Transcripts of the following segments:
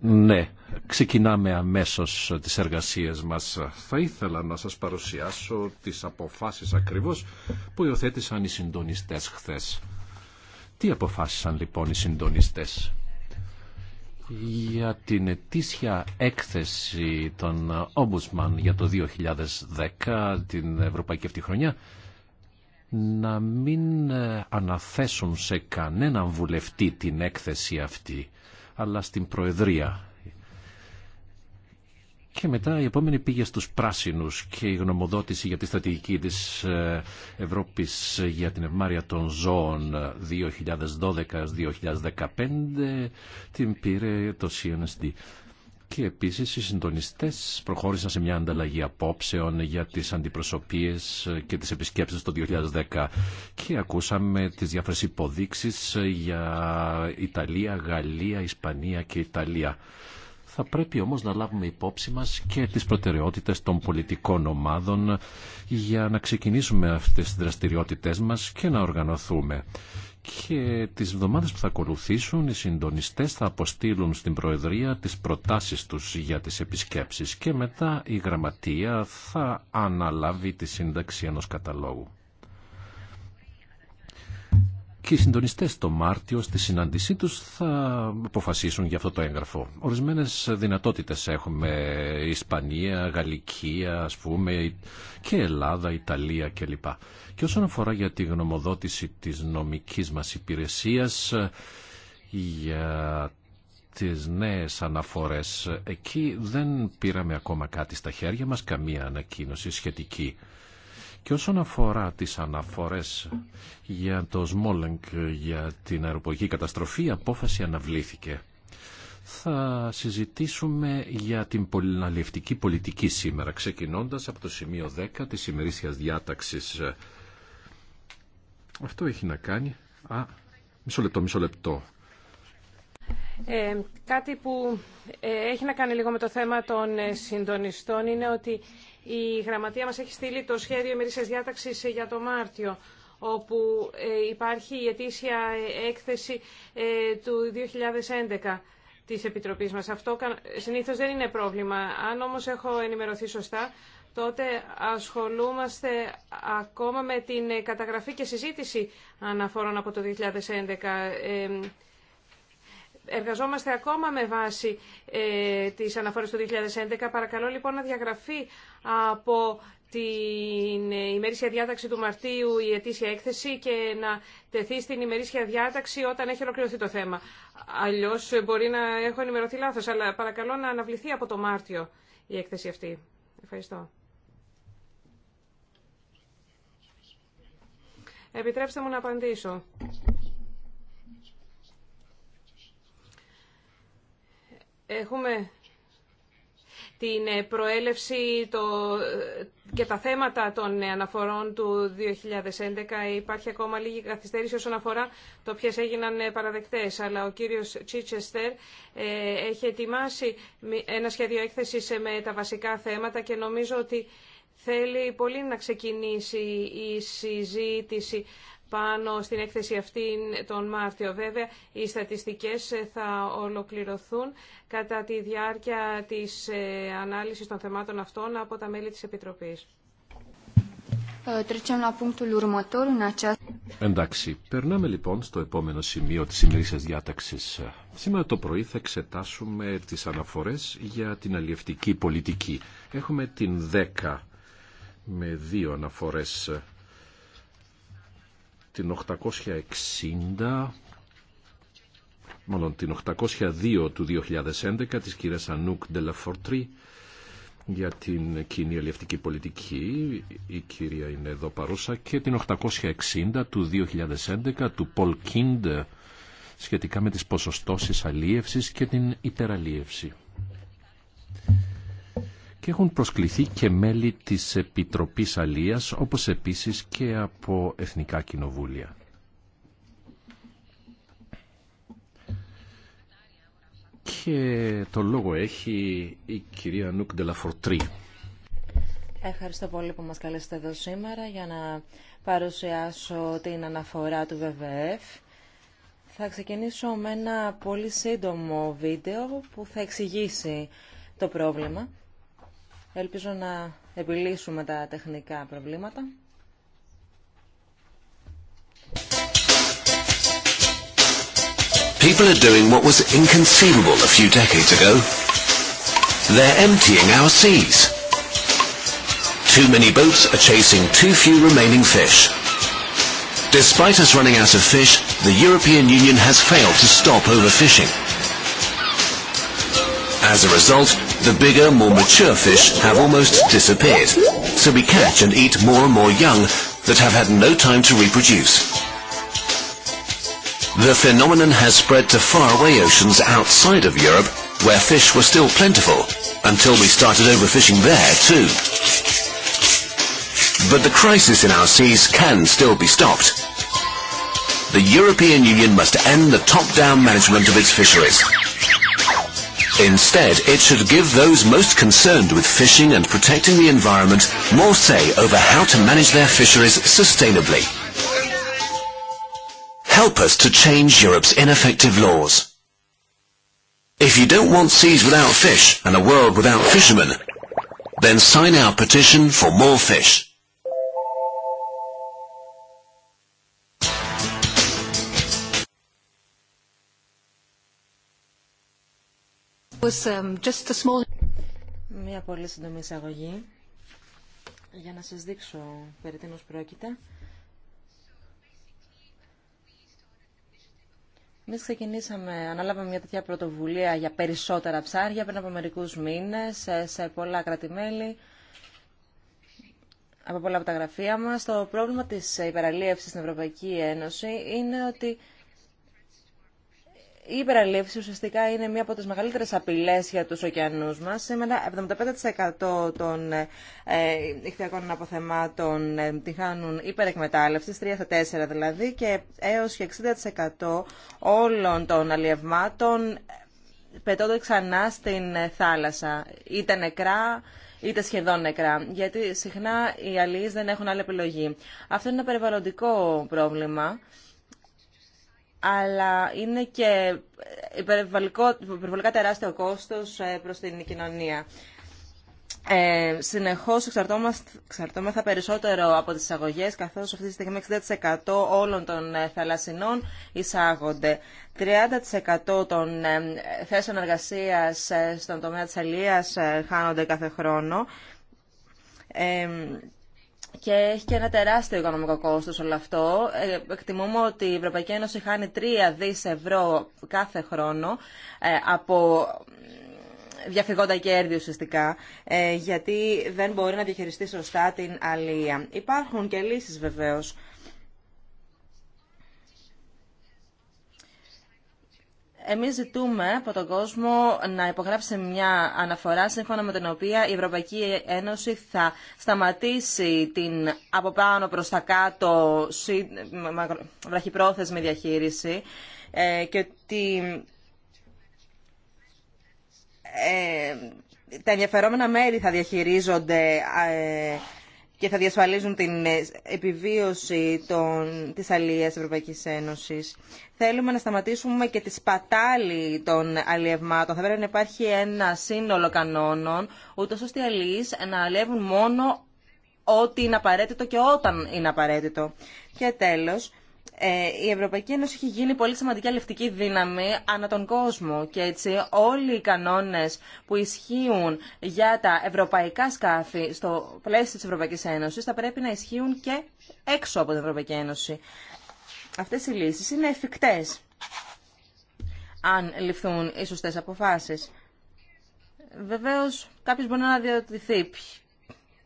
Ναι, ξεκινάμε αμέσως τις εργασίες μας. Θα ήθελα να σας παρουσιάσω τις αποφάσεις ακριβώς που υιοθέτησαν οι συντονιστές χθες. Τι αποφάσισαν λοιπόν οι συντονιστές για την ετήσια έκθεση των Ombudsman για το 2010, την Ευρωπαϊκή αυτή χρονιά, να μην ε, αναθέσουν σε κανέναν βουλευτή την έκθεση αυτή, αλλά στην Προεδρία. Και μετά η επόμενη πήγε στους πράσινους και η γνωμοδότηση για τη στρατηγική της ε, Ευρώπης για την ευμάρεια των ζώων 2012-2015 ε, την πήρε το CNSD και επίσης οι συντονιστές προχώρησαν σε μια ανταλλαγή απόψεων για τις αντιπροσωπείες και τις επισκέψεις το 2010 και ακούσαμε τις διάφορες υποδείξεις για Ιταλία, Γαλλία, Ισπανία και Ιταλία. Θα πρέπει όμως να λάβουμε υπόψη μας και τις προτεραιότητες των πολιτικών ομάδων για να ξεκινήσουμε αυτές τις δραστηριότητες μας και να οργανωθούμε και τις εβδομάδες που θα ακολουθήσουν οι συντονιστές θα αποστείλουν στην Προεδρία τις προτάσεις τους για τις επισκέψεις και μετά η Γραμματεία θα αναλάβει τη σύνταξη ενός καταλόγου. Και οι συντονιστές το Μάρτιο στη συνάντησή τους θα αποφασίσουν για αυτό το έγγραφο. Ορισμένες δυνατότητες έχουμε, Ισπανία, Γαλλικία, ας πούμε, και Ελλάδα, Ιταλία κλπ. Και όσον αφορά για τη γνωμοδότηση της νομικής μας υπηρεσίας για τις νέες αναφορές, εκεί δεν πήραμε ακόμα κάτι στα χέρια μας, καμία ανακοίνωση σχετική. Και όσον αφορά τις αναφορές για το Σμόλενγκ, για την αεροπορική καταστροφή, η απόφαση αναβλήθηκε. Θα συζητήσουμε για την πολυναλλευτική πολιτική σήμερα, ξεκινώντας από το σημείο 10 της ημερήσιας διάταξης. Αυτό έχει να κάνει... Α, μισό λεπτό, μισό λεπτό. Ε, κάτι που ε, έχει να κάνει λίγο με το θέμα των ε, συντονιστών είναι ότι η Γραμματεία μας έχει στείλει το σχέδιο ημερήσιας διάταξης ε, για το Μάρτιο όπου υπάρχει η ετήσια έκθεση του 2011 της Επιτροπής μας. Αυτό συνήθως δεν είναι πρόβλημα. Αν όμως έχω ενημερωθεί σωστά, τότε ασχολούμαστε ακόμα με την ε, καταγραφή και συζήτηση αναφορών από το 2011. Ε, εργαζόμαστε ακόμα με βάση ε, τις αναφορές του 2011. Παρακαλώ λοιπόν να διαγραφεί από την ε, ημερήσια διάταξη του Μαρτίου η ετήσια έκθεση και να τεθεί στην ημερήσια διάταξη όταν έχει ολοκληρωθεί το θέμα. Αλλιώς μπορεί να έχω ενημερωθεί λάθος, αλλά παρακαλώ να αναβληθεί από το Μάρτιο η έκθεση αυτή. Ευχαριστώ. Επιτρέψτε μου να απαντήσω. Έχουμε την ε, προέλευση το... και τα θέματα των ε, αναφορών του 2011. Υπάρχει ακόμα λίγη καθυστέρηση όσον αφορά το ποιες έγιναν ε, παραδεκτές. Αλλά ο κύριος Τσίτσεστερ έχει ετοιμάσει ένα σχέδιο έκθεσης με τα βασικά θέματα και νομίζω ότι Θέλει πολύ να ξεκινήσει η συζήτηση πάνω στην έκθεση αυτή τον Μάρτιο. Βέβαια, οι στατιστικές θα ολοκληρωθούν κατά τη διάρκεια της ε, ανάλυσης των θεμάτων αυτών από τα μέλη της Επιτροπής. Ε, Εντάξει, περνάμε λοιπόν στο επόμενο σημείο της σημερινής διάταξης. Σήμερα το πρωί θα εξετάσουμε τις αναφορές για την αλλιευτική πολιτική. Έχουμε την 10 με δύο αναφορές. Την 860, μάλλον την 802 του 2011 της κυρίας Ανούκ Ντελαφορτρή για την κοινή αλληλευτική πολιτική, η κυρία είναι εδώ παρούσα, και την 860 του 2011 του Πολ Κίντ σχετικά με τις ποσοστώσεις αλίευσης και την υπεραλίευση και έχουν προσκληθεί και μέλη της Επιτροπής Αλίας, όπως επίσης και από Εθνικά Κοινοβούλια. Και το λόγο έχει η κυρία Νούκ Ντελαφορτρή. Ευχαριστώ πολύ που μας καλέσετε εδώ σήμερα για να παρουσιάσω την αναφορά του ΒΒΕΦ. Θα ξεκινήσω με ένα πολύ σύντομο βίντεο που θα εξηγήσει το πρόβλημα. Ελπίζω να επιλύσουμε τα τεχνικά προβλήματα. People are doing what was inconceivable a few decades ago. They're emptying our seas. Too many boats are chasing too few remaining fish. Despite us running out of fish, the European Union has failed to stop overfishing. As a result, the bigger, more mature fish have almost disappeared, so we catch and eat more and more young that have had no time to reproduce. The phenomenon has spread to faraway oceans outside of Europe, where fish were still plentiful, until we started overfishing there too. But the crisis in our seas can still be stopped. The European Union must end the top-down management of its fisheries. Instead, it should give those most concerned with fishing and protecting the environment more say over how to manage their fisheries sustainably. Help us to change Europe's ineffective laws. If you don't want seas without fish and a world without fishermen, then sign our petition for more fish. Um, μια πολύ σύντομη εισαγωγή για να σας δείξω περί τίνος πρόκειται. Εμεί ξεκινήσαμε, ανάλαβαμε μια τέτοια πρωτοβουλία για περισσότερα ψάρια πριν από μερικού μήνε σε πολλά κρατημέλη, από πολλά από τα γραφεία μα. Το πρόβλημα τη υπεραλίευση στην Ευρωπαϊκή Ένωση είναι ότι η υπεραλήψη ουσιαστικά είναι μία από τις μεγαλύτερες απειλές για τους ωκεανούς μας. Σήμερα 75% των ε, ηχθειακών αποθεμάτων ε, τη χάνουν υπερεκμετάλλευσης, 3 στα 4 δηλαδή, και έως και 60% όλων των αλλιευμάτων πετώνται ξανά στην ε, θάλασσα, είτε νεκρά είτε σχεδόν νεκρά, γιατί συχνά οι αλληλείς δεν έχουν άλλη επιλογή. Αυτό είναι ένα περιβαλλοντικό πρόβλημα αλλά είναι και υπερβολικά τεράστιο κόστος ε, προς την κοινωνία. Ε, συνεχώς εξαρτώμεθα περισσότερο από τις εισαγωγέ, καθώς αυτή τη στιγμή 60% όλων των ε, θαλασσινών εισάγονται. 30% των ε, θέσεων εργασίας στον τομέα της αλίας χάνονται κάθε χρόνο και έχει και ένα τεράστιο οικονομικό κόστος όλο αυτό. Ε, εκτιμούμε ότι η Ευρωπαϊκή Ένωση χάνει 3 δις ευρώ κάθε χρόνο ε, από διαφυγόντα κέρδη ουσιαστικά, ε, γιατί δεν μπορεί να διαχειριστεί σωστά την αλία. Υπάρχουν και λύσεις βεβαίως. Εμείς ζητούμε από τον κόσμο να υπογράψει μια αναφορά σύμφωνα με την οποία η Ευρωπαϊκή Ένωση θα σταματήσει την από πάνω προς τα κάτω βραχυπρόθεσμη διαχείριση ε, και ότι ε, τα ενδιαφερόμενα μέρη θα διαχειρίζονται ε, και θα διασφαλίζουν την ε, επιβίωση των, της αλληλείας Ευρωπαϊκής Ένωσης. Θέλουμε να σταματήσουμε και τη σπατάλη των αλλιευμάτων. Θα πρέπει να υπάρχει ένα σύνολο κανόνων, ούτως ώστε οι αλληλείς να αλλιεύουν μόνο ό,τι είναι απαραίτητο και όταν είναι απαραίτητο. Και τέλος, ε, η Ευρωπαϊκή Ένωση έχει γίνει πολύ σημαντική αλευτική δύναμη ανά τον κόσμο και έτσι όλοι οι κανόνες που ισχύουν για τα ευρωπαϊκά σκάφη στο πλαίσιο της Ευρωπαϊκής Ένωσης θα πρέπει να ισχύουν και έξω από την Ευρωπαϊκή Ένωση. Αυτές οι λύσεις είναι εφικτές αν ληφθούν οι σωστές αποφάσεις. Βεβαίως κάποιος μπορεί να διαρωτηθεί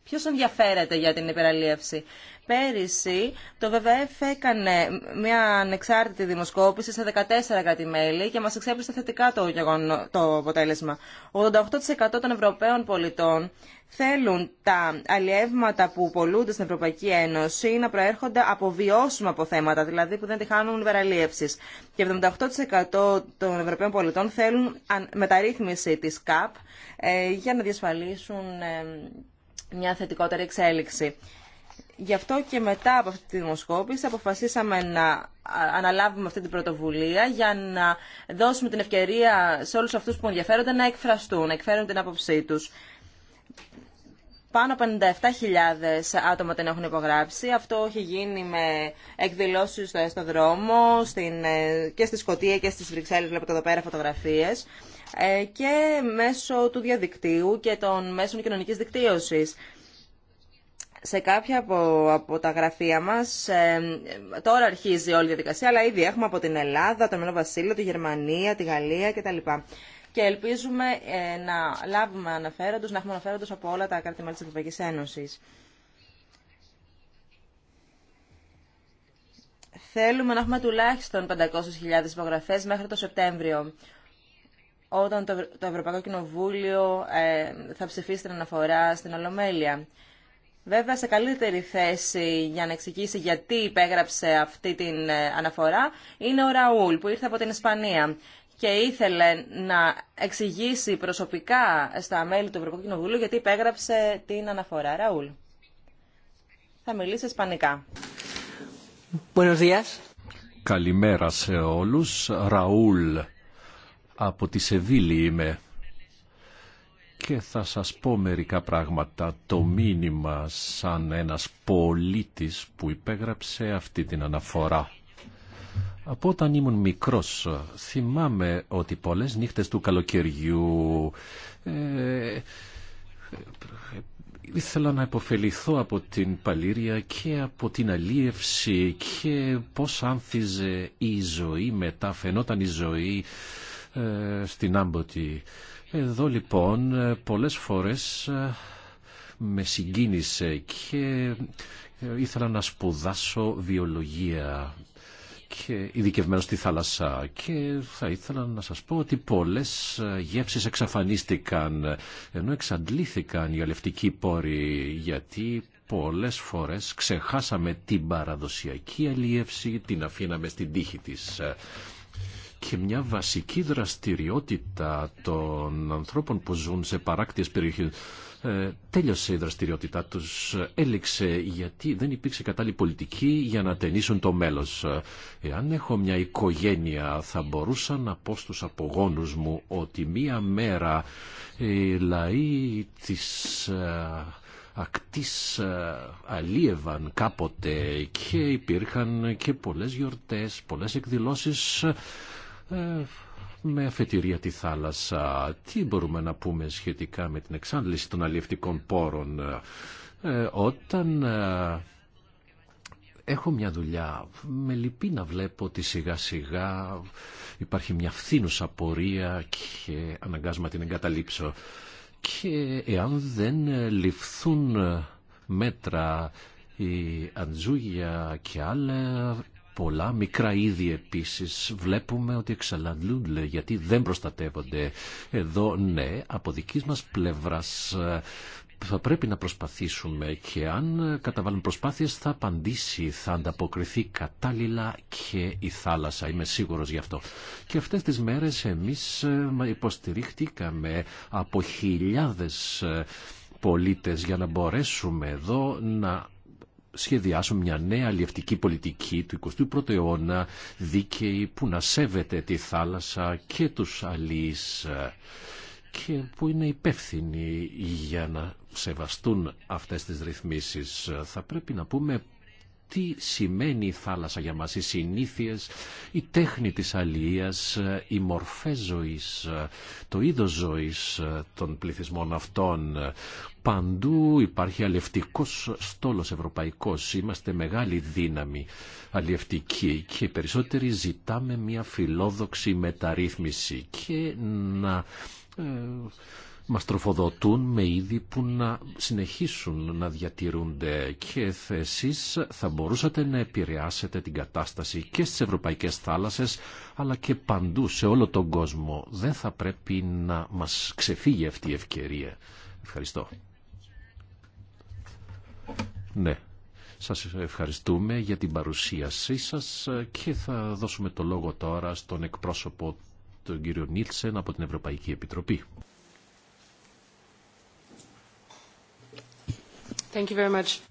ποιος ενδιαφέρεται για την υπεραλίευση. Πέρυσι το ΒΒΕΦ έκανε μια ανεξάρτητη δημοσκόπηση σε 14 κράτη-μέλη και μας εξέπλησε θετικά το, το αποτέλεσμα. 88% των Ευρωπαίων πολιτών θέλουν τα αλλιεύματα που πολλούνται στην Ευρωπαϊκή Ένωση να προέρχονται από βιώσιμα αποθέματα, δηλαδή που δεν τη χάνουν βεραλίευσης. Και 78% των Ευρωπαίων πολιτών θέλουν μεταρρύθμιση της ΚΑΠ ε, για να διασφαλίσουν ε, μια θετικότερη εξέλιξη. Γι' αυτό και μετά από αυτή τη δημοσκόπηση αποφασίσαμε να αναλάβουμε αυτή την πρωτοβουλία για να δώσουμε την ευκαιρία σε όλους αυτούς που ενδιαφέρονται να εκφραστούν, να εκφέρουν την άποψή τους. Πάνω από 57.000 άτομα την έχουν υπογράψει. Αυτό έχει γίνει με εκδηλώσεις στο δρόμο, στην, ε, και στη Σκωτία και στις Βρυξέλλες, βλέπετε εδώ πέρα φωτογραφίες, ε, και μέσω του διαδικτύου και των μέσων κοινωνικής δικτύωσης σε κάποια από, τα γραφεία μας ε, τώρα αρχίζει όλη η διαδικασία, αλλά ήδη έχουμε από την Ελλάδα, το Μένο Βασίλειο, τη Γερμανία, τη Γαλλία κτλ. Και ελπίζουμε ε, να λάβουμε αναφέροντος, να έχουμε αναφέροντος από όλα τα κράτη-μέλη της Ευρωπαϊκής Ένωσης. Θέλουμε να έχουμε τουλάχιστον 500.000 υπογραφές μέχρι το Σεπτέμβριο, όταν το, Ευρωπαϊκό Κοινοβούλιο ε, θα ψηφίσει την αναφορά στην Ολομέλεια βέβαια σε καλύτερη θέση για να εξηγήσει γιατί υπέγραψε αυτή την ε, αναφορά είναι ο Ραούλ που ήρθε από την Ισπανία και ήθελε να εξηγήσει προσωπικά στα μέλη του Ευρωπαϊκού Κοινοβουλίου γιατί υπέγραψε την αναφορά. Ραούλ, θα μιλήσει ισπανικά. Καλημέρα σε όλους. Ραούλ, από τη Σεβίλη είμαι και θα σας πω μερικά πράγματα. Το μήνυμα σαν ένας πολίτης που υπέγραψε αυτή την αναφορά. Από όταν ήμουν μικρός θυμάμαι ότι πολλές νύχτες του καλοκαιριού ε, ήθελα να υποφεληθώ από την παλήρια και από την αλίευση και πώς άνθιζε η ζωή μετά, φαινόταν η ζωή ε, στην άμποτη. Εδώ λοιπόν πολλές φορές ε, με συγκίνησε και ε, ήθελα να σπουδάσω βιολογία και ειδικευμένο στη θάλασσα και θα ήθελα να σας πω ότι πολλές ε, γεύσεις εξαφανίστηκαν ενώ εξαντλήθηκαν οι αλευτικοί πόροι γιατί πολλές φορές ξεχάσαμε την παραδοσιακή αλίευση, την αφήναμε στην τύχη της και μια βασική δραστηριότητα των ανθρώπων που ζουν σε παράκτιες περιοχές. Ε, τέλειωσε η δραστηριότητά τους, έληξε γιατί δεν υπήρξε κατάλληλη πολιτική για να ταινίσουν το μέλος. Εάν έχω μια οικογένεια θα μπορούσα να πω στους απογόνους μου ότι μία μέρα οι λαοί της ε, ακτής ε, αλίευαν κάποτε και υπήρχαν και πολλές γιορτές, πολλές εκδηλώσεις ε, με αφετηρία τη θάλασσα. Τι μπορούμε να πούμε σχετικά με την εξάντληση των αλλιευτικών πόρων ε, όταν ε, έχω μια δουλειά. Με λυπεί να βλέπω ότι σιγά σιγά υπάρχει μια φθήνουσα πορεία και αναγκάζομαι την εγκαταλείψω. Και εάν δεν ληφθούν μέτρα η Αντζούγια και άλλα πολλά μικρά είδη επίσης βλέπουμε ότι εξαλλαλούνται γιατί δεν προστατεύονται. Εδώ ναι, από δικής μας πλευράς ε, θα πρέπει να προσπαθήσουμε και αν καταβάλουν προσπάθειες θα απαντήσει, θα ανταποκριθεί κατάλληλα και η θάλασσα. Είμαι σίγουρος γι' αυτό. Και αυτές τις μέρες εμείς ε, υποστηρίχτηκαμε από χιλιάδες ε, πολίτες για να μπορέσουμε εδώ να σχεδιάσω μια νέα αλλιευτική πολιτική του 21ου αιώνα δίκαιη που να σέβεται τη θάλασσα και τους αλείς και που είναι υπεύθυνοι για να σεβαστούν αυτές τις ρυθμίσεις. Θα πρέπει να πούμε τι σημαίνει η θάλασσα για μας, οι συνήθειες, η τέχνη της αλληλείας, οι μορφές ζωής, το είδος ζωής των πληθυσμών αυτών Παντού υπάρχει αλευτικός στόλος ευρωπαϊκός. Είμαστε μεγάλη δύναμη αλληλευτική και περισσότεροι ζητάμε μια φιλόδοξη μεταρρύθμιση και να ε, μας τροφοδοτούν με είδη που να συνεχίσουν να διατηρούνται και εσείς θα μπορούσατε να επηρεάσετε την κατάσταση και στις ευρωπαϊκές θάλασσες αλλά και παντού σε όλο τον κόσμο. Δεν θα πρέπει να μας ξεφύγει αυτή η ευκαιρία. Ευχαριστώ. Ναι. Σας ευχαριστούμε για την παρουσίασή σας και θα δώσουμε το λόγο τώρα στον εκπρόσωπο τον κύριο Νίλσεν από την Ευρωπαϊκή Επιτροπή.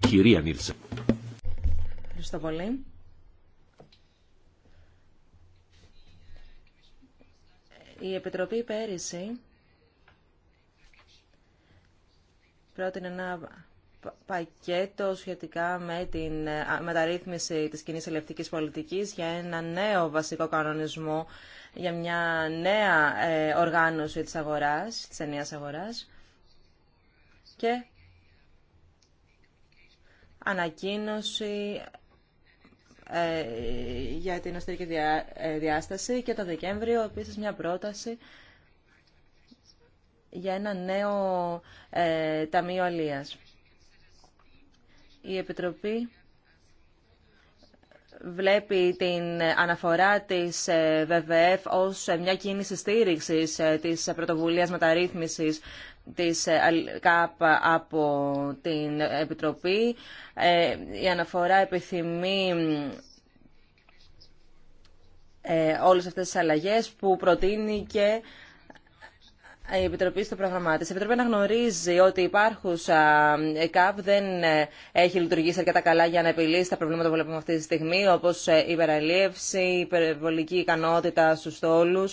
Κυρία Νίλσεν. Ευχαριστώ πολύ. Η Επιτροπή πέρυσι πρότεινε να πακέτο σχετικά με την μεταρρύθμιση της κοινή ελευτικής πολιτικής για ένα νέο βασικό κανονισμό, για μια νέα ε, οργάνωση της αγοράς, της ενιαίας αγοράς και ανακοίνωση ε, για την ε, διάσταση και το Δεκέμβριο επίσης μια πρόταση για ένα νέο ε, ταμείο αλίας η Επιτροπή βλέπει την αναφορά της ε, ΒΒΕΦ ως ε, μια κίνηση στήριξης ε, της πρωτοβουλίας μεταρρύθμισης της ΚΑΠ από την Επιτροπή. Η αναφορά επιθυμεί όλες αυτές τις αλλαγές που προτείνει και η Επιτροπή στο πρόγραμμά τη. Η Επιτροπή αναγνωρίζει ότι η υπάρχουσα ΕΚΑΒ δεν ε, έχει λειτουργήσει αρκετά καλά για να επιλύσει τα προβλήματα που βλέπουμε αυτή τη στιγμή, όπω ε, η υπεραλίευση, η υπερβολική ικανότητα στου στόλου,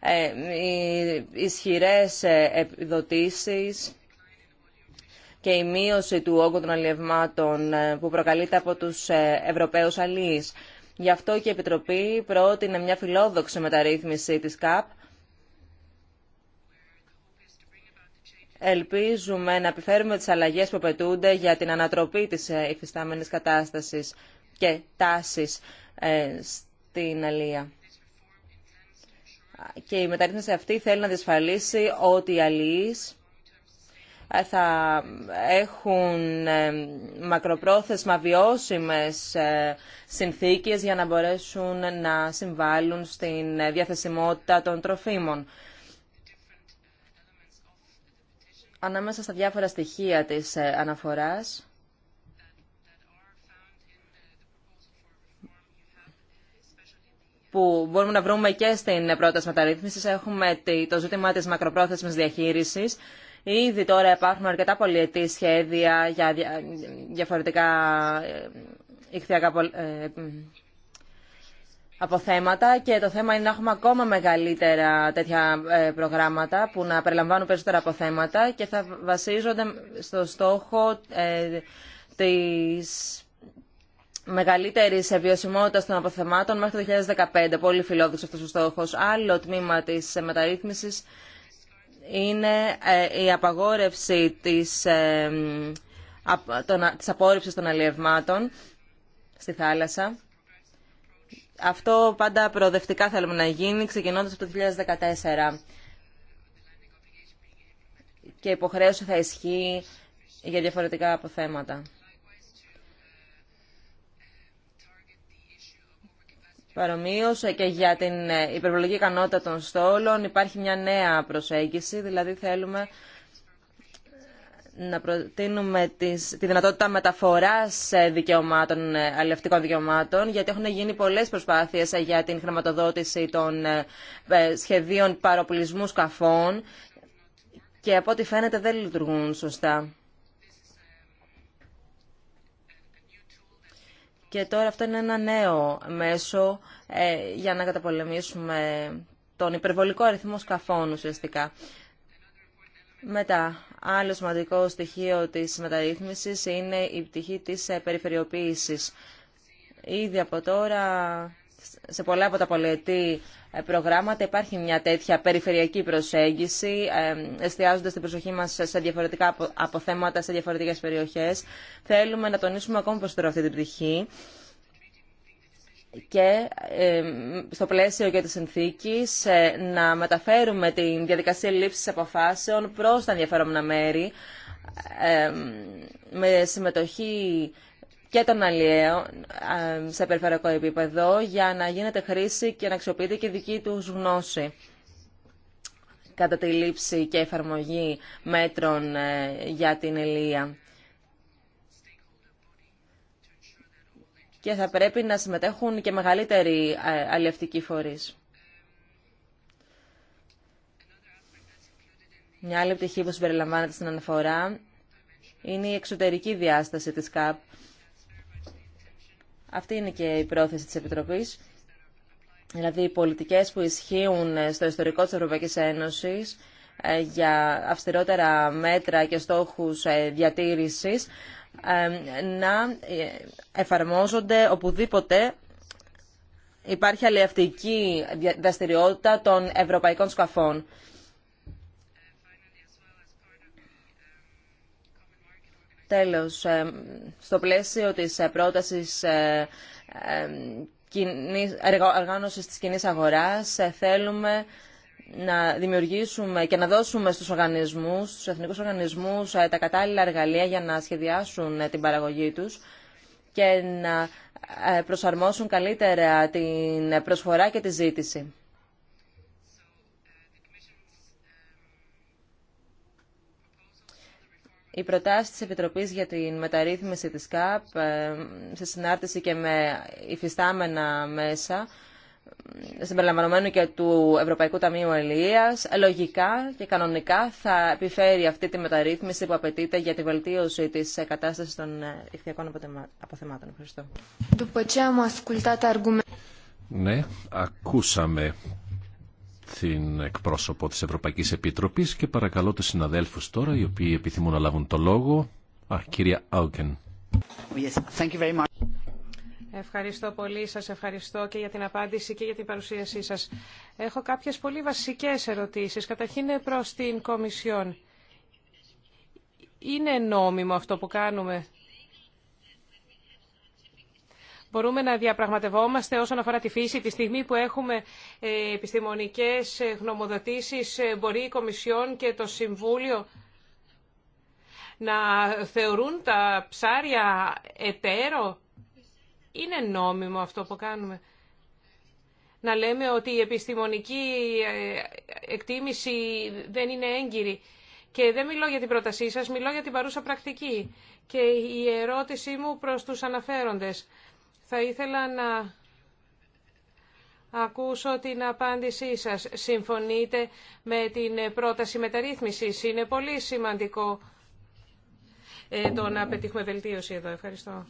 ε, οι ισχυρέ επιδοτήσει και η μείωση του όγκου των αλλιευμάτων που προκαλείται από του Ευρωπαίου αλλοίς. Γι' αυτό και η Επιτροπή πρότεινε μια φιλόδοξη μεταρρύθμιση της ΚΑΠ, ελπίζουμε να επιφέρουμε τις αλλαγές που απαιτούνται για την ανατροπή της ε, υφιστάμενης κατάστασης και τάσης ε, στην Αλία. Και η μεταρρύθμιση αυτή θέλει να διασφαλίσει ότι οι Αλίες ε, θα έχουν μακροπρόθεσμα βιώσιμες συνθήκες για να μπορέσουν να συμβάλλουν στην διαθεσιμότητα των τροφίμων. ανάμεσα στα διάφορα στοιχεία της ε, αναφοράς που μπορούμε να βρούμε και στην πρόταση μεταρρύθμιση. Έχουμε το ζήτημα της μακροπρόθεσμης διαχείρισης. Ήδη τώρα υπάρχουν αρκετά πολιετή σχέδια για διαφορετικά ηχθιακά ε, ε, από και το θέμα είναι να έχουμε ακόμα μεγαλύτερα τέτοια ε, προγράμματα που να περιλαμβάνουν περισσότερα από θέματα και θα βασίζονται στο στόχο ε, της μεγαλύτερης βιωσιμότητα των αποθεμάτων μέχρι το 2015. Πολύ φιλόδοξο αυτός ο στόχος. Άλλο τμήμα της μεταρρύθμισης είναι ε, η απαγόρευση της, της απόρριψης των αλλιευμάτων στη θάλασσα. Αυτό πάντα προοδευτικά θέλουμε να γίνει, ξεκινώντας από το 2014. Και υποχρέωση θα ισχύει για διαφορετικά αποθέματα. Παρομοίω και για την υπερβολική ικανότητα των στόλων υπάρχει μια νέα προσέγγιση, δηλαδή θέλουμε να προτείνουμε τις, τη δυνατότητα μεταφοράς ε, δικαιωμάτων, ε, αλληλευτικών δικαιωμάτων, γιατί έχουν γίνει πολλές προσπάθειες ε, για την χρηματοδότηση των σχεδίων παροπλισμού σκαφών και από ό,τι φαίνεται δεν λειτουργούν σωστά. Και τώρα αυτό είναι ένα νέο μέσο για να καταπολεμήσουμε τον υπερβολικό αριθμό σκαφών ουσιαστικά. Μετά, Άλλο σημαντικό στοιχείο της μεταρρύθμισης είναι η πτυχή της ε, περιφερειοποίησης. Ήδη από τώρα, σε πολλά από τα πολιετή ε, προγράμματα υπάρχει μια τέτοια περιφερειακή προσέγγιση, ε, εστιάζοντας την προσοχή μας σε διαφορετικά αποθέματα, σε διαφορετικές περιοχές. Θέλουμε να τονίσουμε ακόμη περισσότερο αυτή την πτυχή και στο πλαίσιο και της συνθήκης ε, να μεταφέρουμε τη διαδικασία λήψης αποφάσεων προς τα ενδιαφέρομενα μέρη με συμμετοχή και των αλλιέων σε περιφερειακό επίπεδο για να γίνεται χρήση και να αξιοποιείται και δική τους γνώση κατά τη λήψη και εφαρμογή μέτρων ε, για την ελεία. και θα πρέπει να συμμετέχουν και μεγαλύτεροι ε, αλληλευτικοί φορείς. Μια άλλη πτυχή που συμπεριλαμβάνεται στην αναφορά είναι η εξωτερική διάσταση της ΚΑΠ. Αυτή είναι και η πρόθεση της Επιτροπής. Δηλαδή, οι πολιτικές που ισχύουν στο ιστορικό της Ευρωπαϊκής Ένωσης ε, για αυστηρότερα μέτρα και στόχους ε, διατήρησης να ε, εφαρμόζονται οπουδήποτε υπάρχει αλληλευτική δραστηριότητα των ευρωπαϊκών σκαφών. Τέλος, στο πλαίσιο της ε, πρότασης ε, οργάνωσης της κοινής αγοράς θέλουμε να δημιουργήσουμε και να δώσουμε στους οργανισμούς, στους εθνικούς οργανισμούς ε, τα κατάλληλα εργαλεία για να σχεδιάσουν ε, την παραγωγή τους και να ε, προσαρμόσουν καλύτερα την προσφορά και τη ζήτηση. Η προτάσει τη Επιτροπής για την μεταρρύθμιση της ΚΑΠ, σε συνάρτηση και με υφιστάμενα μέσα, συμπεριλαμβανομένου και του Ευρωπαϊκού Ταμείου Ελληνία, λογικά και κανονικά θα επιφέρει αυτή τη μεταρρύθμιση που απαιτείται για τη βελτίωση της κατάσταση των ε, ηχθειακών αποθεμάτων. Ευχαριστώ. Ναι, ακούσαμε την εκπρόσωπο της Ευρωπαϊκής Επιτροπής και παρακαλώ τους συναδέλφους τώρα οι οποίοι επιθυμούν να λάβουν το λόγο. Α, κυρία Άουκεν. yes. Ευχαριστώ πολύ. Σας ευχαριστώ και για την απάντηση και για την παρουσίασή σας. Έχω κάποιες πολύ βασικές ερωτήσεις. Καταρχήν προς την Κομισιόν. Είναι νόμιμο αυτό που κάνουμε. Μπορούμε να διαπραγματευόμαστε όσον αφορά τη φύση. Τη στιγμή που έχουμε ε, επιστημονικές ε, γνωμοδοτήσεις, ε, μπορεί η Κομισιόν και το Συμβούλιο να θεωρούν τα ψάρια εταίρο είναι νόμιμο αυτό που κάνουμε. Να λέμε ότι η επιστημονική ε, εκτίμηση δεν είναι έγκυρη. Και δεν μιλώ για την πρότασή σας, μιλώ για την παρούσα πρακτική. Και η ερώτησή μου προς τους αναφέροντες. Θα ήθελα να ακούσω την απάντησή σας. Συμφωνείτε με την πρόταση μεταρρύθμισης. Είναι πολύ σημαντικό ε, το να πετύχουμε βελτίωση εδώ. Ευχαριστώ.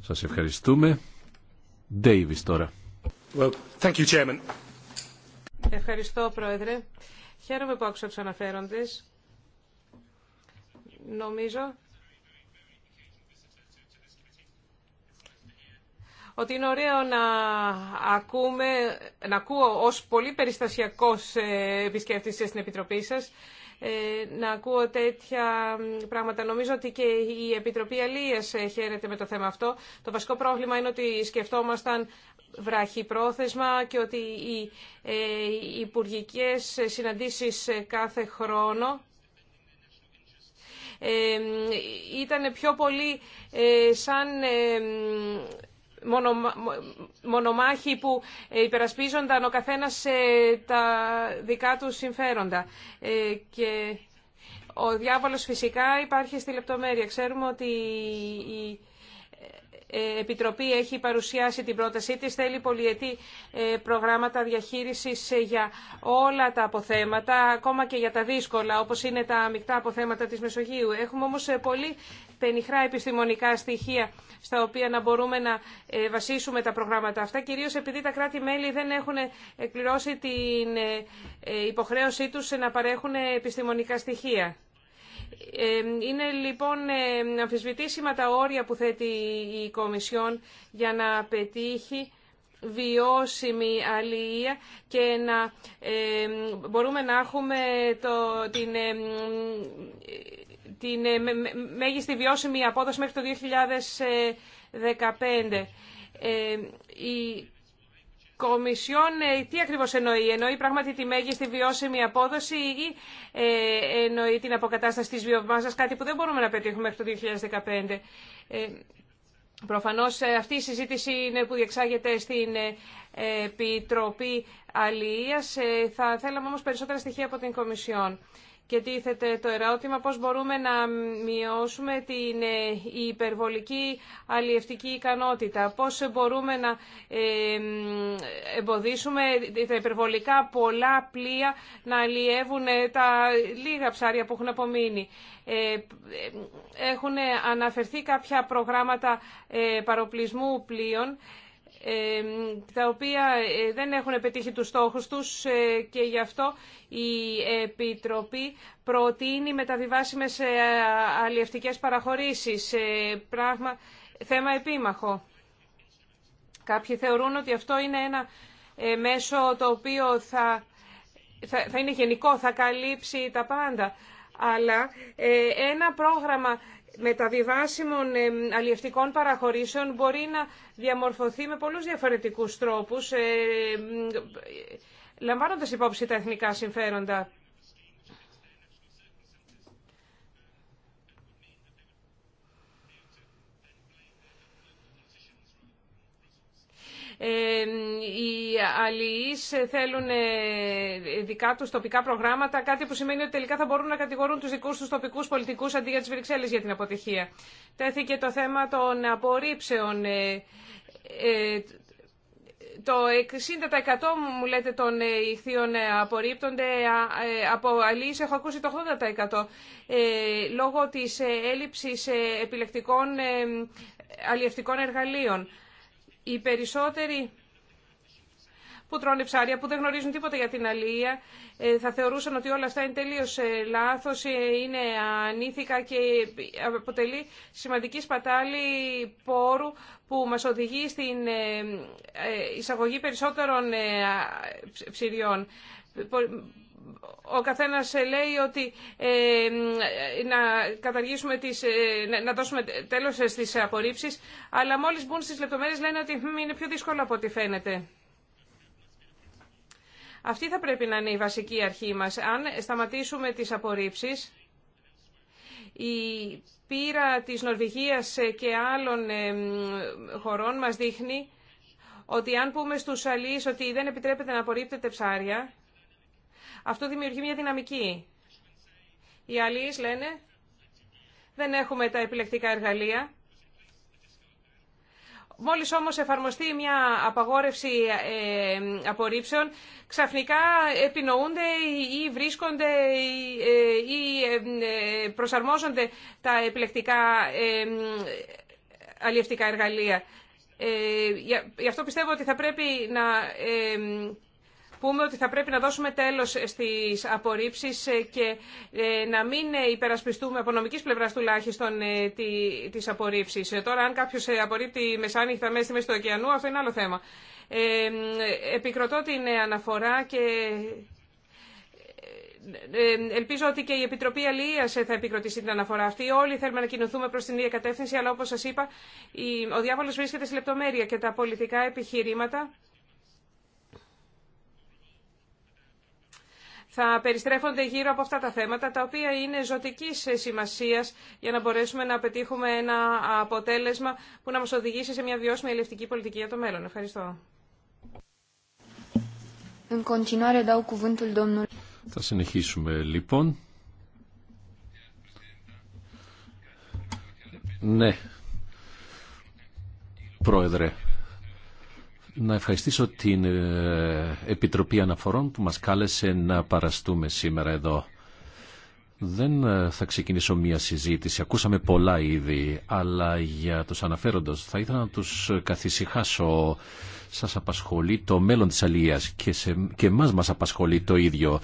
Σας ευχαριστούμε. Ντέιβις τώρα. Ευχαριστώ, Πρόεδρε. Χαίρομαι που άκουσα τους αναφέροντες. Νομίζω ότι είναι ωραίο να, ακούμε, να ακούω ως πολύ περιστασιακός ε, επισκέπτης στην Επιτροπή σας ε, να ακούω τέτοια πράγματα. Νομίζω ότι και η Επιτροπή Αλίας ε, χαίρεται με το θέμα αυτό. Το βασικό πρόβλημα είναι ότι σκεφτόμασταν βραχυπρόθεσμα και ότι οι ε, υπουργικές συναντήσεις κάθε χρόνο ήταν πιο πολύ σαν μονομάχη που υπερασπίζονταν ο καθένας ε, τα δικά του συμφέροντα. Ε, και ο διάβολος φυσικά υπάρχει στη λεπτομέρεια. Ξέρουμε ότι η ε, Επιτροπή έχει παρουσιάσει την πρότασή της. Θέλει πολιετή ε, προγράμματα διαχείρισης ε, για όλα τα αποθέματα, ακόμα και για τα δύσκολα, όπως είναι τα αμυκτά αποθέματα της Μεσογείου. Έχουμε όμως πολύ πενιχρά επιστημονικά στοιχεία στα οποία να μπορούμε να βασίσουμε τα προγράμματα αυτά, κυρίως επειδή τα κράτη-μέλη δεν έχουν εκπληρώσει την υποχρέωσή τους να παρέχουν επιστημονικά στοιχεία. Είναι λοιπόν αμφισβητήσιμα τα όρια που θέτει η Κομισιόν για να πετύχει βιώσιμη αλληλεία και να μπορούμε να έχουμε το, την, την ε, μέγιστη βιώσιμη απόδοση μέχρι το 2015. Κομισιόν ε, τι ακριβώς εννοεί. Εννοεί πράγματι τη μέγιστη βιώσιμη απόδοση ή ε, εννοεί την αποκατάσταση της βιομάζας, κάτι που δεν μπορούμε να πετύχουμε μέχρι το 2015. Ε, προφανώς αυτή η συζήτηση είναι που διεξάγεται στην Επιτροπή Αλληλείας. Θα θέλαμε όμως περισσότερα στοιχεία από την Κομισιόν. Και τίθεται το ερώτημα πώς μπορούμε να μειώσουμε την ε, υπερβολική αλλιευτική ικανότητα. Πώς μπορούμε να ε, εμποδίσουμε τα υπερβολικά πολλά πλοία να αλλιεύουν ε, τα λίγα ψάρια που έχουν απομείνει. Έχουν αναφερθεί κάποια προγράμματα παροπλισμού πλοίων τα οποία ε, δεν έχουν πετύχει τους στόχους τους ε, και γι' αυτό η Επιτροπή προτείνει μεταβιβάσιμες ε, αλλιευτικές παραχωρήσεις, πράγμα, θέμα επίμαχο. Κάποιοι θεωρούν ότι αυτό είναι ένα μέσο το οποίο θα, θα, θα είναι γενικό, θα καλύψει τα πάντα. Αλλά ένα πρόγραμμα τα μεταβιβάσιμων αλλιευτικών παραχωρήσεων μπορεί να διαμορφωθεί με πολλούς διαφορετικούς τρόπους, ε, λαμβάνοντας υπόψη τα εθνικά συμφέροντα. οι αλληλείς θέλουν ε, δικά τους τοπικά προγράμματα, κάτι που σημαίνει ότι τελικά θα μπορούν να κατηγορούν τους δικούς τους τοπικούς πολιτικούς αντί για τις Βρυξέλλες για την αποτυχία. Τέθηκε το θέμα των απορρίψεων. Ε, ε, το 60% μου λέτε των ηχθείων απορρίπτονται, από αλληλείς έχω ακούσει το 80% λόγω της έλλειψης επιλεκτικών αλλιευτικών εργαλείων. Οι περισσότεροι που τρώνε ψάρια, που δεν γνωρίζουν τίποτα για την αλληλεία, ε, θα θεωρούσαν ότι όλα αυτά είναι τελείως ε, λάθο, ε, είναι ανήθικα και αποτελεί σημαντική σπατάλη πόρου που μας οδηγεί στην εισαγωγή περισσότερων ψηριών ο καθένας ε, λέει ότι ε, να καταργήσουμε τις, ε, να δώσουμε τέλος ε, στις απορρίψεις, αλλά μόλις μπουν στις λεπτομέρειες λένε ότι είναι πιο δύσκολο από ό,τι φαίνεται. Αυτή θα πρέπει να είναι η βασική αρχή μας. Αν σταματήσουμε τις απορρίψεις, η πείρα της Νορβηγίας και άλλων χωρών μας δείχνει ότι αν πούμε στους αλείς ότι δεν επιτρέπεται να απορρίπτεται ψάρια, αυτό δημιουργεί μια δυναμική. Οι άλλοι λένε δεν έχουμε τα επιλεκτικά εργαλεία. Μόλις όμως εφαρμοστεί μια απαγόρευση ε, απορρίψεων, ξαφνικά επινοούνται ή βρίσκονται ε, ή ε, προσαρμόζονται τα επιλεκτικά αλλιευτικά εργαλεία. Γι' αυτό πιστεύω ότι θα πρέπει να πούμε ότι θα πρέπει να δώσουμε τέλος στις απορρίψεις και ε, να μην υπερασπιστούμε από νομικής πλευράς τουλάχιστον ε, τις απορρίψεις. Ε, τώρα αν κάποιος απορρίπτει μεσάνυχτα μέσα στη μέση του ωκεανού αυτό είναι άλλο θέμα. Επικροτώ την αναφορά και ελπίζω ότι και η Επιτροπή Αλληλείας θα επικροτήσει την αναφορά αυτή. Όλοι θέλουμε να κινηθούμε προς την ίδια κατεύθυνση, αλλά όπως σας είπα, ο διάβολος βρίσκεται σε λεπτομέρεια και τα πολιτικά επιχειρήματα θα περιστρέφονται γύρω από αυτά τα θέματα, τα οποία είναι ζωτική σημασία για να μπορέσουμε να πετύχουμε ένα αποτέλεσμα που να μας οδηγήσει σε μια βιώσιμη ελευτική πολιτική για το μέλλον. Ευχαριστώ. Θα συνεχίσουμε λοιπόν. Ναι. Πρόεδρε, να ευχαριστήσω την ε, Επιτροπή Αναφορών που μας κάλεσε να παραστούμε σήμερα εδώ. Δεν ε, θα ξεκινήσω μία συζήτηση. Ακούσαμε πολλά ήδη, αλλά για τους αναφέροντος θα ήθελα να τους καθησυχάσω σας απασχολεί το μέλλον της αλίας και, σε, και εμάς μας απασχολεί το ίδιο.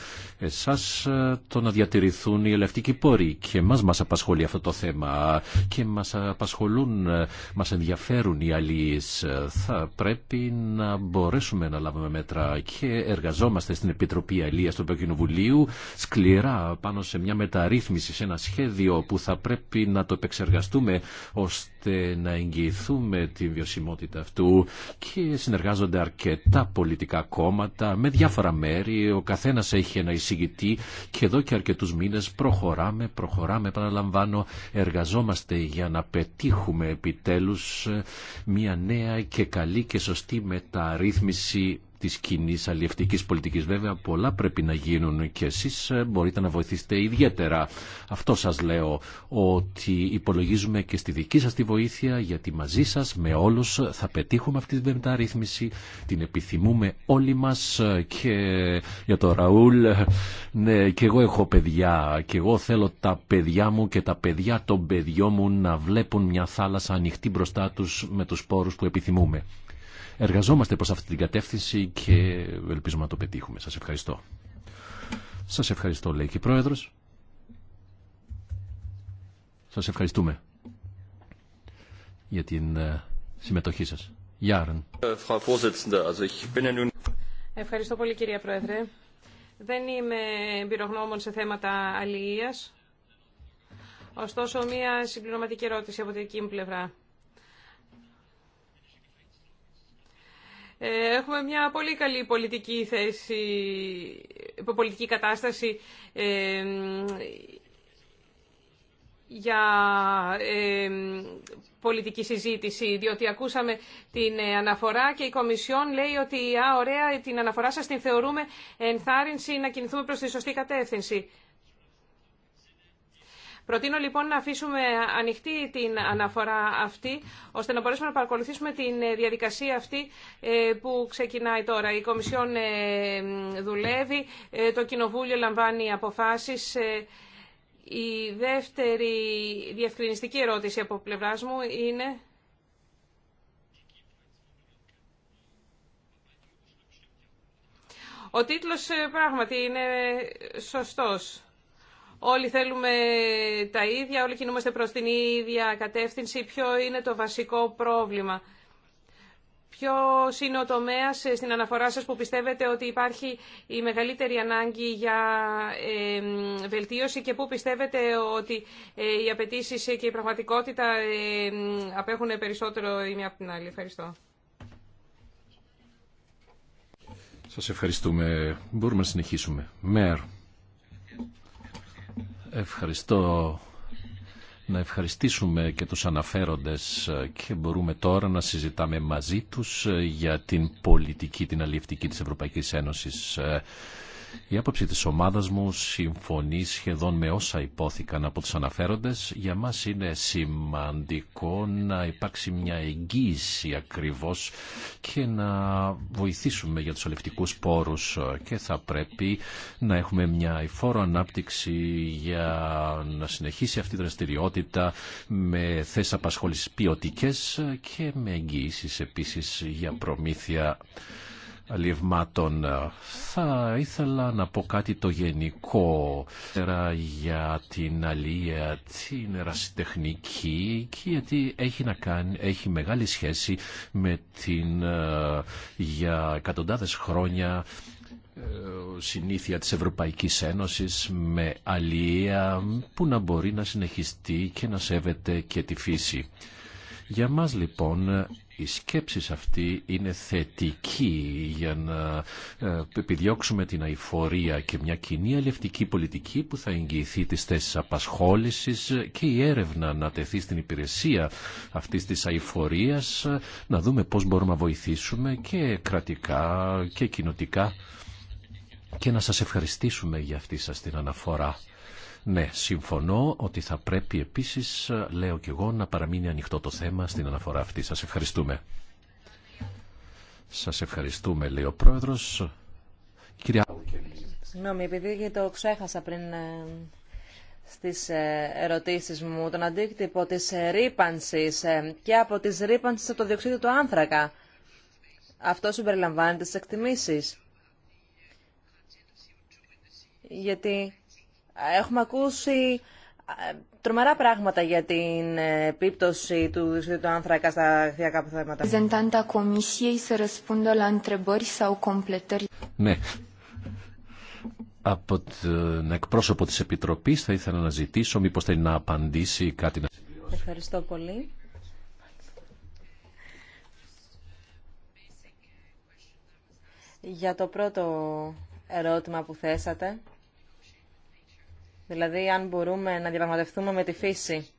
Σας ε, το να διατηρηθούν οι ελευτικοί πόροι και εμάς μας απασχολεί αυτό το θέμα και μας απασχολούν, ε, μας ενδιαφέρουν οι αλίες. Θα πρέπει να μπορέσουμε να λάβουμε μέτρα και εργαζόμαστε στην Επιτροπή Αλίας του Επικοινοβουλίου σκληρά πάνω σε μια μεταρρύθμιση, σε ένα σχέδιο που θα πρέπει να το επεξεργαστούμε ώστε να εγγυηθούμε τη βιωσιμότητα αυτού και Εργάζονται αρκετά πολιτικά κόμματα με διάφορα μέρη. Ο καθένας έχει ένα εισηγητή και εδώ και αρκετούς μήνες προχωράμε, προχωράμε, επαναλαμβάνω, εργαζόμαστε για να πετύχουμε επιτέλους μια νέα και καλή και σωστή μεταρρύθμιση Τη κοινή αλλιευτική πολιτική, Βέβαια πολλά πρέπει να γίνουν και εσείς ε, μπορείτε να βοηθήσετε ιδιαίτερα. Αυτό σας λέω ότι υπολογίζουμε και στη δική σας τη βοήθεια γιατί μαζί σας με όλους θα πετύχουμε αυτή τη μεταρρύθμιση. Την επιθυμούμε όλοι μας ε, και για το Ραούλ ε, ναι, και εγώ έχω παιδιά και εγώ θέλω τα παιδιά μου και τα παιδιά των παιδιών μου να βλέπουν μια θάλασσα ανοιχτή μπροστά τους με τους πόρους που επιθυμούμε. Εργαζόμαστε προς αυτή την κατεύθυνση και ελπίζουμε να το πετύχουμε. Σας ευχαριστώ. Σας ευχαριστώ λέει και η Πρόεδρος. Σας ευχαριστούμε για την ε, συμμετοχή σας. Γιάρν. Ευχαριστώ πολύ κυρία Πρόεδρε. Δεν είμαι εμπειρογνώμων σε θέματα αλληλείας. Ωστόσο, μία συμπληρωματική ερώτηση από την δική μου πλευρά. Ε, έχουμε μια πολύ καλή πολιτική θέση, πολιτική κατάσταση ε, για ε, πολιτική συζήτηση, διότι ακούσαμε την αναφορά και η Κομισιόν λέει ότι α, την αναφορά σας την θεωρούμε ενθάρρυνση να κινηθούμε προς τη σωστή κατεύθυνση. Προτείνω λοιπόν να αφήσουμε ανοιχτή την αναφορά αυτή, ώστε να μπορέσουμε να παρακολουθήσουμε την ε, διαδικασία αυτή ε, που ξεκινάει τώρα. Η Κομισιόν ε, δουλεύει, το Κοινοβούλιο λαμβάνει αποφάσεις. Η δεύτερη διευκρινιστική ερώτηση από πλευράς μου είναι... Ο τίτλος πράγματι είναι σωστός. Όλοι θέλουμε τα ίδια, όλοι κινούμαστε προς την ίδια κατεύθυνση. Ποιο είναι το βασικό πρόβλημα. Ποιο είναι ο τομέα ε, στην αναφορά σας που πιστεύετε ότι υπάρχει η μεγαλύτερη ανάγκη για ε, βελτίωση και πού πιστεύετε ότι ε, οι απαιτήσει και η πραγματικότητα απέχουν περισσότερο η μία από την άλλη. Ευχαριστώ. Σας ευχαριστούμε. Μπορούμε να συνεχίσουμε. Μέρ. Ευχαριστώ. Να ευχαριστήσουμε και τους αναφέροντες και μπορούμε τώρα να συζητάμε μαζί τους για την πολιτική, την αλληλευτική της Ευρωπαϊκής Ένωσης η άποψη της ομάδας μου συμφωνεί σχεδόν με όσα υπόθηκαν από τους αναφέροντες. Για μας είναι σημαντικό να υπάρξει μια εγγύηση ακριβώς και να βοηθήσουμε για τους αλευτικούς πόρους και θα πρέπει να έχουμε μια υφόρο ανάπτυξη για να συνεχίσει αυτή η δραστηριότητα με θέσεις απασχόλησης ποιοτικές και με εγγύησεις επίσης για προμήθεια ε, θα ήθελα να πω κάτι το γενικό για την αλία, την ερασιτεχνική και γιατί έχει, να κάνει, έχει μεγάλη σχέση με την ε, για εκατοντάδες χρόνια ε, συνήθεια της Ευρωπαϊκής Ένωσης με αλία που να μπορεί να συνεχιστεί και να σέβεται και τη φύση. Για μας λοιπόν οι σκέψεις αυτή είναι θετική για να ε, επιδιώξουμε την αηφορία και μια κοινή αλληλευτική πολιτική που θα εγγυηθεί τις θέσεις απασχόλησης και η έρευνα να τεθεί στην υπηρεσία αυτής της αηφορίας, να δούμε πώς μπορούμε να βοηθήσουμε και κρατικά και κοινοτικά και να σας ευχαριστήσουμε για αυτή σας την αναφορά. Ναι, συμφωνώ ότι θα πρέπει επίσης, λέω και εγώ, να παραμείνει ανοιχτό το θέμα στην αναφορά αυτή. Σας ευχαριστούμε. Σας ευχαριστούμε, λέει ο Πρόεδρος. Κυρία... Συγγνώμη, επειδή το ξέχασα πριν ε, στις ε, ερωτήσεις μου, τον αντίκτυπο της ρήπανσης ε, και από τις ρήπανσεις από το διοξείδιο του άνθρακα. Αυτό συμπεριλαμβάνεται στις εκτιμήσεις. Γιατί Έχουμε ακούσει τρομερά πράγματα για την ε, επίπτωση του Διευθυντήτου του άνθρακα στα κτηριακά θέματα. Ναι. Από τον εκπρόσωπο της Επιτροπής θα ήθελα να ζητήσω μήπως θέλει να απαντήσει κάτι να Ευχαριστώ πολύ. Για το πρώτο ερώτημα που θέσατε, Δηλαδή αν μπορούμε να διαπραγματευτούμε με τη φύση.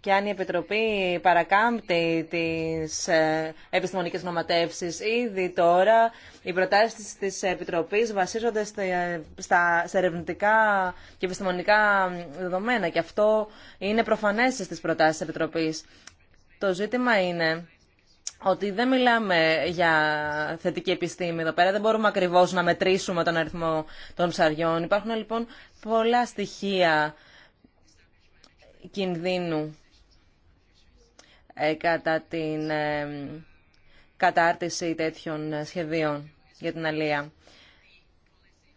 Και αν η Επιτροπή παρακάμπτει τις ε, επιστημονικές νοματεύσεις ήδη τώρα, οι προτάσεις της Επιτροπής βασίζονται στα ερευνητικά και επιστημονικά δεδομένα. Και αυτό είναι προφανές στις προτάσεις της Επιτροπής. Το ζήτημα είναι ότι δεν μιλάμε για θετική επιστήμη εδώ πέρα, δεν μπορούμε ακριβώς να μετρήσουμε τον αριθμό των ψαριών. Υπάρχουν λοιπόν πολλά στοιχεία κινδύνου ε, κατά την ε, κατάρτιση τέτοιων σχεδίων για την αλία.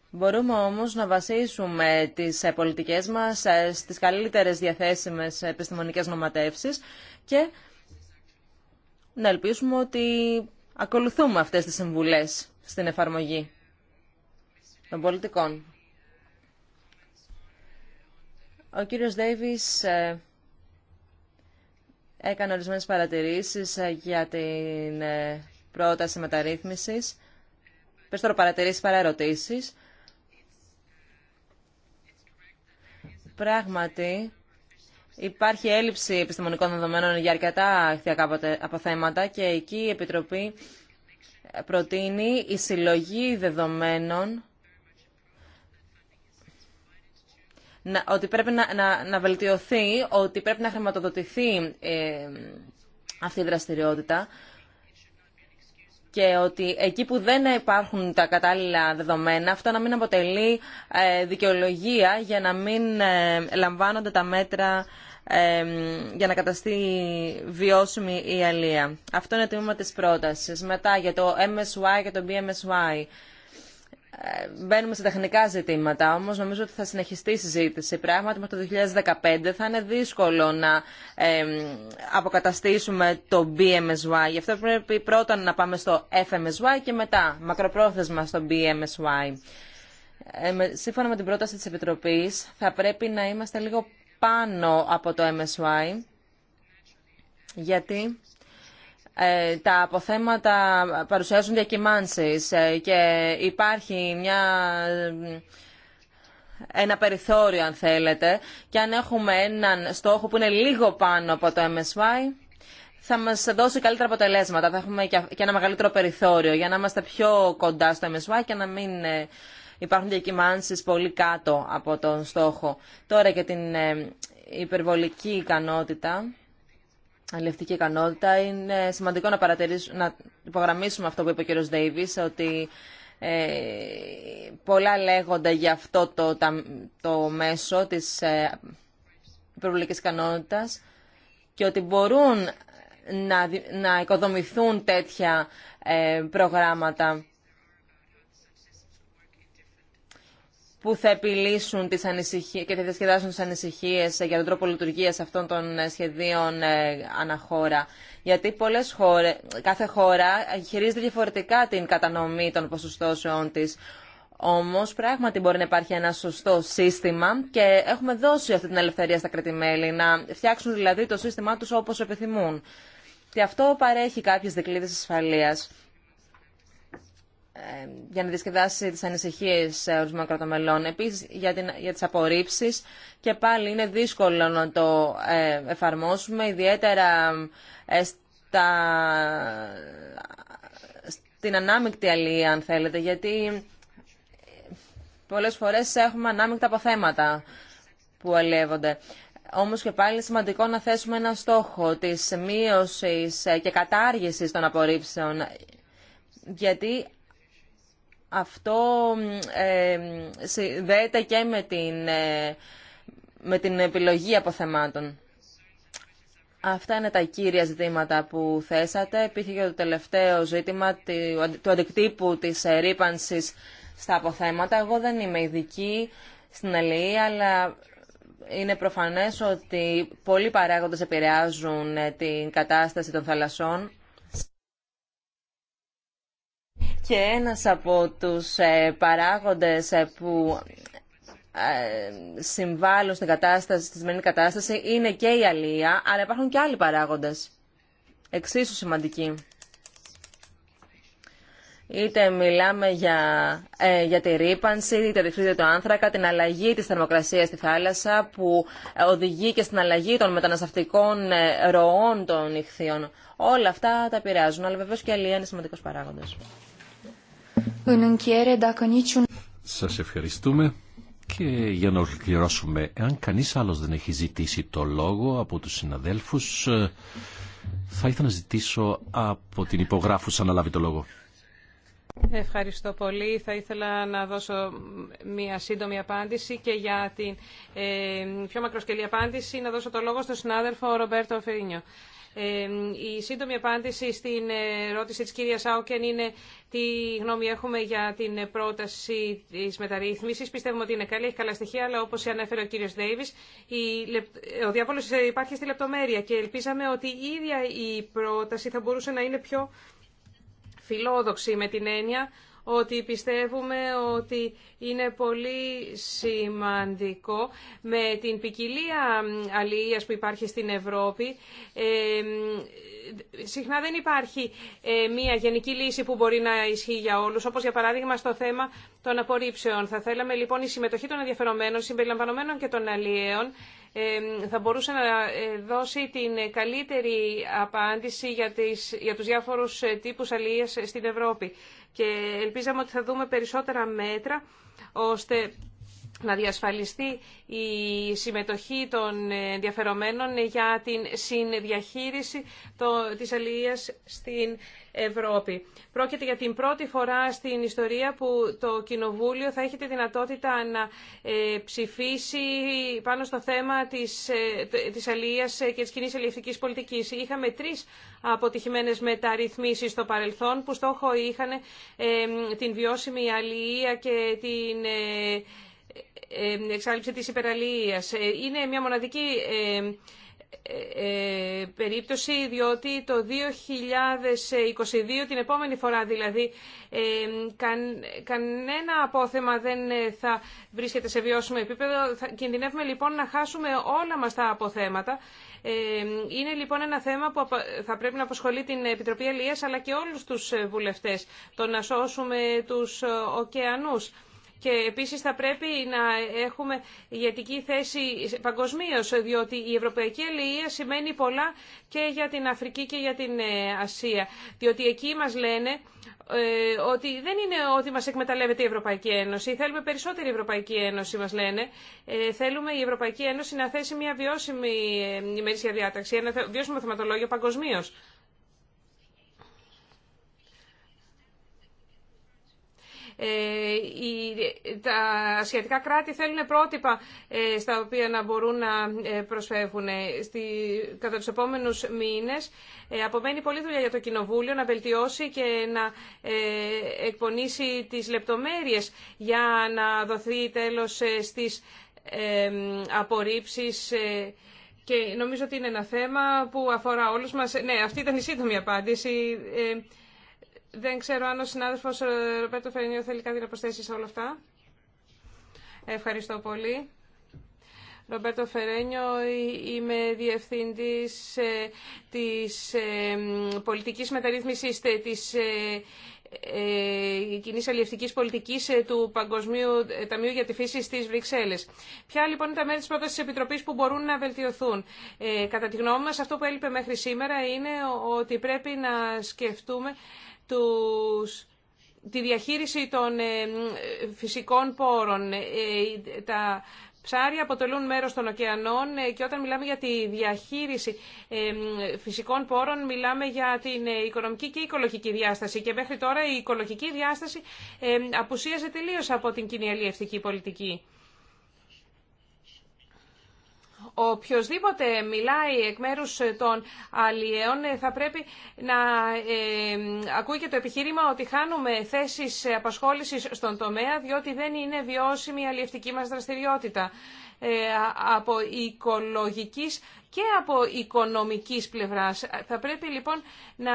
Μπορούμε όμως να βασίσουμε τις ε, πολιτικές μας στις καλύτερες διαθέσιμες επιστημονικές νοματεύσεις και να ελπίσουμε ότι ακολουθούμε αυτές τις συμβουλές στην εφαρμογή των πολιτικών. Ο κύριος Ντέιβις ε, έκανε ορισμένες παρατηρήσεις ε, για την ε, πρόταση μεταρρύθμισης. Περισσότερο παρατηρήσεις παρά ερωτήσεις. Πράγματι, Υπάρχει έλλειψη επιστημονικών δεδομένων για αρκετά από αποθέματα και εκεί η Επιτροπή προτείνει η συλλογή δεδομένων να, ότι πρέπει να, να, βελτιωθεί, ότι πρέπει να χρηματοδοτηθεί ε, αυτή η δραστηριότητα και ότι εκεί που δεν υπάρχουν τα κατάλληλα δεδομένα, αυτό να μην αποτελεί ε, δικαιολογία για να μην ε, λαμβάνονται τα μέτρα για να καταστεί βιώσιμη η αλεία. Αυτό είναι το τμήμα της πρότασης. Μετά για το MSY και το BMSY. Ε, μπαίνουμε σε τεχνικά ζητήματα, όμως νομίζω ότι θα συνεχιστεί η συζήτηση. Πράγματι, μέχρι το 2015 θα είναι δύσκολο να αποκαταστήσουμε το BMSY. Γι' αυτό πρέπει πρώτα να πάμε στο FMSY και μετά μακροπρόθεσμα στο BMSY. Ε, σύμφωνα με την πρόταση της Επιτροπής, θα πρέπει να είμαστε λίγο πάνω από το MSY, γιατί ε, τα αποθέματα παρουσιάζουν διακυμάνσεις ε, και υπάρχει μια, ένα περιθώριο, αν θέλετε, και αν έχουμε έναν στόχο που είναι λίγο πάνω από το MSY, θα μας δώσει καλύτερα αποτελέσματα. Θα έχουμε και ένα μεγαλύτερο περιθώριο για να είμαστε πιο κοντά στο MSY και να μην ε, υπάρχουν διακυμάνσει πολύ κάτω από τον στόχο. Τώρα για την ε, υπερβολική ικανότητα, αλληλευτική ικανότητα, είναι σημαντικό να, να υπογραμμίσουμε αυτό που είπε ο κ. Ντέιβις, ότι ε, πολλά λέγονται για αυτό το, μέσο της ε, υπερβολικής ικανότητας και ότι μπορούν να, να οικοδομηθούν τέτοια ε, προγράμματα που θα επιλύσουν τις ανησυχίες και θα διασκεδάσουν τις ανησυχίες για τον τρόπο λειτουργίας αυτών των ε, σχεδίων ε, αναχώρα. Γιατί πολλές χώρες, κάθε χώρα χειρίζεται διαφορετικά την κατανομή των ποσοστώσεών της. Όμως πράγματι μπορεί να υπάρχει ένα σωστό σύστημα και έχουμε δώσει αυτή την ελευθερία στα κρατημέλη να φτιάξουν δηλαδή το σύστημά τους όπως επιθυμούν. Και αυτό παρέχει κάποιες δικλείδες ασφαλείας για να διασκεδάσει τις ανησυχίες ε, ορισμένων κρατομελών. Επίσης, για, την, για τις απορρίψεις και πάλι είναι δύσκολο να το ε, εφαρμόσουμε, ιδιαίτερα ε, στα, στην ανάμεικτη αλληλεία, αν θέλετε, γιατί πολλές φορές έχουμε ανάμεικτα αποθέματα που αλλιεύονται. Όμως και πάλι σημαντικό να θέσουμε ένα στόχο της μείωσης και κατάργηση των απορρίψεων, γιατί αυτό ε, συνδέεται και με την, ε, με την επιλογή αποθεμάτων. Αυτά είναι τα κύρια ζητήματα που θέσατε. Υπήρχε και το τελευταίο ζήτημα του αντικτύπου της ρήπανση στα αποθέματα. Εγώ δεν είμαι ειδική στην ΕΛΗ, e, αλλά είναι προφανές ότι πολλοί παράγοντες επηρεάζουν ε, την κατάσταση των θαλασσών και ένας από τους ε, παράγοντες ε, που ε, συμβάλλουν στην κατάσταση, στη σημερινή κατάσταση είναι και η αλία, αλλά υπάρχουν και άλλοι παράγοντες εξίσου σημαντικοί. Είτε μιλάμε για, για τη ρήπανση, είτε το άνθρακα, την αλλαγή της θερμοκρασίας στη θάλασσα που οδηγεί και στην αλλαγή των μεταναστευτικών ροών των νυχθείων. Όλα αυτά τα πειράζουν, αλλά βεβαίως και η αλία είναι σημαντικός παράγοντας. Σας ευχαριστούμε. Και για να ολοκληρώσουμε, εάν κανείς άλλος δεν έχει ζητήσει το λόγο από τους συναδέλφους, ε, θα ήθελα να ζητήσω από την υπογράφουσα να λάβει το λόγο. Ευχαριστώ πολύ. Θα ήθελα να δώσω μία σύντομη απάντηση και για την ε, πιο μακροσκελή απάντηση να δώσω το λόγο στον συνάδελφο Ρομπέρτο Φερίνιο. Η σύντομη απάντηση στην ερώτηση της κυρίας Άουκεν είναι τι γνώμη έχουμε για την πρόταση της μεταρρύθμισης. Πιστεύουμε ότι είναι καλή, έχει καλά στοιχεία, αλλά όπως ανέφερε ο κύριος Ντέιβις, ο διάβολος ε, υπάρχει στη λεπτομέρεια και ελπίζαμε ότι η ίδια η πρόταση θα μπορούσε να είναι πιο φιλόδοξη με την έννοια ότι πιστεύουμε ότι είναι πολύ σημαντικό με την ποικιλία αλληλείας που υπάρχει στην Ευρώπη. Ε, συχνά δεν υπάρχει ε, μία γενική λύση που μπορεί να ισχύει για όλους, όπως για παράδειγμα στο θέμα των απορρίψεων. Θα θέλαμε λοιπόν η συμμετοχή των ενδιαφερομένων, συμπεριλαμβανομένων και των αλλιέων, ε, θα μπορούσε να δώσει την καλύτερη απάντηση για, τις, για τους διάφορους τύπους στην Ευρώπη και ελπίζαμε ότι θα δούμε περισσότερα μέτρα ώστε να διασφαλιστεί η συμμετοχή των ενδιαφερομένων για την συνδιαχείριση της αλληλείας στην Ευρώπη. Πρόκειται για την πρώτη φορά στην ιστορία που το Κοινοβούλιο θα έχει τη δυνατότητα να ε, ψηφίσει πάνω στο θέμα της, ε, της αλληλείας και της κοινής αλληλευτικής πολιτικής. Είχαμε τρεις αποτυχημένες μεταρρυθμίσεις στο παρελθόν που στόχο είχαν ε, την βιώσιμη αλληλεία και την εξάλληψη της υπεραλίας. Ε, είναι μια μοναδική ε, ε, περίπτωση διότι το 2022, την επόμενη φορά δηλαδή, κανένα απόθεμα δεν θα βρίσκεται σε βιώσιμο επίπεδο. κινδυνεύουμε λοιπόν να χάσουμε όλα μας τα αποθέματα. Είναι λοιπόν ένα θέμα που θα πρέπει να αποσχολεί την Επιτροπή Ελίας αλλά και όλους τους βουλευτές, το να σώσουμε τους ωκεανούς και επίσης θα πρέπει να έχουμε ηγετική θέση παγκοσμίω, διότι η ευρωπαϊκή αλληλεία σημαίνει πολλά και για την Αφρική και για την ε, Ασία. Διότι εκεί μας λένε ε, ότι δεν είναι ότι μας εκμεταλλεύεται η Ευρωπαϊκή Ένωση. Θέλουμε περισσότερη Ευρωπαϊκή Ένωση, μας λένε. Ε, θέλουμε η Ευρωπαϊκή Ένωση να θέσει μια βιώσιμη ημερήσια διάταξη, ένα βιώσιμο θεματολόγιο παγκοσμίω. Ε, τα ασιατικά κράτη θέλουν πρότυπα ε, στα οποία να μπορούν να ε, προσφεύγουν. Κατά τους επόμενους μήνες απομένει πολλή δουλειά για το Κοινοβούλιο να βελτιώσει και να εκπονήσει τις λεπτομέρειες για να δοθεί τέλος στις απορρίψεις και νομίζω ότι είναι ένα θέμα που αφορά όλους μας. Ναι, αυτή ήταν η σύντομη απάντηση. Δεν ξέρω αν ο συνάδελφο ε, Ρομπέρτο Φερένιο θέλει κάτι να προσθέσει σε όλα αυτά. Ευχαριστώ πολύ. Ρομπέρτο Φερένιο, ε, είμαι διευθύντης ε, της πολιτικής μεταρρύθμισης της κοινή αλληλευτική πολιτική του Παγκοσμίου Ταμείου για τη Φύση στι Βρυξέλλε. Ποια λοιπόν είναι τα μέρη τη πρόταση τη Επιτροπή που μπορούν να βελτιωθούν. κατά τη γνώμη μα, αυτό που έλειπε μέχρι σήμερα είναι ότι πρέπει να σκεφτούμε τους, τη διαχείριση των ε, φυσικών πόρων. Ε, τα ψάρια αποτελούν μέρος των ωκεανών ε, και όταν μιλάμε για τη διαχείριση φυσικών πόρων μιλάμε για την οικονομική και οικολογική διάσταση και μέχρι τώρα η οικολογική διάσταση απουσίαζε τελείως από την κοινή πολιτική οποιοδήποτε μιλάει εκ μέρους των αλλιέων ε, θα πρέπει να ε, ακούει και το επιχείρημα ότι χάνουμε θέσεις απασχόλησης στον τομέα διότι δεν είναι βιώσιμη η αλλιευτική μας δραστηριότητα. Ε, από οικολογικής και από οικονομικής πλευράς. Θα πρέπει λοιπόν να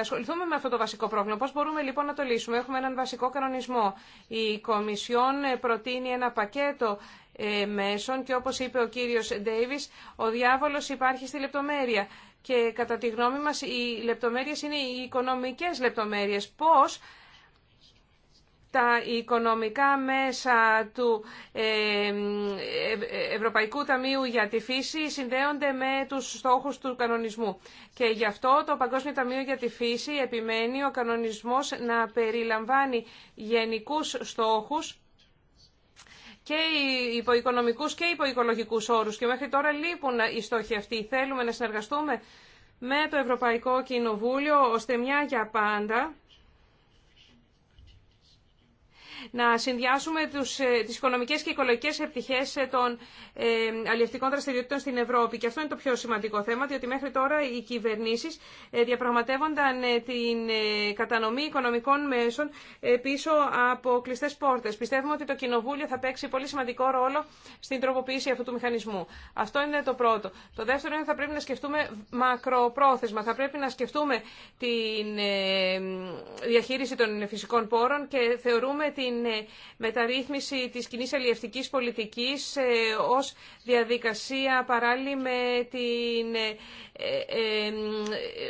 ασχοληθούμε με αυτό το βασικό πρόβλημα. Πώς μπορούμε λοιπόν να το λύσουμε. Έχουμε έναν βασικό κανονισμό. Η Κομισιόν προτείνει ένα πακέτο ε, μέσων και όπως είπε ο κύριος Ντέιβις, ο διάβολος υπάρχει στη λεπτομέρεια. Και κατά τη γνώμη μας οι λεπτομέρειες είναι οι οικονομικές λεπτομέρειες. Πώς τα οικονομικά μέσα του ε, ε, Ευρωπαϊκού Ταμείου για τη Φύση συνδέονται με τους στόχους του κανονισμού. Και γι' αυτό το Παγκόσμιο Ταμείο για τη Φύση επιμένει ο κανονισμός να περιλαμβάνει γενικούς στόχους και υποοικονομικούς και υποοικολογικούς όρους και μέχρι τώρα λείπουν οι στόχοι αυτοί. Θέλουμε να συνεργαστούμε με το Ευρωπαϊκό Κοινοβούλιο ώστε μια για πάντα να συνδυάσουμε τους, ε, τις οικονομικές και οικολογικές επιτυχίες ε, των ε, αλληλευτικών δραστηριοτήτων στην Ευρώπη. Και αυτό είναι το πιο σημαντικό θέμα, διότι μέχρι τώρα οι κυβερνήσεις ε, διαπραγματεύονταν την κατανομή οικονομικών μέσων πίσω από κλειστέ πόρτες. Πιστεύουμε ότι το Κοινοβούλιο θα παίξει πολύ σημαντικό ρόλο στην τροποποίηση αυτού του μηχανισμού. Αυτό είναι το πρώτο. Το δεύτερο είναι ότι θα πρέπει να σκεφτούμε μακροπρόθεσμα. Θα πρέπει να σκεφτούμε την διαχείριση των φυσικών πόρων και θεωρούμε την την ε, μεταρρύθμιση της κοινή αλλιευτικής πολιτικής ε, ως διαδικασία παράλληλη με την ε,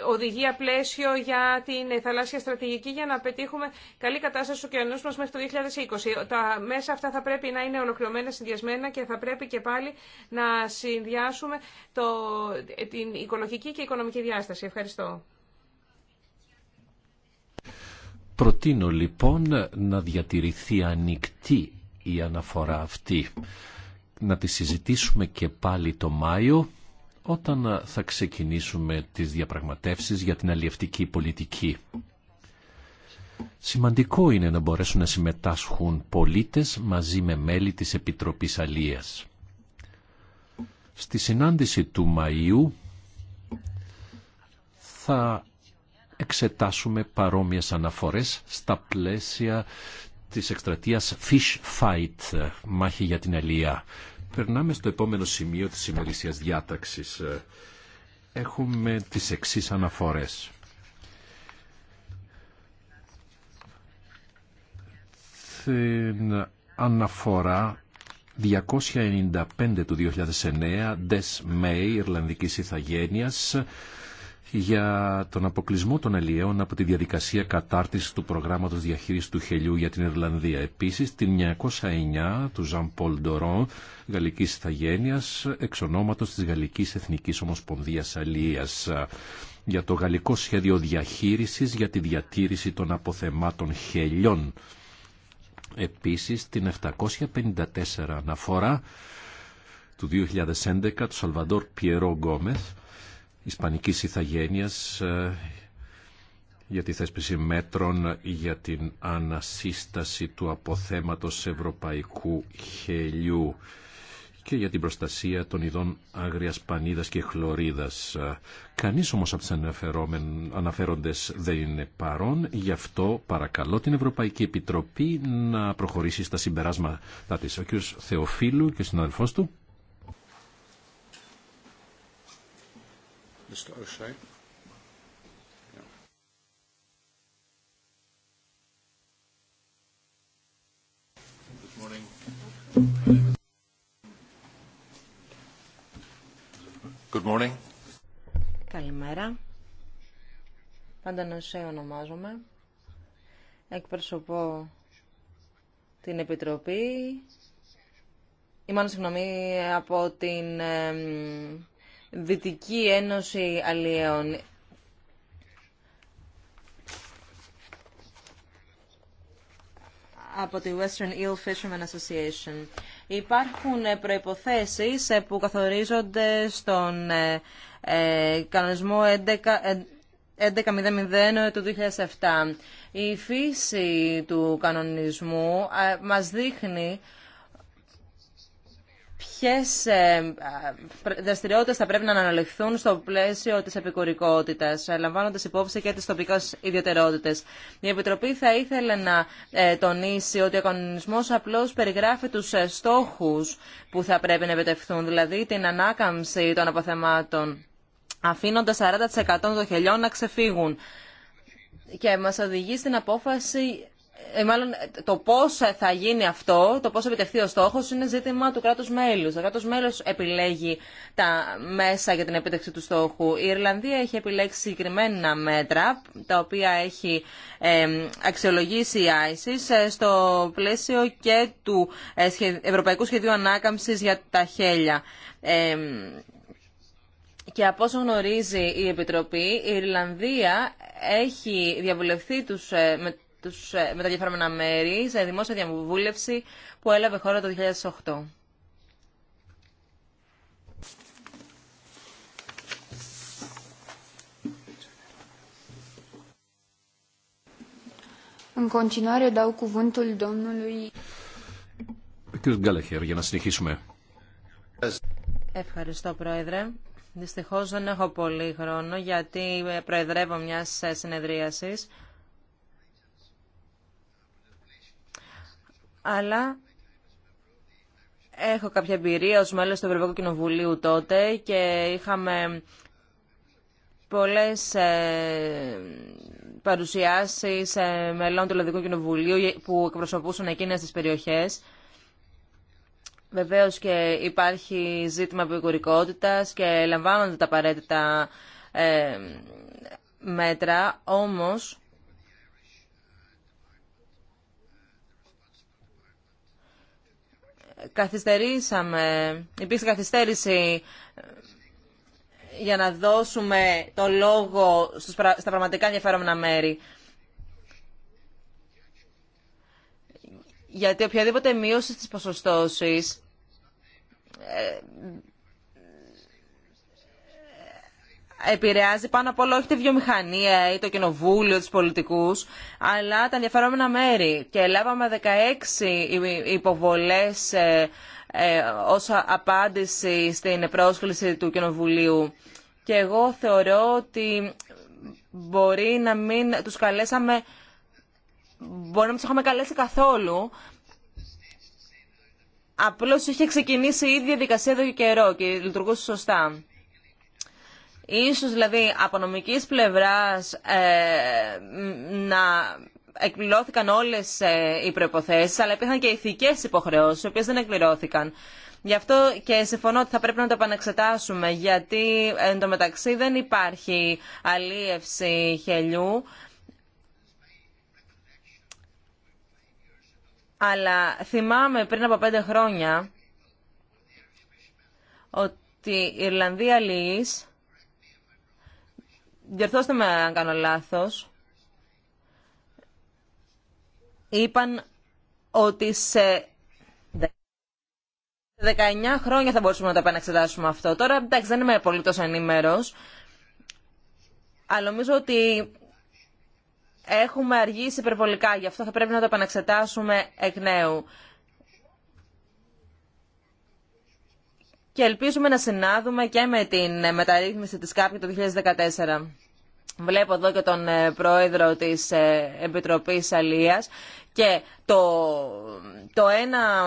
οδηγία πλαίσιο για την θαλάσσια στρατηγική για να πετύχουμε καλή κατάσταση του ωκεανού μας μέχρι το 2020. Τα μέσα αυτά θα πρέπει να είναι ολοκληρωμένα, συνδυασμένα και θα πρέπει και πάλι να συνδυάσουμε το, την οικολογική και οικονομική διάσταση. Ευχαριστώ. Προτείνω λοιπόν να διατηρηθεί ανοιχτή η αναφορά αυτή. Να τη συζητήσουμε και πάλι το Μάιο όταν θα ξεκινήσουμε τις διαπραγματεύσεις για την αλλιευτική πολιτική. Σημαντικό είναι να μπορέσουν να συμμετάσχουν πολίτες μαζί με μέλη της Επιτροπής Αλίας. Στη συνάντηση του Μαΐου θα εξετάσουμε παρόμοιες αναφορές στα πλαίσια της εκστρατείας Fish Fight, μάχη για την αλία. Περνάμε στο επόμενο σημείο της ημερησίας διάταξης. Έχουμε τις εξής αναφορές. Την αναφορά 295 του 2009, Des May, Ιρλανδικής Ιθαγένειας, για τον αποκλεισμό των αλλιέων από τη διαδικασία κατάρτισης του προγράμματος διαχείρισης του χελιού για την Ιρλανδία. Επίσης, την 909 του Ζαν Πολ Ντορόν, γαλλικής ηθαγένειας, εξ της Γαλλικής Εθνικής Ομοσπονδίας Αλίας για το γαλλικό σχέδιο διαχείρισης για τη διατήρηση των αποθεμάτων χελιών. Επίσης, την 754 αναφορά του 2011 του Σαλβαντόρ Πιερό Γκόμεθ ισπανικής Ιθαγένειας ε, για τη θέσπιση μέτρων για την ανασύσταση του αποθέματος ευρωπαϊκού χελιού και για την προστασία των ειδών άγριας πανίδας και χλωρίδας. Ε, κανείς όμως από τους αναφέροντες δεν είναι παρόν, γι' αυτό παρακαλώ την Ευρωπαϊκή Επιτροπή να προχωρήσει στα συμπεράσματά της. Ο κ. Θεοφίλου και ο συναδελφός του. Mr. O'Shea. Good morning. Good Καλημέρα. Πάντα ονομάζομαι. Εκπροσωπώ την Επιτροπή. Είμαι, συγγνώμη, από την Δυτική Ένωση Αλλιέων. από τη Western Eel Fishermen Association. Υπάρχουν ε, προϋποθέσεις ε, που καθορίζονται στον ε, κανονισμό 11, 11.00 του 2007. Η φύση του κανονισμού μας δείχνει Ποιε ε, ε, δραστηριότητε θα πρέπει να αναλυθούν στο πλαίσιο της επικουρικότητα, ε, λαμβάνοντα υπόψη και τι τοπικές ιδιαιτερότητες. Η Επιτροπή θα ήθελε να τονίσει ότι ο οικονομισμό απλώ περιγράφει τους στόχους που θα πρέπει να επιτευχθούν, δηλαδή την ανάκαμψη των αποθεμάτων, αφήνοντας 40% των χελιών να ξεφύγουν. Και μα οδηγεί στην απόφαση ε, μάλλον το πώ θα γίνει αυτό, το πώς επιτευχθεί ο στόχος, είναι ζήτημα του κράτους μέλους. Το κράτο μέλος επιλέγει τα μέσα για την επίτευξη του στόχου. Η Ιρλανδία έχει επιλέξει συγκεκριμένα μέτρα, τα οποία έχει αξιολογήσει η ISIS ε, στο πλαίσιο και του ε, Ευρωπαϊκού Σχεδίου Ανάκαμψης για τα χέλια. Και από όσο γνωρίζει η Επιτροπή, η Ιρλανδία έχει διαβουλευθεί τους, με ε, με τα διαφέρμενα μέρη σε δημόσια διαβούλευση που έλαβε χώρα το 2008. για να Ευχαριστώ, Πρόεδρε. Δυστυχώς δεν έχω πολύ χρόνο, γιατί προεδρεύω μιας συνεδρίασης. αλλά έχω κάποια εμπειρία ως μέλος του Ευρωπαϊκού Κοινοβουλίου τότε και είχαμε πολλές ε, παρουσιάσεις ε, μελών του Ελληνικού Κοινοβουλίου που εκπροσωπούσαν εκείνες τις περιοχές. Βεβαίως και υπάρχει ζήτημα επικουρικότητας και λαμβάνονται τα απαραίτητα ε, μέτρα, όμως καθυστερήσαμε, υπήρξε καθυστέρηση ε, για να δώσουμε το λόγο στα πραγματικά ενδιαφέρομενα μέρη. Γιατί οποιαδήποτε μείωση της ποσοστώσης ε, επηρεάζει πάνω απ' όλα όχι τη βιομηχανία ή το κοινοβούλιο, του πολιτικού, αλλά τα ενδιαφερόμενα μέρη. Και λάβαμε 16 υποβολές ε, ε, ως απάντηση στην πρόσκληση του κοινοβουλίου. Και εγώ θεωρώ ότι μπορεί να μην τους καλέσαμε, μπορεί να μην είχαμε καλέσει καθόλου, Απλώς είχε ξεκινήσει η δικασία εδώ και καιρό και λειτουργούσε σωστά. Ίσως δηλαδή από νομικής πλευράς ε, να εκπληρώθηκαν όλες ε, οι προϋποθέσεις, αλλά υπήρχαν και ηθικές υποχρεώσεις, οι οποίες δεν εκπληρώθηκαν. Γι' αυτό και συμφωνώ ότι θα πρέπει να το επαναξετάσουμε, γιατί εν τω μεταξύ δεν υπάρχει αλίευση χελιού. Αλλά θυμάμαι πριν από πέντε χρόνια ότι η Ιρλανδία Λύης διορθώστε με αν κάνω λάθος, είπαν ότι σε 19 χρόνια θα μπορούσαμε να το επαναξετάσουμε αυτό. Τώρα, εντάξει, δεν είμαι πολύ τόσο ενήμερος, αλλά νομίζω ότι έχουμε αργήσει υπερβολικά, γι' αυτό θα πρέπει να το επαναξετάσουμε εκ νέου. και ελπίζουμε να συνάδουμε και με την μεταρρύθμιση της ΚΑΠΚΙ το 2014. Βλέπω εδώ και τον ε, πρόεδρο της ε, Επιτροπής Αλίας και το, το ένα...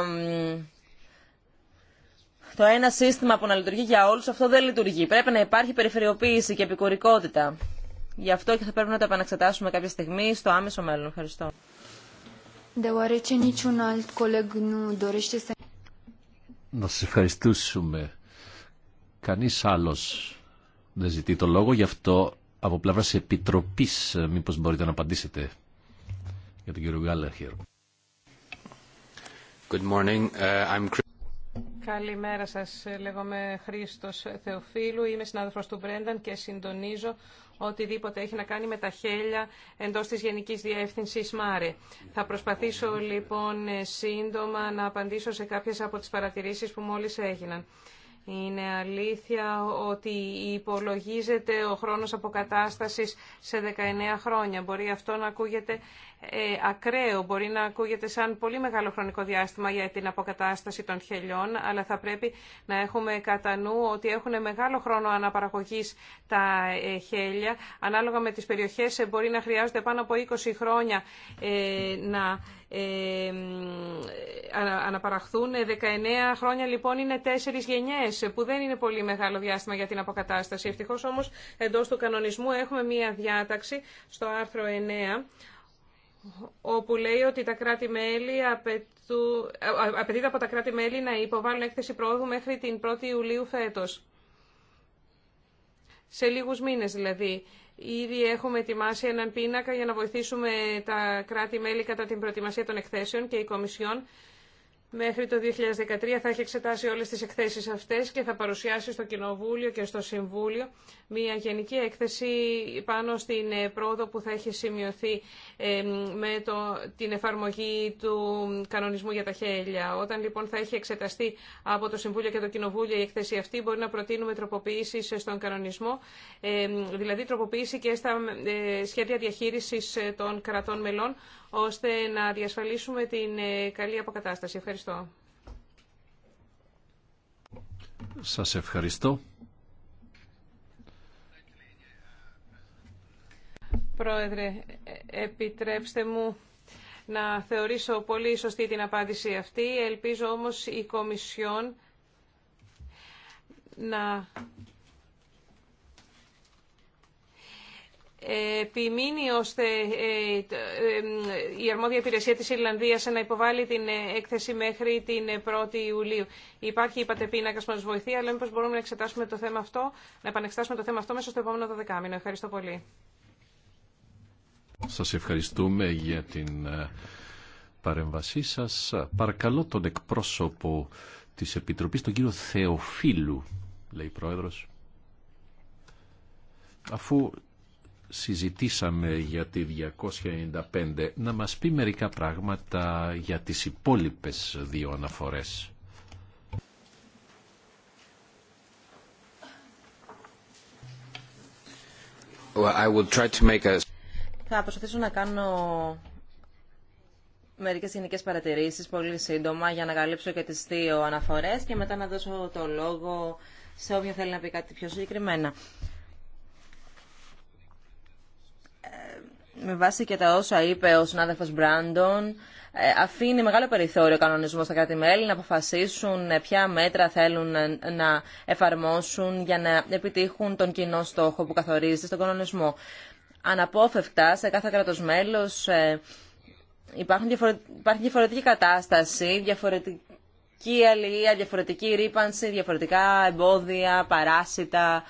Το ένα σύστημα που να λειτουργεί για όλους, αυτό δεν λειτουργεί. Πρέπει να υπάρχει περιφερειοποίηση και επικουρικότητα. Γι' αυτό και θα πρέπει να το επαναξετάσουμε κάποια στιγμή στο άμεσο μέλλον. Ευχαριστώ. Να σας ευχαριστούσουμε. Κανείς άλλος δεν ζητεί το λόγο, γι' αυτό από πλευράς Επιτροπής ε, μήπως μπορείτε να απαντήσετε για τον κύριο Γκάλαχερ. Good morning. Uh, I'm... Καλημέρα σας. Λέγομαι Χρήστος Θεοφίλου. Είμαι συνάδελφος του Μπρένταν και συντονίζω οτιδήποτε έχει να κάνει με τα χέλια εντός της Γενικής Διεύθυνσης ΜΑΡΕ. Θα προσπαθήσω λοιπόν σύντομα να απαντήσω σε κάποιες από τις παρατηρήσεις που μόλις έγιναν. Είναι αλήθεια ότι υπολογίζεται ο χρόνος αποκατάστασης σε 19 χρόνια. Μπορεί αυτό να ακούγεται ε, ακραίο. Μπορεί να ακούγεται σαν πολύ μεγάλο χρονικό διάστημα για την αποκατάσταση των χελιών, αλλά θα πρέπει να έχουμε κατά νου ότι έχουν μεγάλο χρόνο αναπαραγωγής τα ε, χέλια. Ανάλογα με τις περιοχές ε, μπορεί να χρειάζονται πάνω από 20 χρόνια να αναπαραχθούν. 19 χρόνια λοιπόν είναι τέσσερις γενιές, που δεν είναι πολύ μεγάλο διάστημα για την αποκατάσταση. Ευτυχώς όμως εντός του κανονισμού έχουμε μία διάταξη στο άρθρο 9 όπου λέει ότι τα κράτη-μέλη απαιτού... Ε, απαιτείται από τα κράτη-μέλη να υποβάλουν έκθεση πρόοδου μέχρι την 1η Ιουλίου φέτος. Σε λίγους μήνες δηλαδή. Ήδη έχουμε ετοιμάσει έναν πίνακα για να βοηθήσουμε τα κράτη-μέλη κατά την προετοιμασία των εκθέσεων και η Κομισιόν Μέχρι το 2013 θα έχει εξετάσει όλες τις εκθέσεις αυτές και θα παρουσιάσει στο Κοινοβούλιο και στο Συμβούλιο μια γενική έκθεση πάνω στην ε, πρόοδο που θα έχει σημειωθεί ε, με το, την εφαρμογή του κανονισμού για τα χέλια. Όταν λοιπόν θα έχει εξεταστεί από το Συμβούλιο και το Κοινοβούλιο η έκθεση αυτή μπορεί να προτείνουμε τροποποίηση στον κανονισμό, ε, δηλαδή τροποποίηση και στα σχέδια διαχείρισης των κρατών μελών ώστε να διασφαλίσουμε την ε, καλή αποκατάσταση. Ευχαριστώ. Σας ευχαριστώ. Πρόεδρε, ε, επιτρέψτε μου να θεωρήσω πολύ σωστή την απάντηση αυτή. Ελπίζω όμως η Κομισιόν να επιμείνει ώστε ε, ε, η αρμόδια υπηρεσία της Ιρλανδίας να υποβάλει την έκθεση μέχρι την 1η Ιουλίου. Υπάρχει, είπατε, πίνακα που μας βοηθεί, αλλά μήπω μπορούμε να εξετάσουμε το θέμα αυτό, να επανεξετάσουμε το θέμα αυτό μέσα στο επόμενο δεκάμινο. Ευχαριστώ πολύ. Σας ευχαριστούμε για την ε, παρέμβασή σας. Παρακαλώ τον εκπρόσωπο τη Επιτροπής, τον κύριο Θεοφίλου, λέει η Πρόεδρος. Αφού συζητήσαμε για τη 295 να μας πει μερικά πράγματα για τις υπόλοιπες δύο αναφορές. Θα προσπαθήσω να κάνω μερικές γενικές παρατηρήσεις πολύ σύντομα για να καλύψω και τις δύο αναφορές και μετά να δώσω το λόγο σε όποιον θέλει να πει κάτι πιο συγκεκριμένα. με βάση και τα όσα είπε ο συνάδελφος Μπράντον, ε, αφήνει μεγάλο περιθώριο κανονισμό στα κράτη-μέλη να αποφασίσουν ε, ποια μέτρα θέλουν ε, να εφαρμόσουν για να επιτύχουν τον κοινό στόχο που καθορίζεται στον κανονισμό. Αναπόφευκτα, σε κάθε κράτο μέλο υπάρχει διαφορετική κατάσταση, διαφορετική αλληλεία, διαφορετική ρήπανση, διαφορετικά εμπόδια, παράσιτα,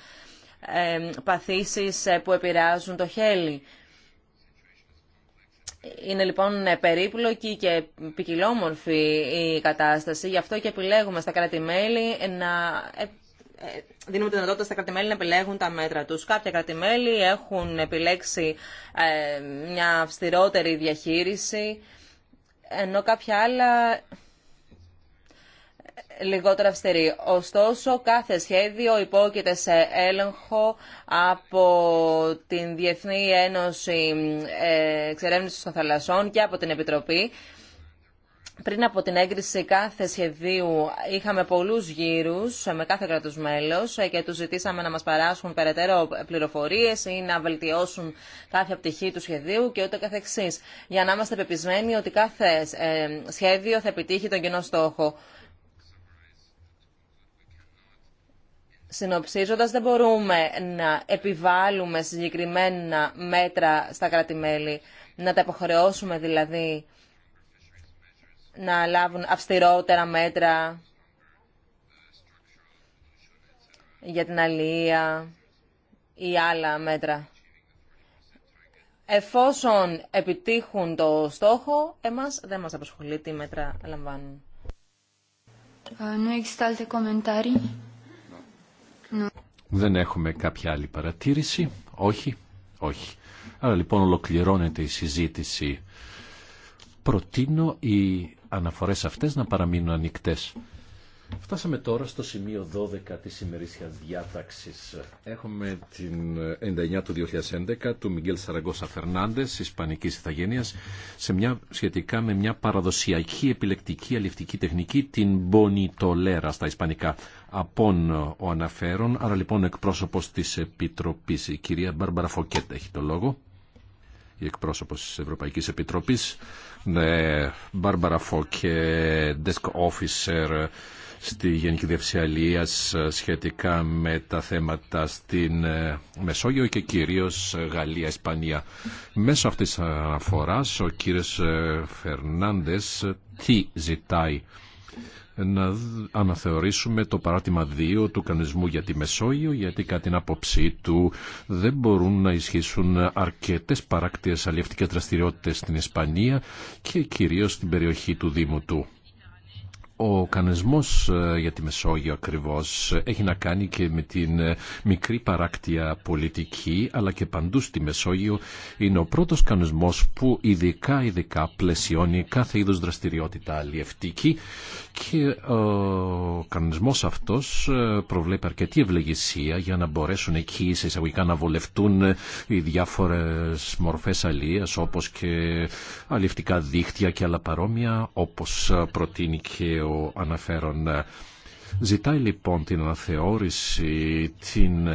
παθήσεις που επηρεάζουν το χέλι. Είναι λοιπόν περίπλοκη και ποικιλόμορφη η κατάσταση, γι' αυτό και επιλέγουμε στα κράτη-μέλη να ε, ε, δίνουμε τη δυνατότητα στα κρατημέλη να επιλέγουν τα μέτρα τους. Κάποια κρατημέλη έχουν επιλέξει ε, μια αυστηρότερη διαχείριση, ενώ κάποια άλλα λιγότερο αυστηρή. Ωστόσο, κάθε σχέδιο υπόκειται σε έλεγχο από την Διεθνή Ένωση ε, Εξερεύνησης των Θαλασσών και από την Επιτροπή. Πριν από την έγκριση κάθε σχεδίου είχαμε πολλούς γύρους με κάθε κράτος μέλος ε, και τους ζητήσαμε να μας παράσχουν περαιτέρω πληροφορίες ή να βελτιώσουν κάθε πτυχή του σχεδίου και ούτε καθεξής. Για να είμαστε πεπισμένοι ότι κάθε ε, σχέδιο θα επιτύχει τον κοινό στόχο. Συνοψίζοντας, δεν μπορούμε να επιβάλλουμε συγκεκριμένα μέτρα στα κράτη-μέλη, να τα υποχρεώσουμε δηλαδή να λάβουν αυστηρότερα μέτρα για την αλληλεία ή άλλα μέτρα. Εφόσον επιτύχουν το στόχο, εμάς δεν μας απασχολεί τι μέτρα λαμβάνουν. Δεν έχουμε κάποια άλλη παρατήρηση. Όχι. Όχι. Άρα λοιπόν ολοκληρώνεται η συζήτηση. Προτείνω οι αναφορές αυτές να παραμείνουν ανοιχτές. Φτάσαμε τώρα στο σημείο 12 της ημερήσιας διάταξης. Έχουμε την 99 του 2011 του Μιγγέλ Σαραγκώσα Φερνάντες, Ισπανικής Ιθαγένειας, σε μια, σχετικά με μια παραδοσιακή επιλεκτική αληφτική τεχνική, την Μπονιτολέρα στα Ισπανικά. Απόν ο αναφέρον, άρα λοιπόν εκπρόσωπος της Επιτροπής, η κυρία Μπάρμπαρα Φοκέτ, έχει το λόγο η εκπρόσωπος της Ευρωπαϊκής Επιτροπής, ναι, Barbara Φόκε, Desk Officer στη Γενική Διευσιαλία ε, σχετικά με τα θέματα στην ε, Μεσόγειο και κυρίως ε, Γαλλία-Ισπανία. Μέσω αυτής της αναφοράς ο κύριος Φερνάνδες τι ζητάει να αναθεωρήσουμε το παράτημα 2 του κανονισμού για τη Μεσόγειο, γιατί κατά την άποψή του δεν μπορούν να ισχύσουν αρκετές παράκτειες αλλιευτικές δραστηριότητες στην Ισπανία και κυρίως στην περιοχή του Δήμου του. Ο κανονισμός ε, για τη Μεσόγειο ακριβώς έχει να κάνει και με την ε, μικρή παράκτια πολιτική αλλά και παντού στη Μεσόγειο είναι ο πρώτος κανονισμός που ειδικά ειδικά πλαισιώνει κάθε είδους δραστηριότητα αλλιευτική και ε, ο κανονισμός αυτός ε, προβλέπει αρκετή ευλογησία για να μπορέσουν εκεί σε εισαγωγικά να βολευτούν ε, οι διάφορες μορφές αλίας όπως και αληφτικά δίχτυα και άλλα παρόμοια όπως προτείνει και ο αναφέρον. Ζητάει λοιπόν την αναθεώρηση, την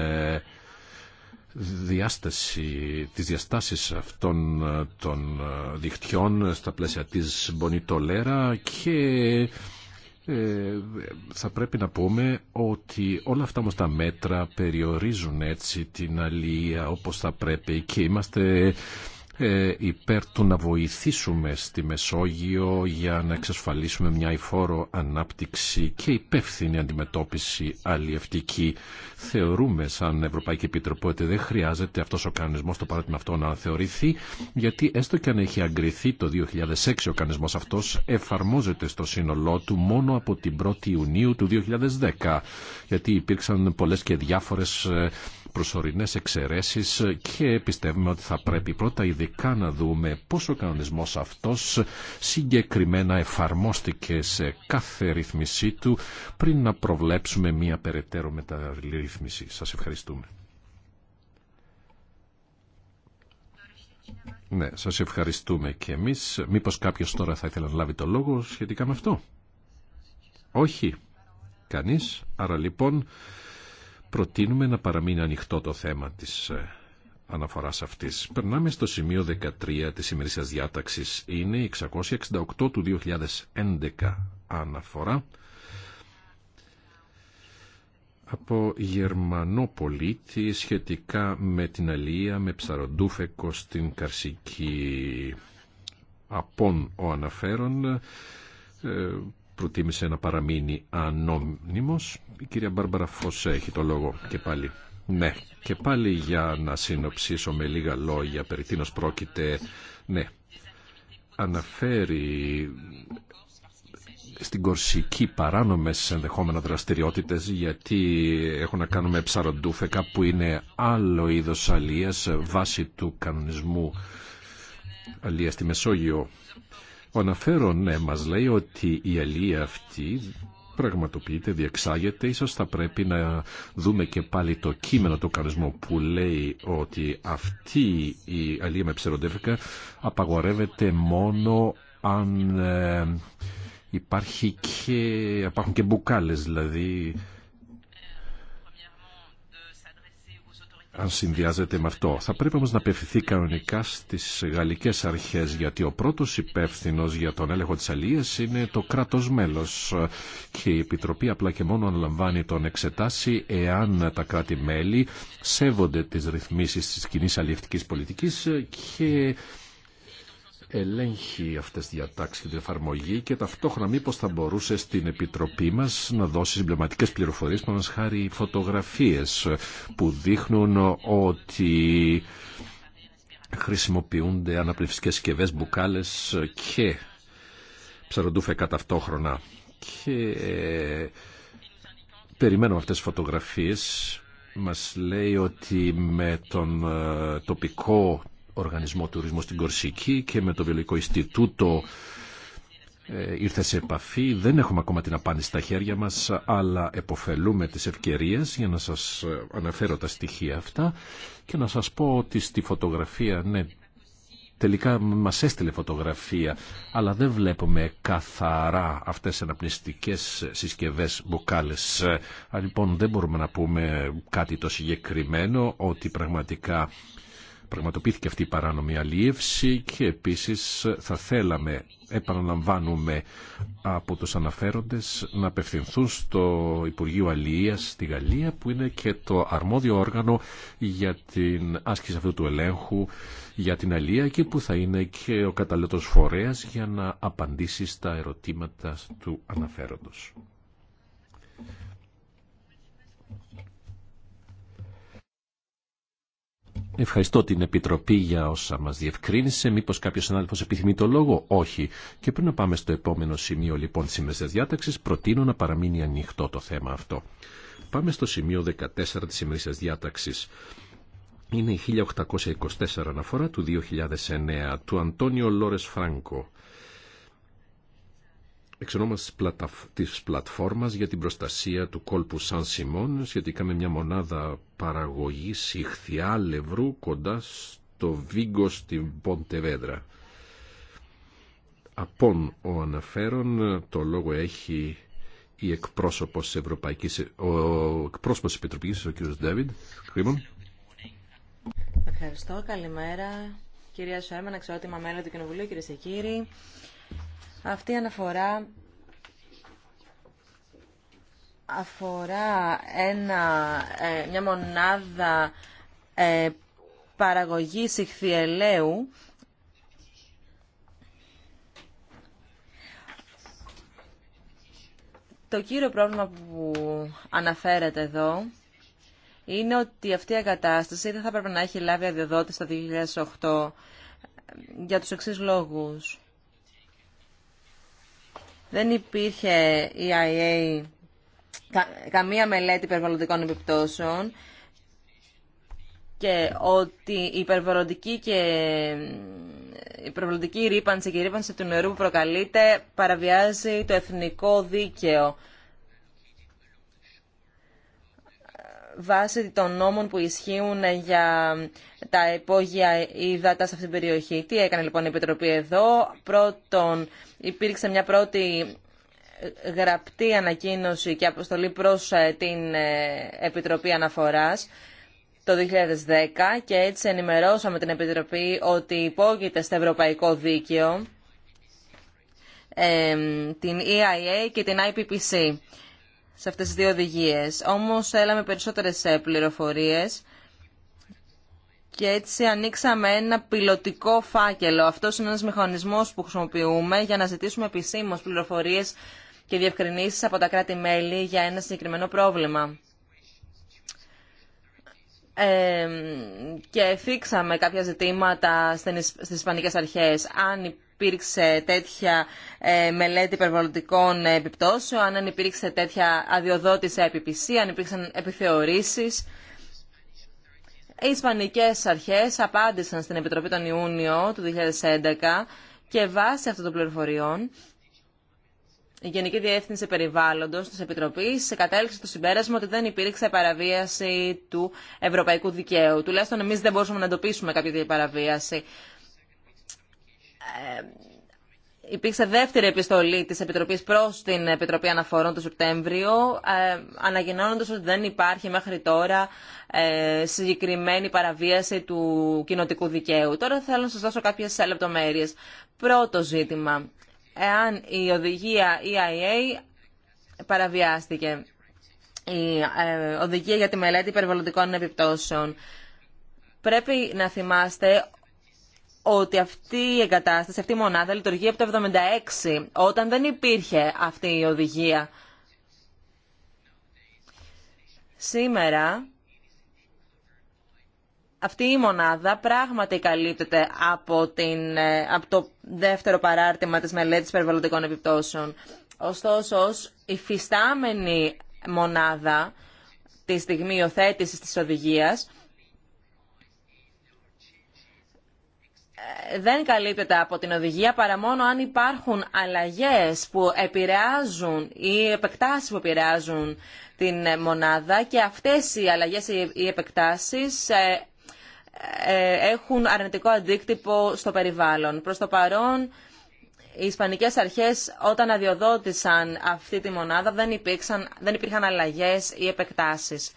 διάσταση, της διαστάσεις αυτών των δικτυών στα πλαίσια της Μπονιτολέρα και ε, θα πρέπει να πούμε ότι όλα αυτά όμως τα μέτρα περιορίζουν έτσι την αλληλεία όπως θα πρέπει και είμαστε ε, υπέρ του να βοηθήσουμε στη Μεσόγειο για να εξασφαλίσουμε μια υφόρο ανάπτυξη και υπεύθυνη αντιμετώπιση αλλιευτική. Θεωρούμε σαν Ευρωπαϊκή Επιτροπή ότι δεν χρειάζεται αυτός ο κανονισμός, το παράδειγμα αυτό να θεωρηθεί, γιατί έστω και αν έχει αγκριθεί το 2006 ο κανονισμός αυτός εφαρμόζεται στο σύνολό του μόνο από την 1η Ιουνίου του 2010, γιατί υπήρξαν πολλές και διάφορες ε, Προσωρινέ εξαιρεσει. και πιστεύουμε ότι θα πρέπει πρώτα ειδικά να δούμε πώ ο κανονισμός αυτός συγκεκριμένα εφαρμόστηκε σε κάθε ρυθμισή του πριν να προβλέψουμε μία περαιτέρω μεταρρύθμιση. Σας ευχαριστούμε. Ναι, σας ευχαριστούμε και εμείς. Μήπως κάποιος τώρα θα ήθελε να λάβει το λόγο σχετικά με αυτό. Όχι. Κανείς. Άρα λοιπόν προτείνουμε να παραμείνει ανοιχτό το θέμα της ε, αναφοράς αυτής. Περνάμε στο σημείο 13 της σημερινής διάταξης. Είναι η 668 του 2011 αναφορά από Γερμανό πολίτη σχετικά με την αλία με ψαροντούφεκο στην Καρσική. Απόν ο αναφέρον ε, προτίμησε να παραμείνει ανώνυμος. Η κυρία Μπάρμπαρα Φωσέ έχει το λόγο και πάλι. Ναι, και πάλι για να συνοψίσω με λίγα λόγια περί τίνος πρόκειται. Ναι, αναφέρει στην Κορσική παράνομες ενδεχόμενα δραστηριότητες γιατί έχουν να κάνουν με ψαροντούφεκα που είναι άλλο είδος αλίας βάσει του κανονισμού αλίας στη Μεσόγειο. Ο αναφέρον ναι, μας λέει ότι η αλία αυτή πραγματοποιείται, διεξάγεται. Ίσως θα πρέπει να δούμε και πάλι το κείμενο του κανονισμού που λέει ότι αυτή η αλία με ψεροντεύκα απαγορεύεται μόνο αν ε, υπάρχει και, υπάρχουν και μπουκάλες, δηλαδή αν συνδυάζεται με αυτό. Θα πρέπει όμως να απευθυνθεί κανονικά στις γαλλικές αρχές, γιατί ο πρώτος υπεύθυνο για τον έλεγχο της αλίας είναι το κράτος μέλος και η Επιτροπή απλά και μόνο αναλαμβάνει τον εξετάσει εάν τα κράτη-μέλη σέβονται τις ρυθμίσεις της κοινή αλλιευτικής πολιτικής και ελέγχει αυτές τις διατάξεις και την εφαρμογή και ταυτόχρονα μήπως θα μπορούσε στην Επιτροπή μας να δώσει συμπληρωματικές πληροφορίες που μας χάρη φωτογραφίες που δείχνουν ότι χρησιμοποιούνται αναπνευστικές συσκευέ, μπουκάλες και ψαροντούφεκα ταυτόχρονα. Και ε, περιμένουμε αυτές τις φωτογραφίες μας λέει ότι με τον ε, τοπικό Οργανισμό Τουρισμού στην Κορσική και με το Βιολογικό Ιστιτούτο ε, ήρθε σε επαφή. Δεν έχουμε ακόμα την απάντηση στα χέρια μας, αλλά εποφελούμε τις ευκαιρίες για να σας ε, αναφέρω τα στοιχεία αυτά και να σας πω ότι στη φωτογραφία, ναι, τελικά μας έστειλε φωτογραφία, αλλά δεν βλέπουμε καθαρά αυτές τις αναπνευστικέ συσκευές μπουκάλες. Ε, λοιπόν, δεν μπορούμε να πούμε κάτι το συγκεκριμένο, ότι πραγματικά πραγματοποιήθηκε αυτή η παράνομη αλίευση και επίσης θα θέλαμε, επαναλαμβάνουμε από τους αναφέροντες, να απευθυνθούν στο Υπουργείο Αλίας στη Γαλλία που είναι και το αρμόδιο όργανο για την άσκηση αυτού του ελέγχου για την αλία και που θα είναι και ο καταλληλωτός φορέας για να απαντήσει στα ερωτήματα του αναφέροντος. Ευχαριστώ την Επιτροπή για όσα μας διευκρίνησε. Μήπως κάποιος συνάδελφος επιθυμεί το λόγο. Όχι. Και πριν να πάμε στο επόμενο σημείο λοιπόν της σημερινής διάταξης, προτείνω να παραμείνει ανοιχτό το θέμα αυτό. Πάμε στο σημείο 14 της σημερινής διάταξης. Είναι η 1824 αναφορά του 2009 του Αντώνιο Λόρες Φράνκο εξ ονόμας της πλατφόρμας για την προστασία του κόλπου Σαν Σιμών σχετικά με μια μονάδα παραγωγής ηχθιάλευρου κοντά στο Βίγκο στην Ποντεβέδρα. Απόν ο αναφέρον το λόγο έχει η εκπρόσωπος Ευρωπαϊκής, ο εκπρόσωπος Επιτροπής, ο κ. Ντέβιντ Κρίμον. Ευχαριστώ. Καλημέρα. Κυρία Σουέμεν, αξιότιμα μέλη του Κοινοβουλίου, κυρίε και κύριοι. Αυτή η αναφορά αφορά ένα, ε, μια μονάδα ε, παραγωγής ηχθιελαίου Το κύριο πρόβλημα που αναφέρεται εδώ είναι ότι αυτή η εγκατάσταση δεν θα έπρεπε να έχει λάβει αδειοδότηση το 2008 για τους εξής λόγους δεν υπήρχε η e κα, καμία μελέτη περιβαλλοντικών επιπτώσεων και ότι η υπερβολοντική και η ρήπανση και η ρήπανση του νερού που προκαλείται παραβιάζει το εθνικό δίκαιο βάσει των νόμων που ισχύουν για τα υπόγεια ύδατα σε αυτήν την περιοχή. Τι έκανε λοιπόν η Επιτροπή εδώ. Πρώτον, υπήρξε μια πρώτη ε, γραπτή ανακοίνωση και αποστολή προς ε, την ε, Επιτροπή Αναφοράς το 2010 και έτσι ενημερώσαμε την Επιτροπή ότι υπόγειται στο Ευρωπαϊκό Δίκαιο την EIA και την IPPC σε αυτές τις δύο οδηγίες. Όμως έλαμε περισσότερες ε, πληροφορίες και έτσι ανοίξαμε ένα πιλωτικό φάκελο. Αυτό είναι ένας μηχανισμός που χρησιμοποιούμε για να ζητήσουμε επισήμως πληροφορίες και διευκρινήσεις από τα κράτη-μέλη για ένα συγκεκριμένο πρόβλημα. και θίξαμε κάποια ζητήματα στις Ισπανικές Αρχές. Αν υπήρξε τέτοια ε, μελέτη περιβαλλοντικών επιπτώσεων, αν υπήρξε τέτοια αδειοδότηση IPPC, αν υπήρξαν επιθεωρήσεις. Οι Ισπανικές αρχές απάντησαν στην Επιτροπή τον Ιούνιο του 2011 και βάσει αυτών των πληροφοριών η Γενική Διεύθυνση Περιβάλλοντο τη Επιτροπή κατέληξε στο συμπέρασμα ότι δεν υπήρξε παραβίαση του ευρωπαϊκού δικαίου. Τουλάχιστον εμεί δεν μπορούσαμε να εντοπίσουμε κάποια παραβίαση. Ε, υπήρξε δεύτερη επιστολή της Επιτροπής προς την Επιτροπή Αναφορών το Σεπτέμβριο, ε, αναγεννώνοντας ότι δεν υπάρχει μέχρι τώρα ε, συγκεκριμένη παραβίαση του κοινοτικού δικαίου. Τώρα θέλω να σας δώσω κάποιες λεπτομέρειες. Πρώτο ζήτημα, εάν η οδηγία EIA παραβιάστηκε, η οδηγία για τη μελέτη περιβαλλοντικών επιπτώσεων, πρέπει να θυμάστε ότι αυτή η εγκατάσταση, αυτή η μονάδα λειτουργεί από το 1976, όταν δεν υπήρχε αυτή η οδηγία. Σήμερα, αυτή η μονάδα πράγματι καλύπτεται από, την, ε, από το δεύτερο παράρτημα της μελέτης περιβαλλοντικών επιπτώσεων. Ωστόσο, η φυστάμενη μονάδα, τη στιγμή υιοθέτηση της οδηγίας, δεν καλύπτεται από την οδηγία παρά μόνο αν υπάρχουν αλλαγές που επηρεάζουν ή επεκτάσεις που επηρεάζουν την μονάδα και αυτές οι αλλαγές ή επεκτάσεις ε, ε, έχουν αρνητικό αντίκτυπο στο περιβάλλον. Προς το παρόν, οι Ισπανικές αρχές όταν αδειοδότησαν αυτή τη μονάδα δεν, δεν υπήρχαν αλλαγές ή επεκτάσεις.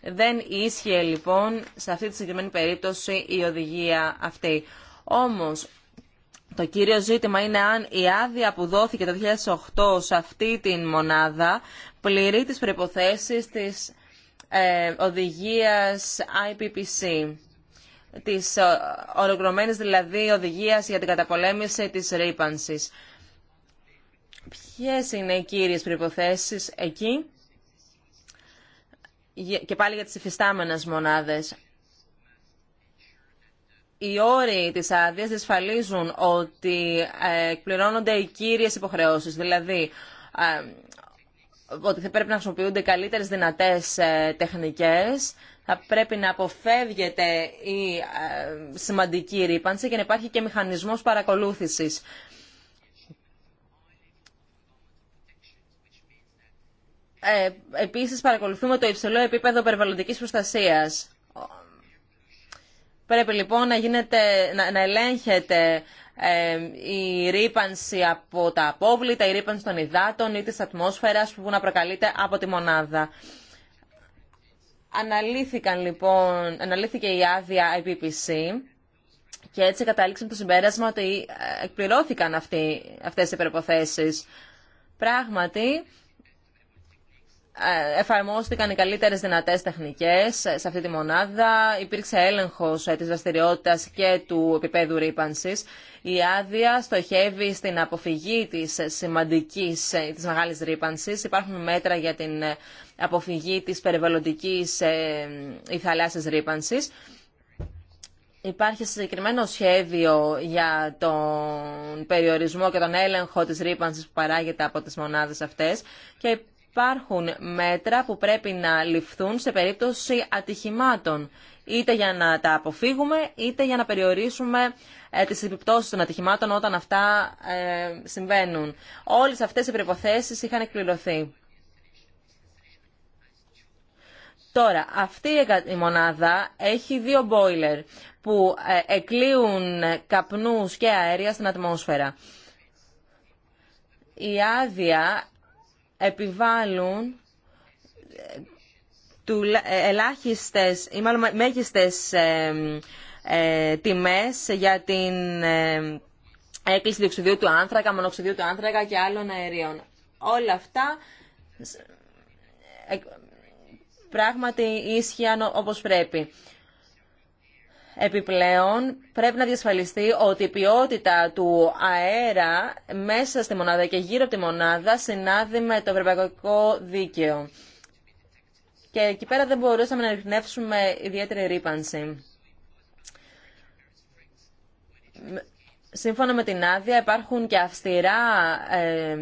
Δεν ίσχυε λοιπόν σε αυτή τη συγκεκριμένη περίπτωση η οδηγία αυτή. Όμως, το κύριο ζήτημα είναι αν η άδεια που δόθηκε το 2008 σε αυτή την μονάδα πληρεί τις προϋποθέσεις της ε, οδηγίας IPPC, της ε, ολοκληρωμένης δηλαδή οδηγίας για την καταπολέμηση της ρήπανσης. Ποιες είναι οι κύριες προϋποθέσεις εκεί και πάλι για τις υφιστάμενες μονάδες οι όροι της άδεια δυσφαλίζουν ότι ε, εκπληρώνονται οι κύριε υποχρεώσεις, δηλαδή ε, ότι θα πρέπει να χρησιμοποιούνται καλύτερες δυνατές ε, τεχνικές, θα πρέπει να αποφεύγεται η σημαντική ρήπανση και να υπάρχει και μηχανισμός παρακολούθησης. Ε, επίσης παρακολουθούμε το υψηλό επίπεδο περιβαλλοντικής προστασίας. Πρέπει λοιπόν να, γίνεται, ελέγχεται η ρήπανση από τα απόβλητα, η ρήπανση των υδάτων ή της ατμόσφαιρας που να προκαλείται από τη μονάδα. Αναλύθηκαν λοιπόν, αναλύθηκε η άδεια IPPC και έτσι κατάληξαμε το συμπέρασμα ότι ε, εκπληρώθηκαν αυτοί, αυτές οι προποθέσεις. Πράγματι, ε, εφαρμόστηκαν οι καλύτερε δυνατέ τεχνικές σε αυτή τη μονάδα. Υπήρξε έλεγχο ε, τη δραστηριότητα και του επίπεδου ρήπανση. Η άδεια στοχεύει στην αποφυγή της σημαντικής, ε, της μεγάλης ρήπανση. Υπάρχουν μέτρα για την αποφυγή της περιβαλλοντικής θαλάσσια ρήπανση. Υπάρχει συγκεκριμένο σχέδιο για τον περιορισμό και τον έλεγχο της ρήπανσης που παράγεται από τις μονάδες αυτές υπάρχουν μέτρα που πρέπει να ληφθούν σε περίπτωση ατυχημάτων, είτε για να τα αποφύγουμε, είτε για να περιορίσουμε ε, τις επιπτώσεις των ατυχημάτων όταν αυτά ε, συμβαίνουν. Όλες αυτές οι προϋποθέσεις είχαν εκπληρωθεί. Τώρα, αυτή η μονάδα έχει δύο μπόιλερ που ε, εκλείουν καπνούς και αέρια στην ατμόσφαιρα. Η άδεια επιβάλλουν ε, του ε, ελάχιστες ή μάλλον μέγιστες ε, τιμές για την ε, έκκληση διοξιδίου του άνθρακα, μονοξυδιού του άνθρακα και άλλων αερίων. Όλα αυτά πράγματι ίσχυαν όπως πρέπει. Επιπλέον, πρέπει να διασφαλιστεί ότι η ποιότητα του αέρα μέσα στη μονάδα και γύρω από τη μονάδα συνάδει με το ευρωπαϊκό δίκαιο. Και εκεί πέρα δεν μπορούσαμε να ρυθμίσουμε ιδιαίτερη ρήπανση. Σύμφωνα με την άδεια υπάρχουν και αυστηρά ε,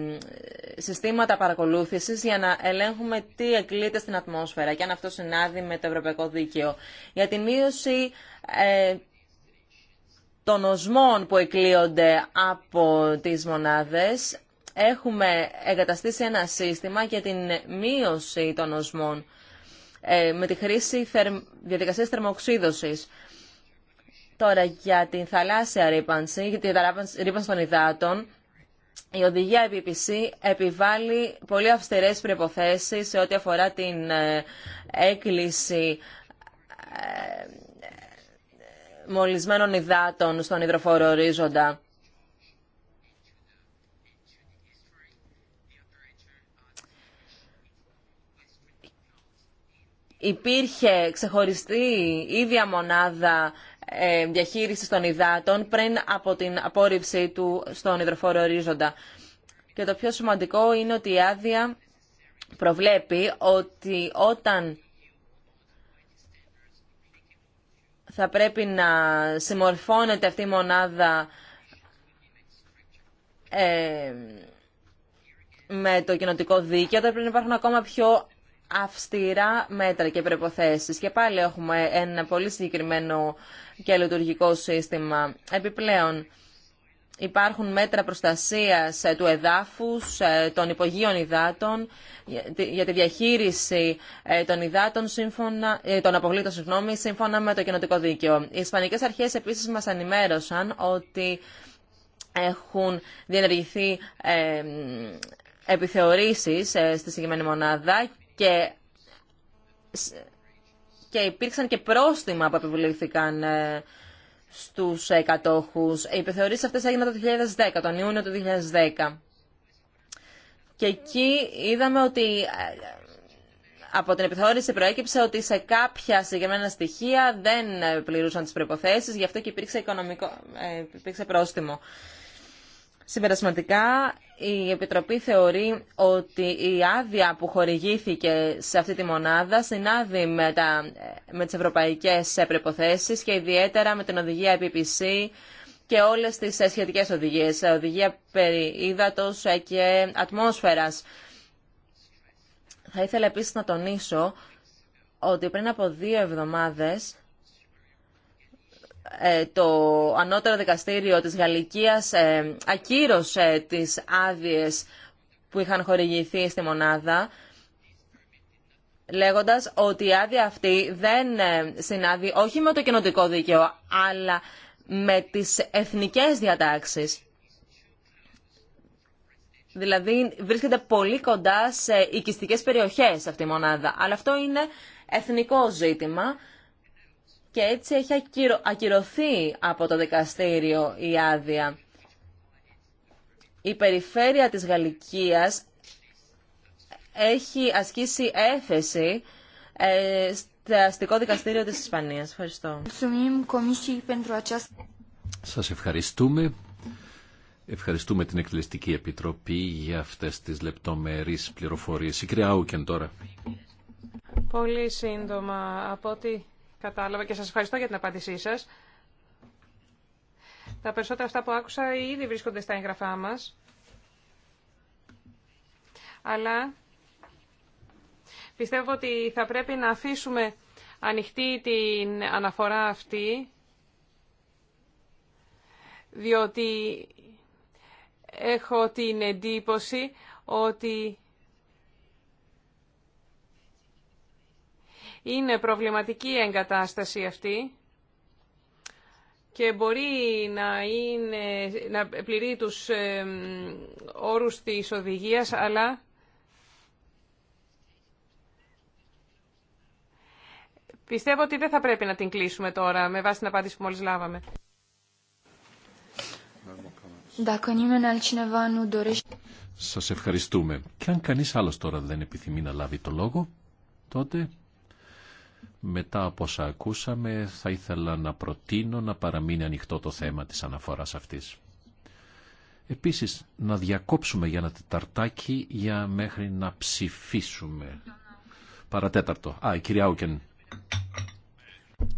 συστήματα παρακολούθησης για να ελέγχουμε τι εκλείται στην ατμόσφαιρα και αν αυτό συνάδει με το ευρωπαϊκό δίκαιο. Για τη μείωση ε, των οσμών που εκλείονται από τις μονάδες έχουμε εγκαταστήσει ένα σύστημα για την μείωση των οσμών ε, με τη χρήση θερ, διαδικασίας Τώρα για την θαλάσσια ρήπανση, για την ρήπανση των υδάτων, η οδηγία EPPC επιβάλλει πολύ αυστηρές προϋποθέσεις σε ό,τι αφορά την ε, έκκληση ε, μολυσμένων υδάτων στον υδροφόρο ορίζοντα. Υπήρχε ξεχωριστή ίδια μονάδα ε, διαχείρισης των υδάτων πριν από την απόρριψή του στον υδροφόρο ορίζοντα. Και το πιο σημαντικό είναι ότι η άδεια προβλέπει ότι όταν θα πρέπει να συμμορφώνεται αυτή η μονάδα ε, με το κοινοτικό δίκαιο, θα πρέπει να υπάρχουν ακόμα πιο αυστηρά μέτρα και προϋποθέσεις. Και πάλι έχουμε ένα πολύ συγκεκριμένο και λειτουργικό σύστημα. Επιπλέον, υπάρχουν μέτρα προστασίας ε, του εδάφους, ε, των υπογείων υδάτων, για τη διαχείριση ε, των υδάτων σύμφωνα, των αποβλήτων συγγνώμη, σύμφωνα με το κοινοτικό δίκαιο. Οι Ισπανικές αρχές επίσης μας ενημέρωσαν ότι έχουν διενεργηθεί επιθεωρήσεις στη συγκεκριμένη μονάδα και και υπήρξαν και πρόστιμα που επιβλήθηκαν ε, στους κατόχους. Οι επιθεωρήσεις αυτές έγιναν το 2010, τον Ιούνιο του 2010. Και εκεί είδαμε ότι ε, από την επιθεώρηση προέκυψε ότι σε κάποια συγκεκριμένα στοιχεία δεν ε, πληρούσαν τις προϋποθέσεις, γι' αυτό και υπήρξε, οικονομικό, υπήρξε πρόστιμο. Συμπερασματικά, η Επιτροπή θεωρεί ότι η άδεια που χορηγήθηκε σε αυτή τη μονάδα συνάδει με, τα, με τις ευρωπαϊκές προϋποθέσεις και ιδιαίτερα με την οδηγία EPPC και όλες τις σχετικές οδηγίες, οδηγία περί ύδατος και ατμόσφαιρας. Θα ήθελα επίσης να τονίσω ότι πριν από δύο εβδομάδες ε, το ανώτερο δικαστήριο της Γαλλικίας ε, ακύρωσε τις άδειες που είχαν χορηγηθεί στη μονάδα λέγοντας ότι η άδεια αυτή δεν ε, συνάδει όχι με το κοινοτικό δίκαιο αλλά με τις εθνικές διατάξεις. Δηλαδή βρίσκεται πολύ κοντά σε οικιστικές περιοχές αυτή η μονάδα. Αλλά αυτό είναι εθνικό ζήτημα και έτσι έχει ακυρωθεί από το δικαστήριο η άδεια. Η περιφέρεια της Γαλλικίας έχει ασκήσει έφεση ε, στο αστικό δικαστήριο της Ισπανίας. Ευχαριστώ. Σας ευχαριστούμε. Ευχαριστούμε την Εκτελεστική Επιτροπή για αυτές τις λεπτομερείς πληροφορίες. Η κυρία Άουκεν τώρα. Πολύ σύντομα από ότι κατάλαβα και σας ευχαριστώ για την απάντησή σας. Τα περισσότερα αυτά που άκουσα ήδη βρίσκονται στα έγγραφά μας. Αλλά πιστεύω ότι θα πρέπει να αφήσουμε ανοιχτή την αναφορά αυτή, διότι έχω την εντύπωση ότι Είναι προβληματική η εγκατάσταση αυτή και μπορεί να, είναι, να πληρεί τους όρους της οδηγίας, αλλά Πιστεύω ότι δεν θα πρέπει να την κλείσουμε τώρα, με βάση την απάντηση που μόλις λάβαμε. Σας ευχαριστούμε. Και αν κανείς άλλος τώρα δεν επιθυμεί να λάβει το λόγο, τότε μετά από όσα ακούσαμε θα ήθελα να προτείνω να παραμείνει ανοιχτό το θέμα της αναφοράς αυτής. Επίσης να διακόψουμε για ένα τεταρτάκι για μέχρι να ψηφίσουμε. Παρατέταρτο. Α, η κυρία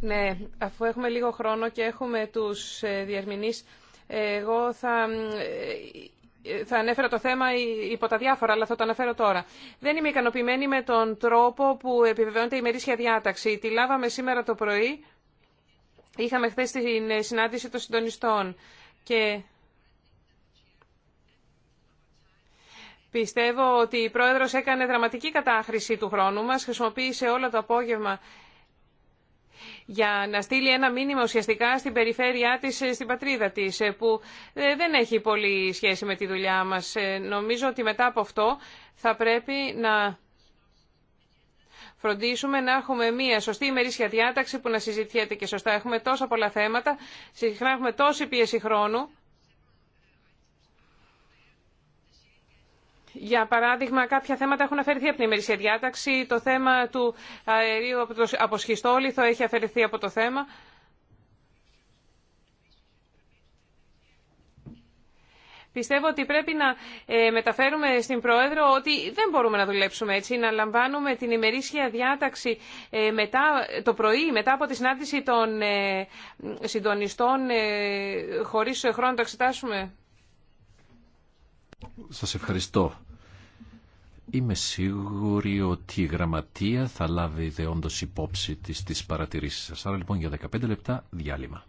Ναι, αφού έχουμε λίγο χρόνο και έχουμε τους ε, διερμηνείς, εγώ θα ε, θα ανέφερα το θέμα υπό τα διάφορα, αλλά θα το αναφέρω τώρα. Δεν είμαι ικανοποιημένη με τον τρόπο που επιβεβαιώνεται η μερίσια διάταξη. Τη λάβαμε σήμερα το πρωί. Είχαμε χθε την συνάντηση των συντονιστών. Και πιστεύω ότι η Πρόεδρος έκανε δραματική κατάχρηση του χρόνου μας. Χρησιμοποίησε όλο το απόγευμα για να στείλει ένα μήνυμα ουσιαστικά στην περιφέρειά της, ε, στην πατρίδα της, ε, που ε, δεν έχει πολύ σχέση με τη δουλειά μας. Νομίζω ότι μετά από αυτό θα πρέπει να φροντίσουμε να έχουμε μια σωστή ημερήσια διάταξη που να συζητιέται και σωστά. Έχουμε τόσα πολλά θέματα, συχνά έχουμε τόση πίεση χρόνου Για παράδειγμα, κάποια θέματα έχουν αφαιρεθεί από την ημερήσια διάταξη. Το θέμα του αερίου από σχιστόλιθο έχει αφαιρεθεί από το θέμα. Πιστεύω ότι πρέπει να ε, μεταφέρουμε στην Πρόεδρο ότι δεν μπορούμε να δουλέψουμε έτσι, να λαμβάνουμε την ημερήσια διάταξη ε, μετά, το πρωί, μετά από τη συνάντηση των ε, συντονιστών, χωρίς χρόνο να το εξετάσουμε. Σας ευχαριστώ. Είμαι σίγουρη ότι η γραμματεία θα λάβει δεόντως υπόψη της, της παρατηρήσεις σας. Άρα λοιπόν για 15 λεπτά διάλειμμα.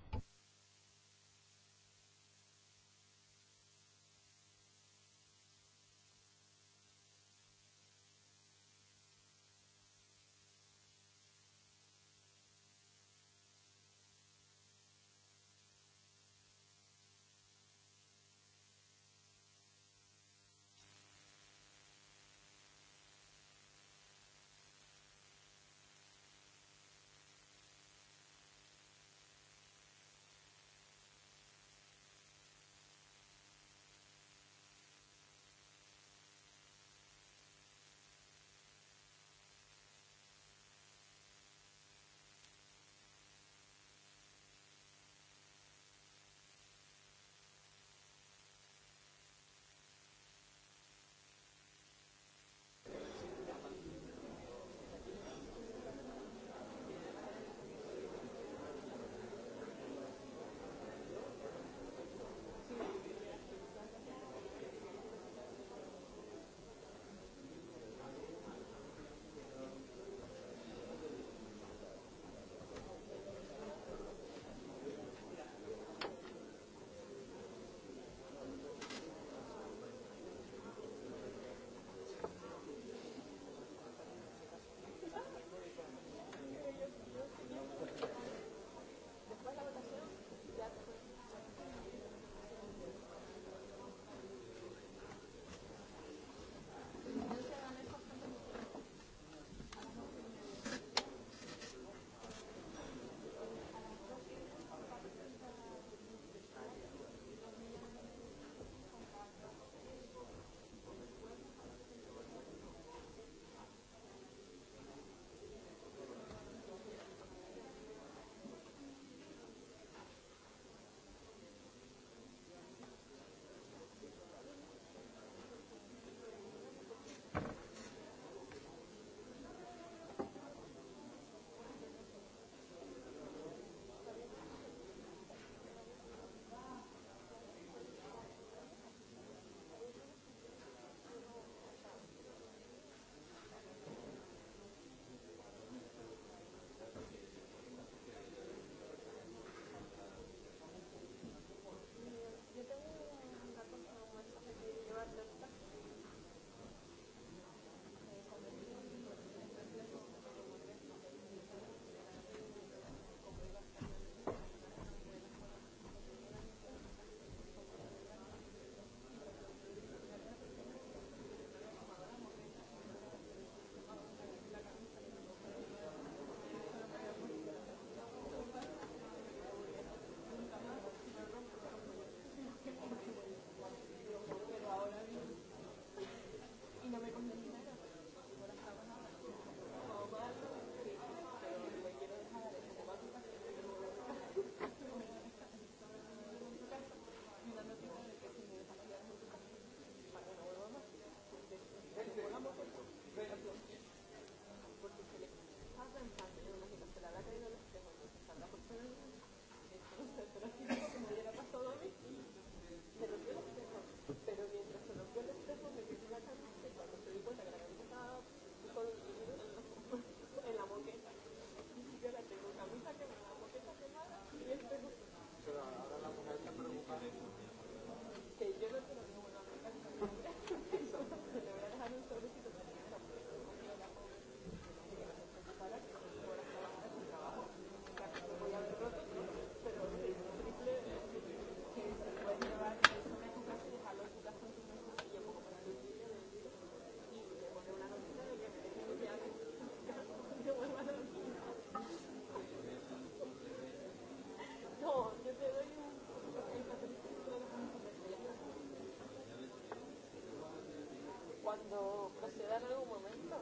cuando proceda en algún momento.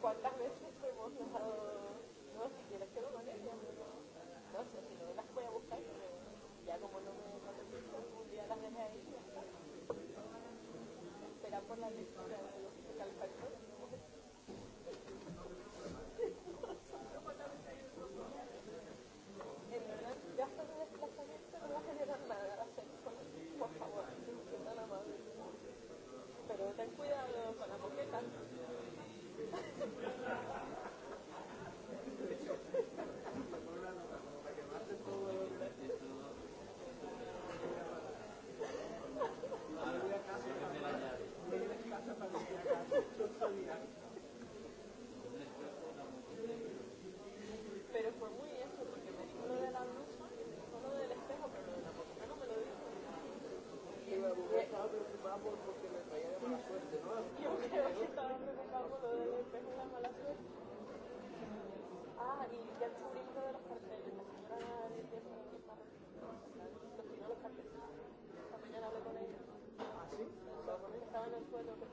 ¿Cuántas veces hemos dejado? No, si quieres que lo maneje, no sé, si no las voy a buscar, pero ya como no me no un día las dejé ahí, esperar por la lectura. Σα ευχαριστώ πολύ. Estaba en el suelo.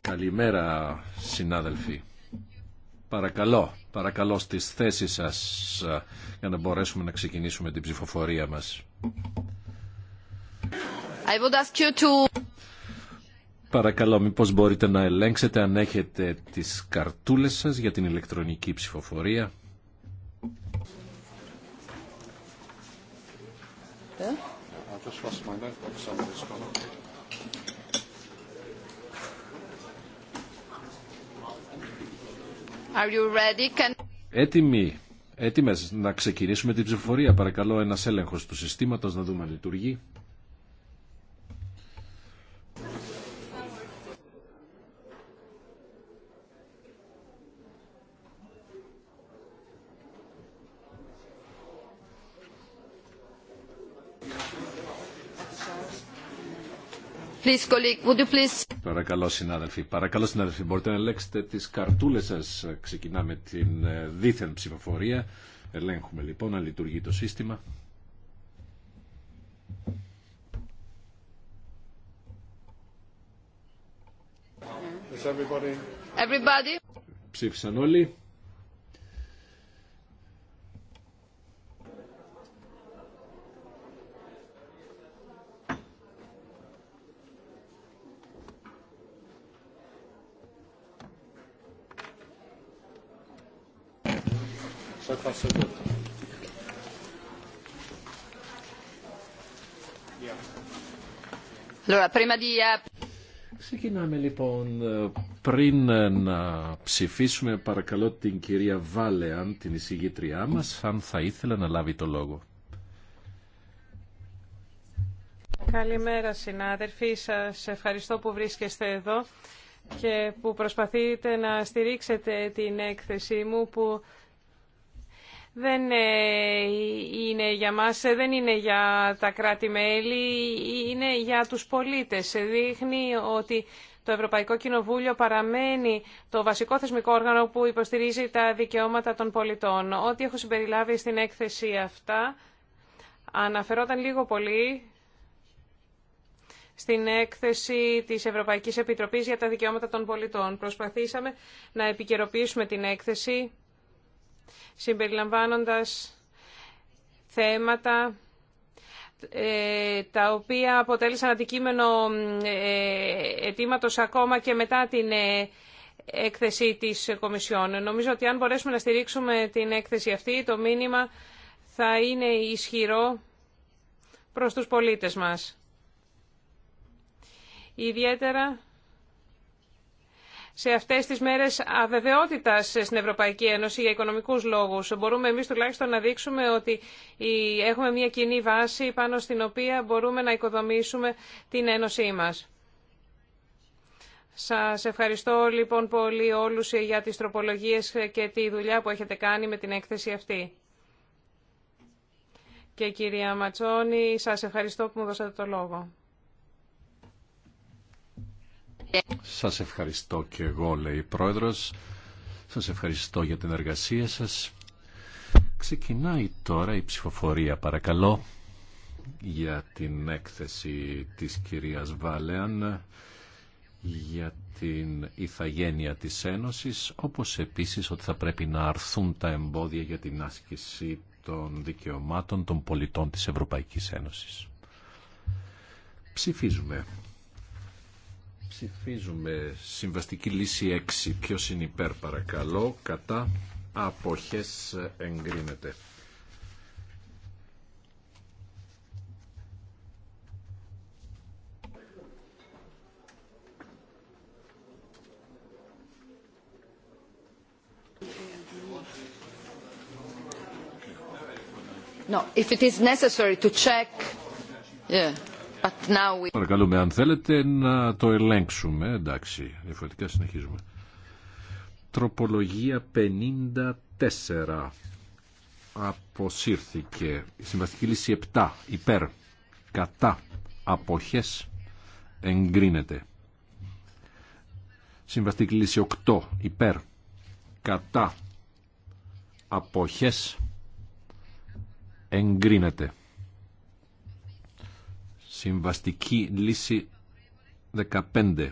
Καλημέρα, συνάδελφοι. Παρακαλώ, παρακαλώ στις θέσεις σας ε, για να μπορέσουμε να ξεκινήσουμε την ψηφοφορία μας. I would ask you to... Παρακαλώ, μήπως μπορείτε να ελέγξετε αν έχετε τις καρτούλες σας για την ηλεκτρονική ψηφοφορία. Yeah. Are Έτοιμοι. Έτοιμες να ξεκινήσουμε την ψηφοφορία. Παρακαλώ ένας έλεγχος του συστήματος να δούμε αν λειτουργεί. Παρακαλώ συνάδελφοι, παρακαλώ συνάδελφοι, μπορείτε να ελέγξετε τις καρτούλες σας. Ξεκινάμε την ε, δίθεν ψηφοφορία. Ελέγχουμε λοιπόν να λειτουργεί το σύστημα. Ψήφισαν όλοι. Ξεκινάμε λοιπόν πριν να ψηφίσουμε παρακαλώ την κυρία Βάλεαν, την εισηγήτριά μας, αν θα ήθελα να λάβει το λόγο. Καλημέρα συνάδελφοι, σας ευχαριστώ που βρίσκεστε εδώ και που προσπαθείτε να στηρίξετε την έκθεσή μου που δεν ε, ε, είναι για μας, ε, δεν είναι για τα κράτη-μέλη, είναι για τους πολίτες. Δείχνει ότι το Ευρωπαϊκό Κοινοβούλιο παραμένει το βασικό θεσμικό όργανο που υποστηρίζει τα δικαιώματα των πολιτών. Ό,τι έχω συμπεριλάβει στην έκθεση αυτά αναφερόταν λίγο πολύ στην έκθεση της Ευρωπαϊκής Επιτροπής για τα Δικαιώματα των Πολιτών. Προσπαθήσαμε να επικαιροποιήσουμε την έκθεση συμπεριλαμβάνοντας θέματα ε, τα οποία αποτέλεσαν αντικείμενο ε, αιτήματο ακόμα και μετά την ε, έκθεση της Κομισιόν. Νομίζω ότι αν μπορέσουμε να στηρίξουμε την έκθεση αυτή, το μήνυμα θα είναι ισχυρό προς τους πολίτες μας. Ιδιαίτερα σε αυτές τις μέρες αβεβαιότητας στην Ευρωπαϊκή Ένωση για οικονομικού λόγους. Μπορούμε εμεί τουλάχιστον να δείξουμε ότι έχουμε μια κοινή βάση πάνω στην οποία μπορούμε να οικοδομήσουμε την Ένωσή μας. Σα ευχαριστώ λοιπόν πολύ όλους για τις τροπολογίες και τη δουλειά που έχετε κάνει με την έκθεση αυτή. Και κυρία Ματσόνη, σας ευχαριστώ που μου δώσατε το λόγο. Σας ευχαριστώ και εγώ, λέει η Πρόεδρος. Σας ευχαριστώ για την εργασία σας. Ξεκινάει τώρα η ψηφοφορία, παρακαλώ, για την έκθεση της κυρίας Βάλεαν για την ηθαγένεια της Ένωσης, όπως επίσης ότι θα πρέπει να αρθούν τα εμπόδια για την άσκηση των δικαιωμάτων των πολιτών της Ευρωπαϊκής Ένωσης. Ψηφίζουμε. Ψηφίζουμε συμβαστική λύση 6. Ποιο είναι υπέρ παρακαλώ. Κατά αποχές εγκρίνεται. No, if it is necessary to check, yeah. Παρακαλούμε, αν θέλετε να το ελέγξουμε. Εντάξει, διαφορετικά συνεχίζουμε. Τροπολογία 54. Αποσύρθηκε. Συμβαστική λύση 7. Υπέρ. Κατά. Αποχές. Εγκρίνεται. Συμβαστική λύση 8. Υπέρ. Κατά. Αποχές. Εγκρίνεται. Συμβαστική λύση 15.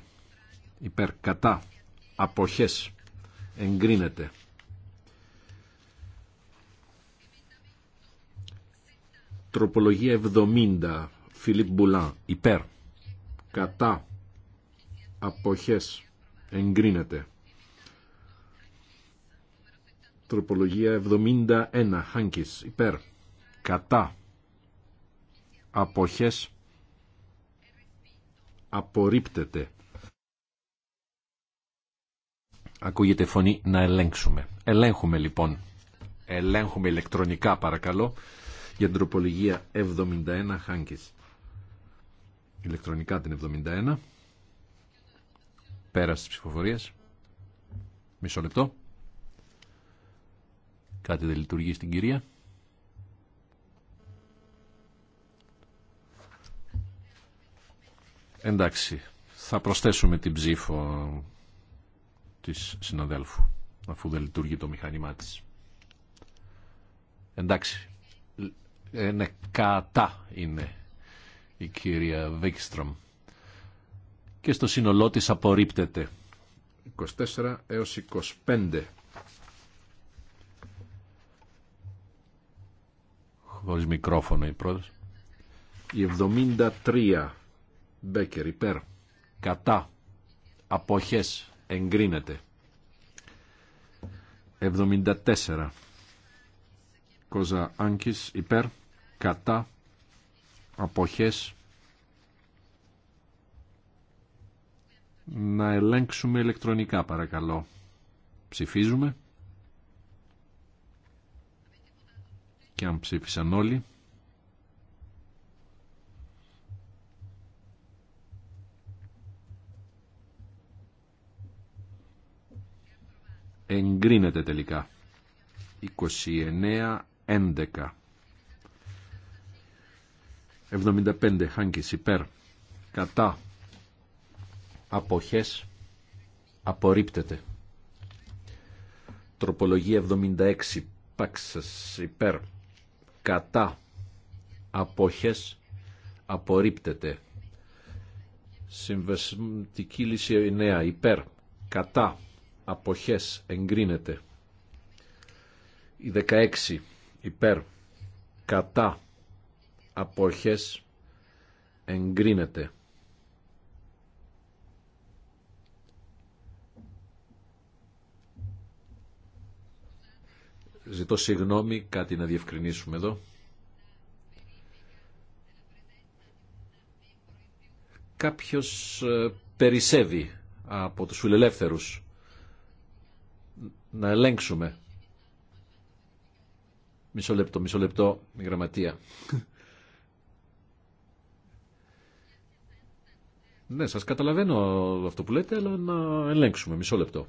Υπέρ κατά αποχές εγκρίνεται. Τροπολογία 70. Φιλίπ Μπουλάν. Υπέρ. Κατά. Αποχές. Εγκρίνεται. Τροπολογία 71. Χάνκης. Υπέρ. Κατά. Αποχές απορρίπτεται. Ακούγεται φωνή να ελέγξουμε. Ελέγχουμε λοιπόν. Ελέγχουμε ηλεκτρονικά παρακαλώ για την τροπολογία 71 Χάνκης. Ηλεκτρονικά την 71. Πέρας τη ψηφοφορίας. Μισό λεπτό. Κάτι δεν λειτουργεί στην κυρία. Εντάξει, θα προσθέσουμε την ψήφο της συναδέλφου, αφού δεν λειτουργεί το μηχανήμα της. Εντάξει, ε, ναι, κατά είναι η κυρία Βίκστρομ και στο σύνολό της απορρίπτεται. 24 έως 25. Χωρίς μικρόφωνο η πρόεδρος. Η 73 Μπέκερ υπέρ. Κατά. Αποχές. Εγκρίνεται. 74. Κόζα Άγκης υπέρ. Κατά. Αποχές. Να ελέγξουμε ηλεκτρονικά παρακαλώ. Ψηφίζουμε. Και αν ψήφισαν όλοι. εγκρίνεται τελικά. 29, 11. 75 χάνκης υπέρ κατά αποχές απορρίπτεται. Τροπολογία 76 πάξας υπέρ κατά αποχές απορρίπτεται. συμβεστική λύση 9 υπέρ κατά αποχές εγκρίνεται. Η 16 υπέρ κατά αποχές εγκρίνεται. Ζητώ συγγνώμη, κάτι να διευκρινίσουμε εδώ. Κάποιος ε, περισσεύει από τους φιλελεύθερους να ελέγξουμε. Μισό λεπτό, μισό λεπτό, η γραμματεία. ναι, σας καταλαβαίνω αυτό που λέτε, αλλά να ελέγξουμε. Μισό λεπτό.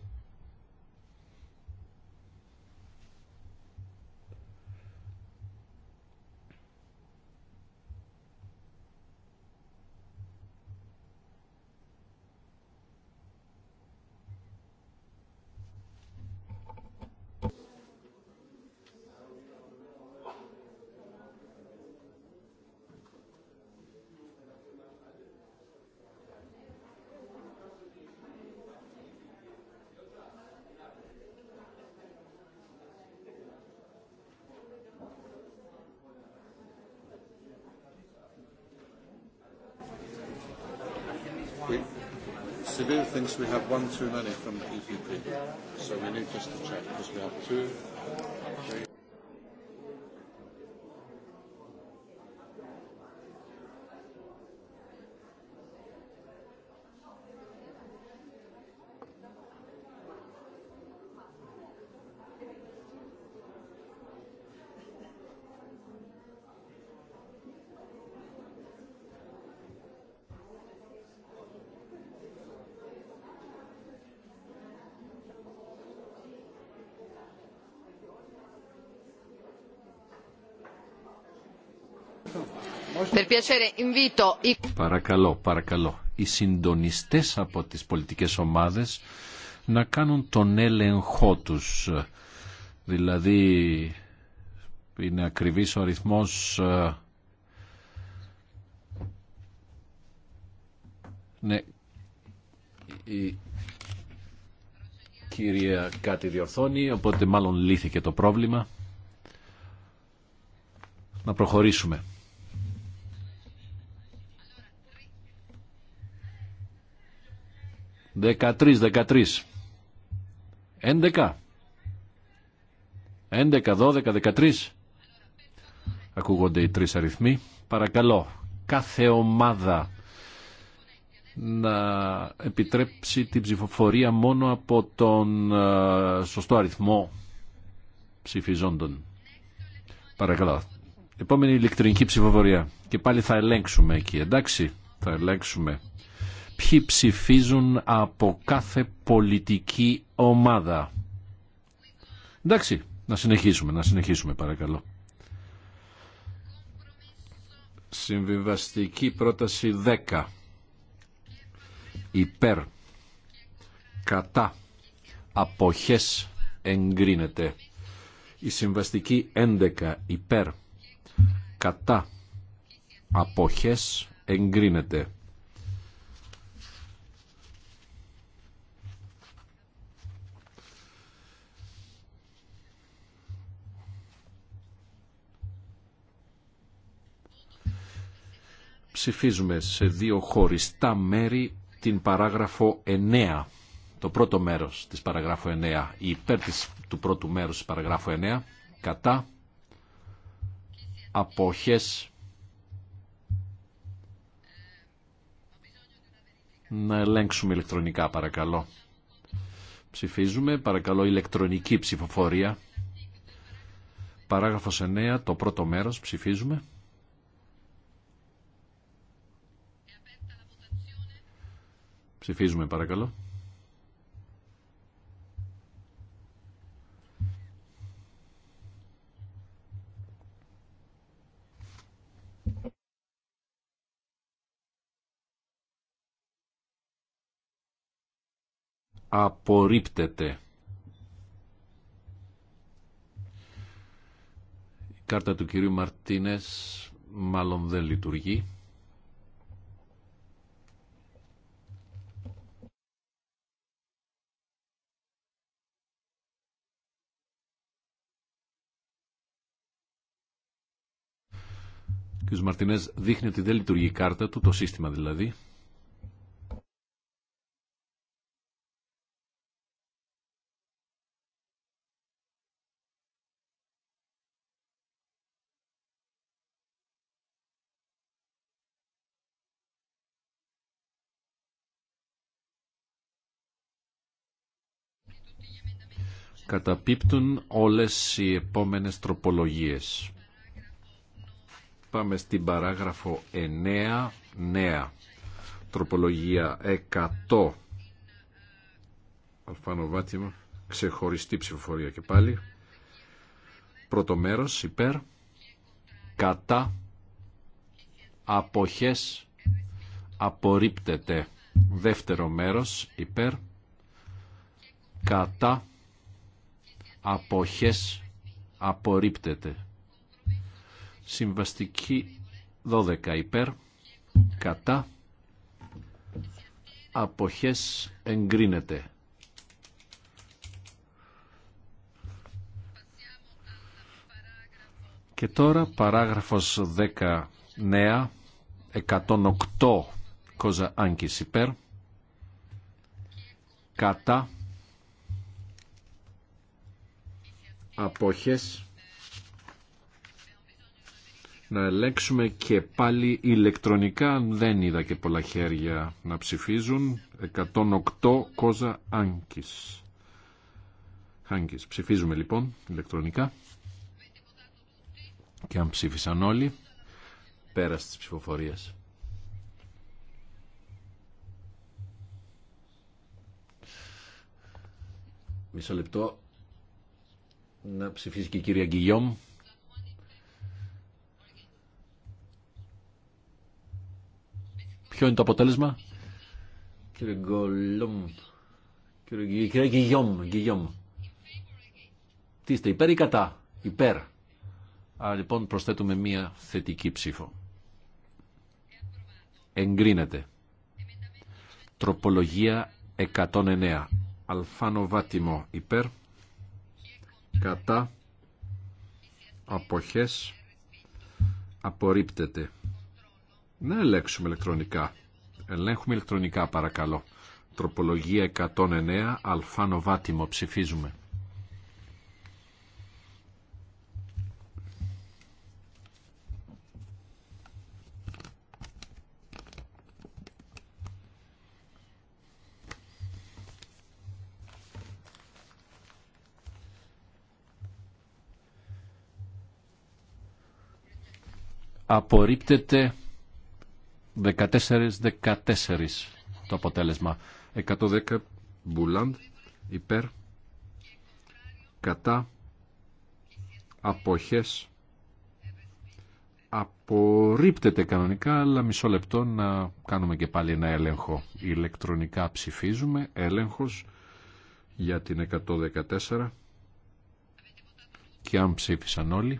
too many from the EPP. So we need just to check because we have two. Παρακαλώ, παρακαλώ, οι συντονιστές από τις πολιτικές ομάδες να κάνουν τον έλεγχό τους. Δηλαδή, είναι ακριβής ο αριθμός... Ε, ναι, η κυρία κάτι διορθώνει, οπότε μάλλον λύθηκε το πρόβλημα. Να προχωρήσουμε. 13, 13. 11. 11, 12, 13. Ακούγονται οι τρει αριθμοί. Παρακαλώ, κάθε ομάδα να επιτρέψει την ψηφοφορία μόνο από τον ε, σωστό αριθμό ψηφιζόντων. Παρακαλώ. Επόμενη ηλεκτρική ψηφοφορία. Και πάλι θα ελέγξουμε εκεί, εντάξει. Θα ελέγξουμε ποιοι ψηφίζουν από κάθε πολιτική ομάδα. Εντάξει, να συνεχίσουμε, να συνεχίσουμε παρακαλώ. Συμβιβαστική πρόταση 10. Υπέρ. Κατά. Αποχές εγκρίνεται. Η συμβαστική 11. Υπέρ. Κατά. Αποχές εγκρίνεται. ψηφίζουμε σε δύο χωριστά μέρη την παράγραφο 9. Το πρώτο μέρος της παραγράφου 9, η υπέρ του πρώτου μέρους της παραγράφου 9, κατά αποχές να ελέγξουμε ηλεκτρονικά παρακαλώ. Ψηφίζουμε, παρακαλώ, ηλεκτρονική ψηφοφορία. Παράγραφος 9, το πρώτο μέρος, ψηφίζουμε. Ψηφίζουμε παρακαλώ. Απορρίπτεται. Η κάρτα του κυρίου Μαρτίνες μάλλον δεν λειτουργεί. κ. Μαρτινές δείχνει ότι δεν λειτουργεί η κάρτα του, το σύστημα δηλαδή. Καταπίπτουν όλες οι επόμενες τροπολογίες. Πάμε στην παράγραφο 9, νέα. Τροπολογία 100. Αλφάνο Βάτιμα. Ξεχωριστή ψηφοφορία και πάλι. Πρώτο μέρος, υπέρ. Κατά. Αποχές. Απορρίπτεται. Δεύτερο μέρος, υπέρ. Κατά. Αποχές. Απορρίπτεται. Συμβαστική 12 υπέρ, κατά, αποχές εγκρίνεται. Και τώρα παράγραφος 10 νέα, 108 κόζα άγκης υπέρ, κατά, αποχές να ελέξουμε και πάλι ηλεκτρονικά. Δεν είδα και πολλά χέρια να ψηφίζουν. 108 κόζα άγκης. Άγκης, Ψηφίζουμε λοιπόν ηλεκτρονικά. Και αν ψήφισαν όλοι, πέρα της ψηφοφορίες Μισό λεπτό να ψηφίσει και η κυρία Γκυγιόμ. Ποιο είναι το αποτέλεσμα. Κύριε Γκολόμ. Κύριε Γιγιόμ. Τι είστε υπέρ ή κατά. Υπέρ. Άρα λοιπόν προσθέτουμε μία θετική ψήφο. Εγκρίνεται. Τροπολογία 109. Αλφάνο βάτιμο υπέρ. Κατά. Αποχές. Απορρίπτεται. Να ελέγξουμε ηλεκτρονικά. Ελέγχουμε ηλεκτρονικά παρακαλώ. Τροπολογία 109 αλφάνο βάτιμο ψηφίζουμε. Απορρίπτεται 14-14 το αποτέλεσμα. 110 Μπουλάντ υπέρ κατά αποχές απορρίπτεται κανονικά αλλά μισό λεπτό να κάνουμε και πάλι ένα έλεγχο ηλεκτρονικά ψηφίζουμε έλεγχος για την 114 και αν ψήφισαν όλοι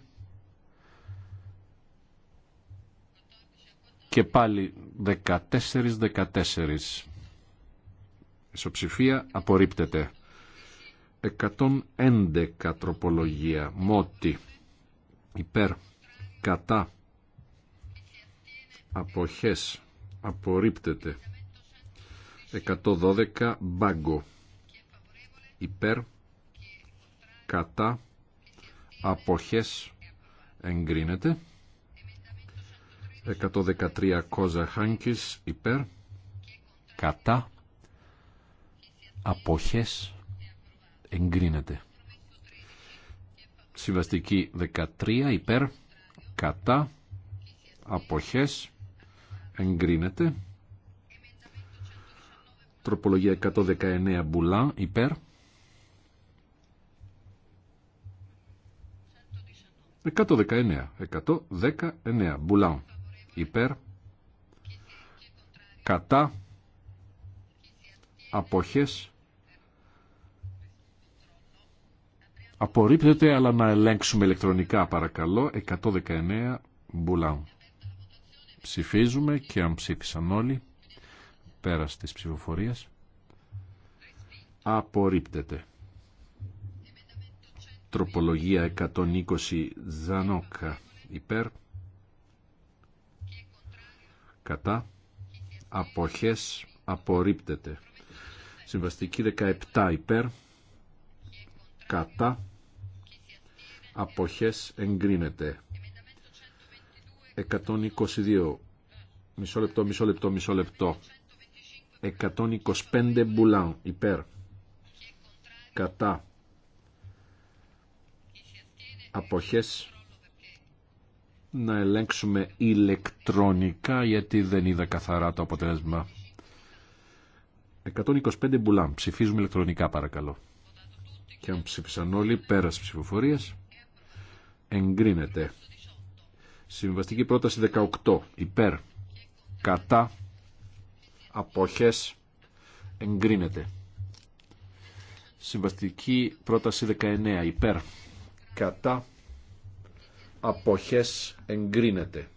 Και πάλι 14-14. Ισοψηφία απορρίπτεται. 111 τροπολογία. Μότι. Υπέρ. Κατά. Αποχές. Απορρίπτεται. 112 μπάγκο. Υπέρ. Κατά. Αποχές. Εγκρίνεται. 113 Κόζα Χάνκης υπέρ κατά αποχές εγκρίνεται. Συμβαστική 13 υπέρ κατά αποχές εγκρίνεται. Τροπολογία 119 μπουλά υπέρ. 119. 119. Μπουλάν υπέρ κατά αποχές απορρίπτεται αλλά να ελέγξουμε ηλεκτρονικά παρακαλώ 119 μπουλάου ψηφίζουμε και αν ψήφισαν όλοι πέρας της ψηφοφορίας απορρίπτεται τροπολογία 120 Ζανόκα υπέρ κατά αποχές απορρίπτεται. Συμβαστική 17 υπέρ κατά αποχές εγκρίνεται. 122 μισό λεπτό, μισό λεπτό, μισό λεπτό. 125 μπουλάν υπέρ κατά αποχές να ελέγξουμε ηλεκτρονικά γιατί δεν είδα καθαρά το αποτέλεσμα. 125 μπουλάν. Ψηφίζουμε ηλεκτρονικά παρακαλώ. Και αν ψήφισαν όλοι πέρας ψηφοφορίας εγκρίνεται. Συμβαστική πρόταση 18. Υπέρ. Κατά. Αποχές. Εγκρίνεται. Συμβαστική πρόταση 19. Υπέρ. Κατά αποχές εγκρίνεται.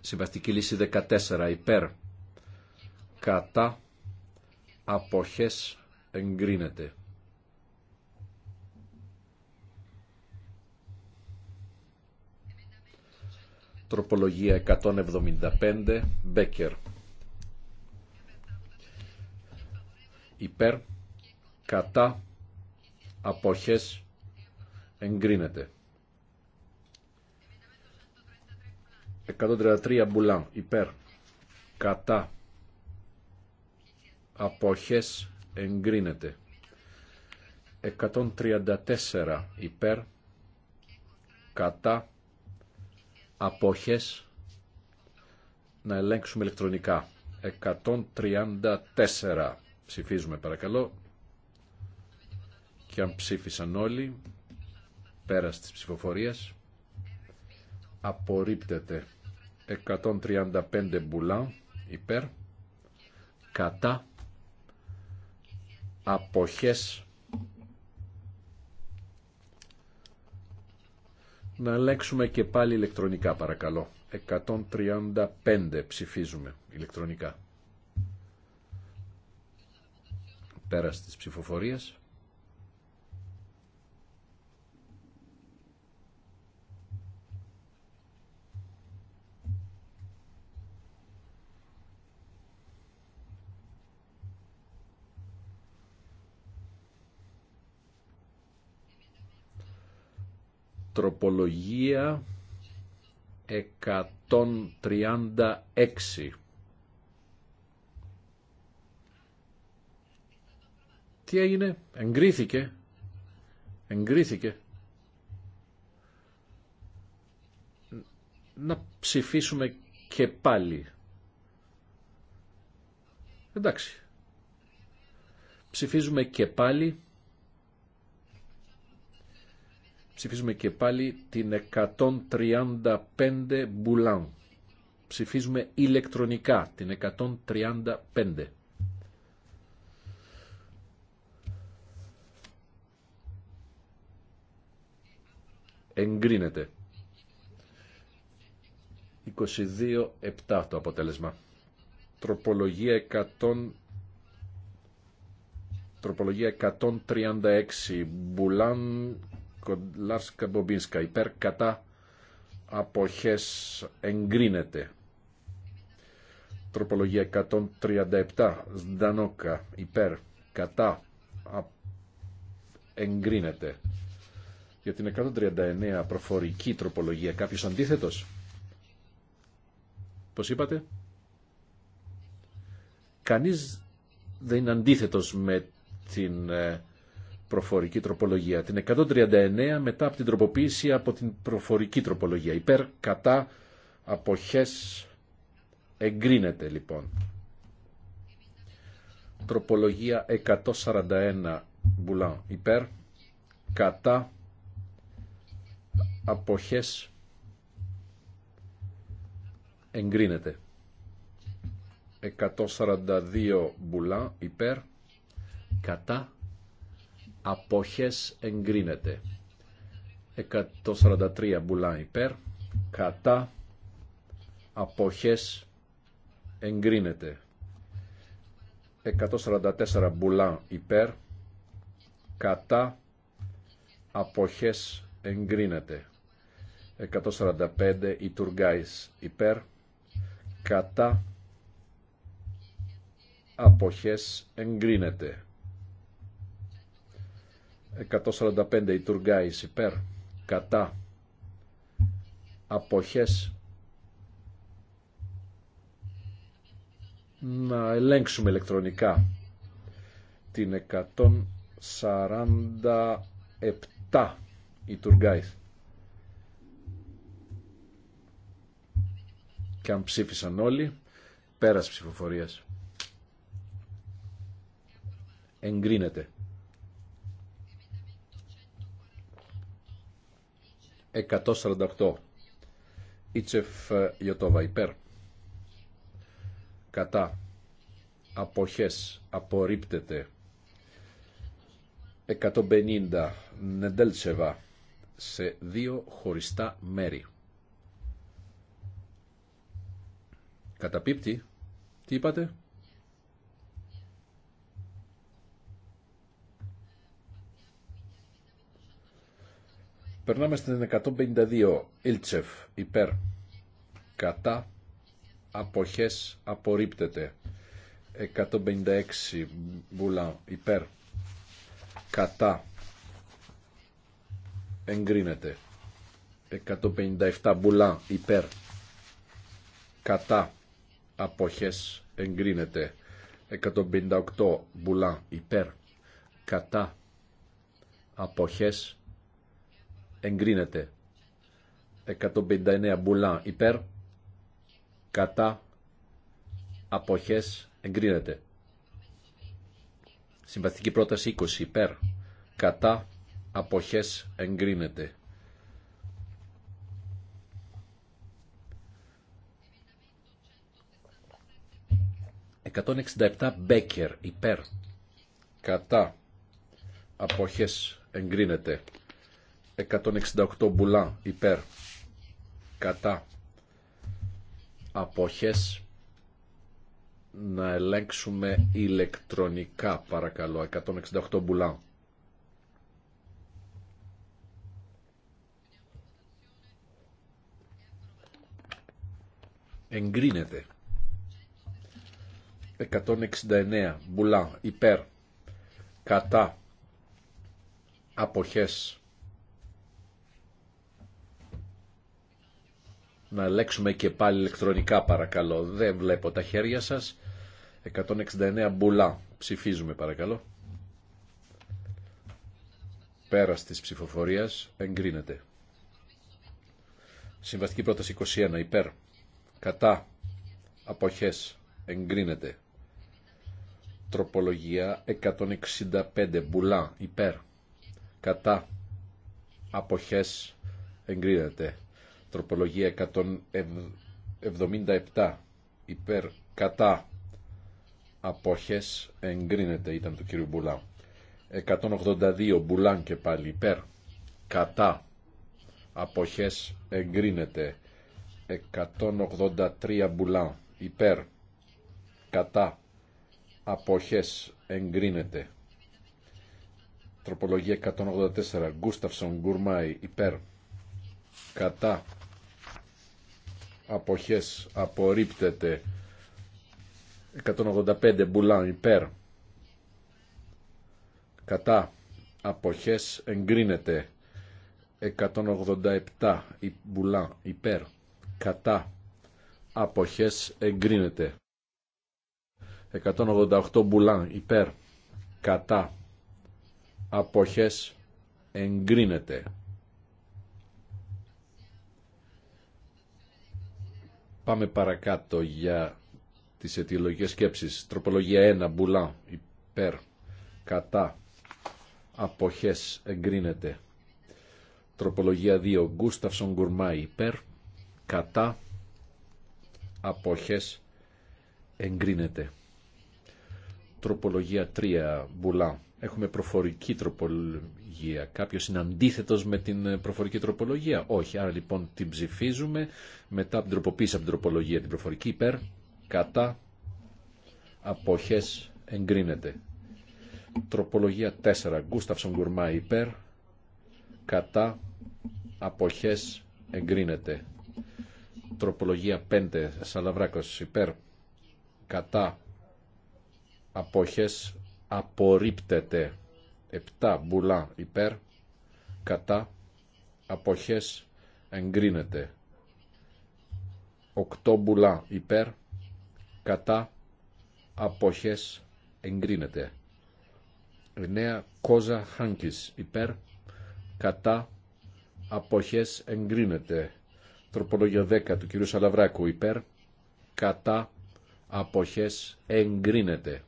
Συμβαστική λύση 14 υπέρ κατά αποχές εγκρίνεται. Τροπολογία 175 Μπέκερ υπέρ κατά αποχές εγκρίνεται. 133 μπουλάν υπέρ κατά αποχές εγκρίνεται 134 υπέρ κατά αποχές να ελέγξουμε ηλεκτρονικά 134 ψηφίζουμε παρακαλώ και αν ψήφισαν όλοι πέρα της ψηφοφορίας απορρίπτεται 135 μπουλάν υπέρ κατά αποχές να αλλάξουμε και πάλι ηλεκτρονικά παρακαλώ 135 ψηφίζουμε ηλεκτρονικά πέρας της ψηφοφορίας τροπολογία 136. Τι έγινε, εγκρίθηκε, εγκρίθηκε. Να ψηφίσουμε και πάλι. Εντάξει. Ψηφίζουμε και πάλι Ψηφίζουμε και πάλι την 135 Μπουλάν. Ψηφίζουμε ηλεκτρονικά την 135. Εγκρίνεται. 22-7 το αποτέλεσμα. Τροπολογία 100... Τροπολογία 136 Μπουλάν Λάρσκα Μπομπίνσκα υπέρ κατά αποχές εγκρίνεται. Τροπολογία 137 Σντανόκα υπέρ κατά α, εγκρίνεται. Για την 139 προφορική τροπολογία κάποιος αντίθετος. Πώς είπατε. Κανείς δεν είναι αντίθετος με την ε, προφορική τροπολογία. Την 139 μετά από την τροποποίηση από την προφορική τροπολογία. Υπέρ, κατά, αποχές, εγκρίνεται λοιπόν. Τροπολογία 141 μπουλάν. Υπέρ, κατά, αποχές, εγκρίνεται. 142 μπουλάν υπέρ, κατά, αποχές εγκρίνεται. 143 μπουλά υπέρ, κατά, αποχές εγκρίνεται. 144 μπουλά υπέρ, κατά, αποχές εγκρίνεται. 145 τουργάις υπέρ, κατά, αποχές εγκρίνεται. 145 η Τουργκάης υπέρ κατά αποχές να ελέγξουμε ηλεκτρονικά την 147 η Τουργκάης και αν ψήφισαν όλοι πέρας ψηφοφορίας εγκρίνεται 148. Ιτσεφ ε, Ιωτόβα υπέρ. Κατά. Αποχές. Απορρίπτεται. 150. Νεντέλτσεβα. Σε δύο χωριστά μέρη. Καταπίπτει. Τι είπατε. Περνάμε στην 152. Ήλτσεφ υπέρ. Κατά. Αποχές απορρίπτεται. 156. Μπουλάν υπέρ. Κατά. Εγκρίνεται. 157. Μπουλάν υπέρ. Κατά. Αποχές εγκρίνεται. 158. Μπουλάν υπέρ. Κατά. Αποχές εγκρίνεται. 159 μπουλάν υπέρ, κατά, αποχές, εγκρίνεται. Συμπαθητική πρόταση 20 υπέρ, κατά, αποχές, εγκρίνεται. ...167 Μπέκερ υπέρ κατά αποχές εγκρίνεται. 168 μπουλά υπέρ κατά αποχές να ελέγξουμε ηλεκτρονικά παρακαλώ 168 μπουλά εγκρίνεται 169 μπουλά υπέρ κατά αποχές Να ελέξουμε και πάλι ηλεκτρονικά παρακαλώ. Δεν βλέπω τα χέρια σας. 169 μπουλά. Ψηφίζουμε παρακαλώ. Πέρας της ψηφοφορίας εγκρίνεται. Συμβαστική πρόταση 21. Υπέρ. Κατά. Αποχές. Εγκρίνεται. Τροπολογία 165. Μπουλά. Υπέρ. Κατά. Αποχές. Εγκρίνεται. Τροπολογία 177 υπέρ κατά απόχες εγκρίνεται ήταν του κύριου Μπουλάου. 182 Μπουλάν και πάλι υπέρ κατά απόχες εγκρίνεται. 183 Μπουλάν υπέρ κατά απόχες εγκρίνεται. Τροπολογία 184 Γκούσταυσον Γκουρμάη, υπέρ κατά αποχές απορρίπτεται 185 μπουλάν υπέρ κατά αποχές εγκρίνεται 187 μπουλάν υπέρ κατά αποχές εγκρίνεται 188 μπουλάν υπέρ κατά αποχές εγκρίνεται Πάμε παρακάτω για τις αιτιολογικές σκέψεις. Τροπολογία 1, μπουλά, υπέρ, κατά, αποχές, εγκρίνεται. Τροπολογία 2, Γκούσταυσον Γκουρμάη, υπέρ, κατά, αποχές, εγκρίνεται. Τροπολογία 3, μπουλά. Έχουμε προφορική τροπολογία τροπολογία. Κάποιος είναι αντίθετο με την ε, προφορική τροπολογία. Όχι. Άρα λοιπόν την ψηφίζουμε μετά την τροποποίηση από την τροπολογία. Την προφορική υπέρ, κατά, αποχές εγκρίνεται. Τροπολογία 4. Γκούσταυσον Γκουρμά υπέρ, κατά, αποχές εγκρίνεται. Τροπολογία 5. Σαλαβράκος υπέρ, κατά, αποχές απορρίπτεται επτά μπουλά υπέρ κατά αποχές εγκρίνεται οκτώ μπουλά υπέρ κατά αποχές εγκρίνεται εννέα κόζα χάνκης υπέρ κατά αποχές εγκρίνεται τροπολογία 10 του κυρίου Σαλαβράκου υπέρ κατά αποχές εγκρίνεται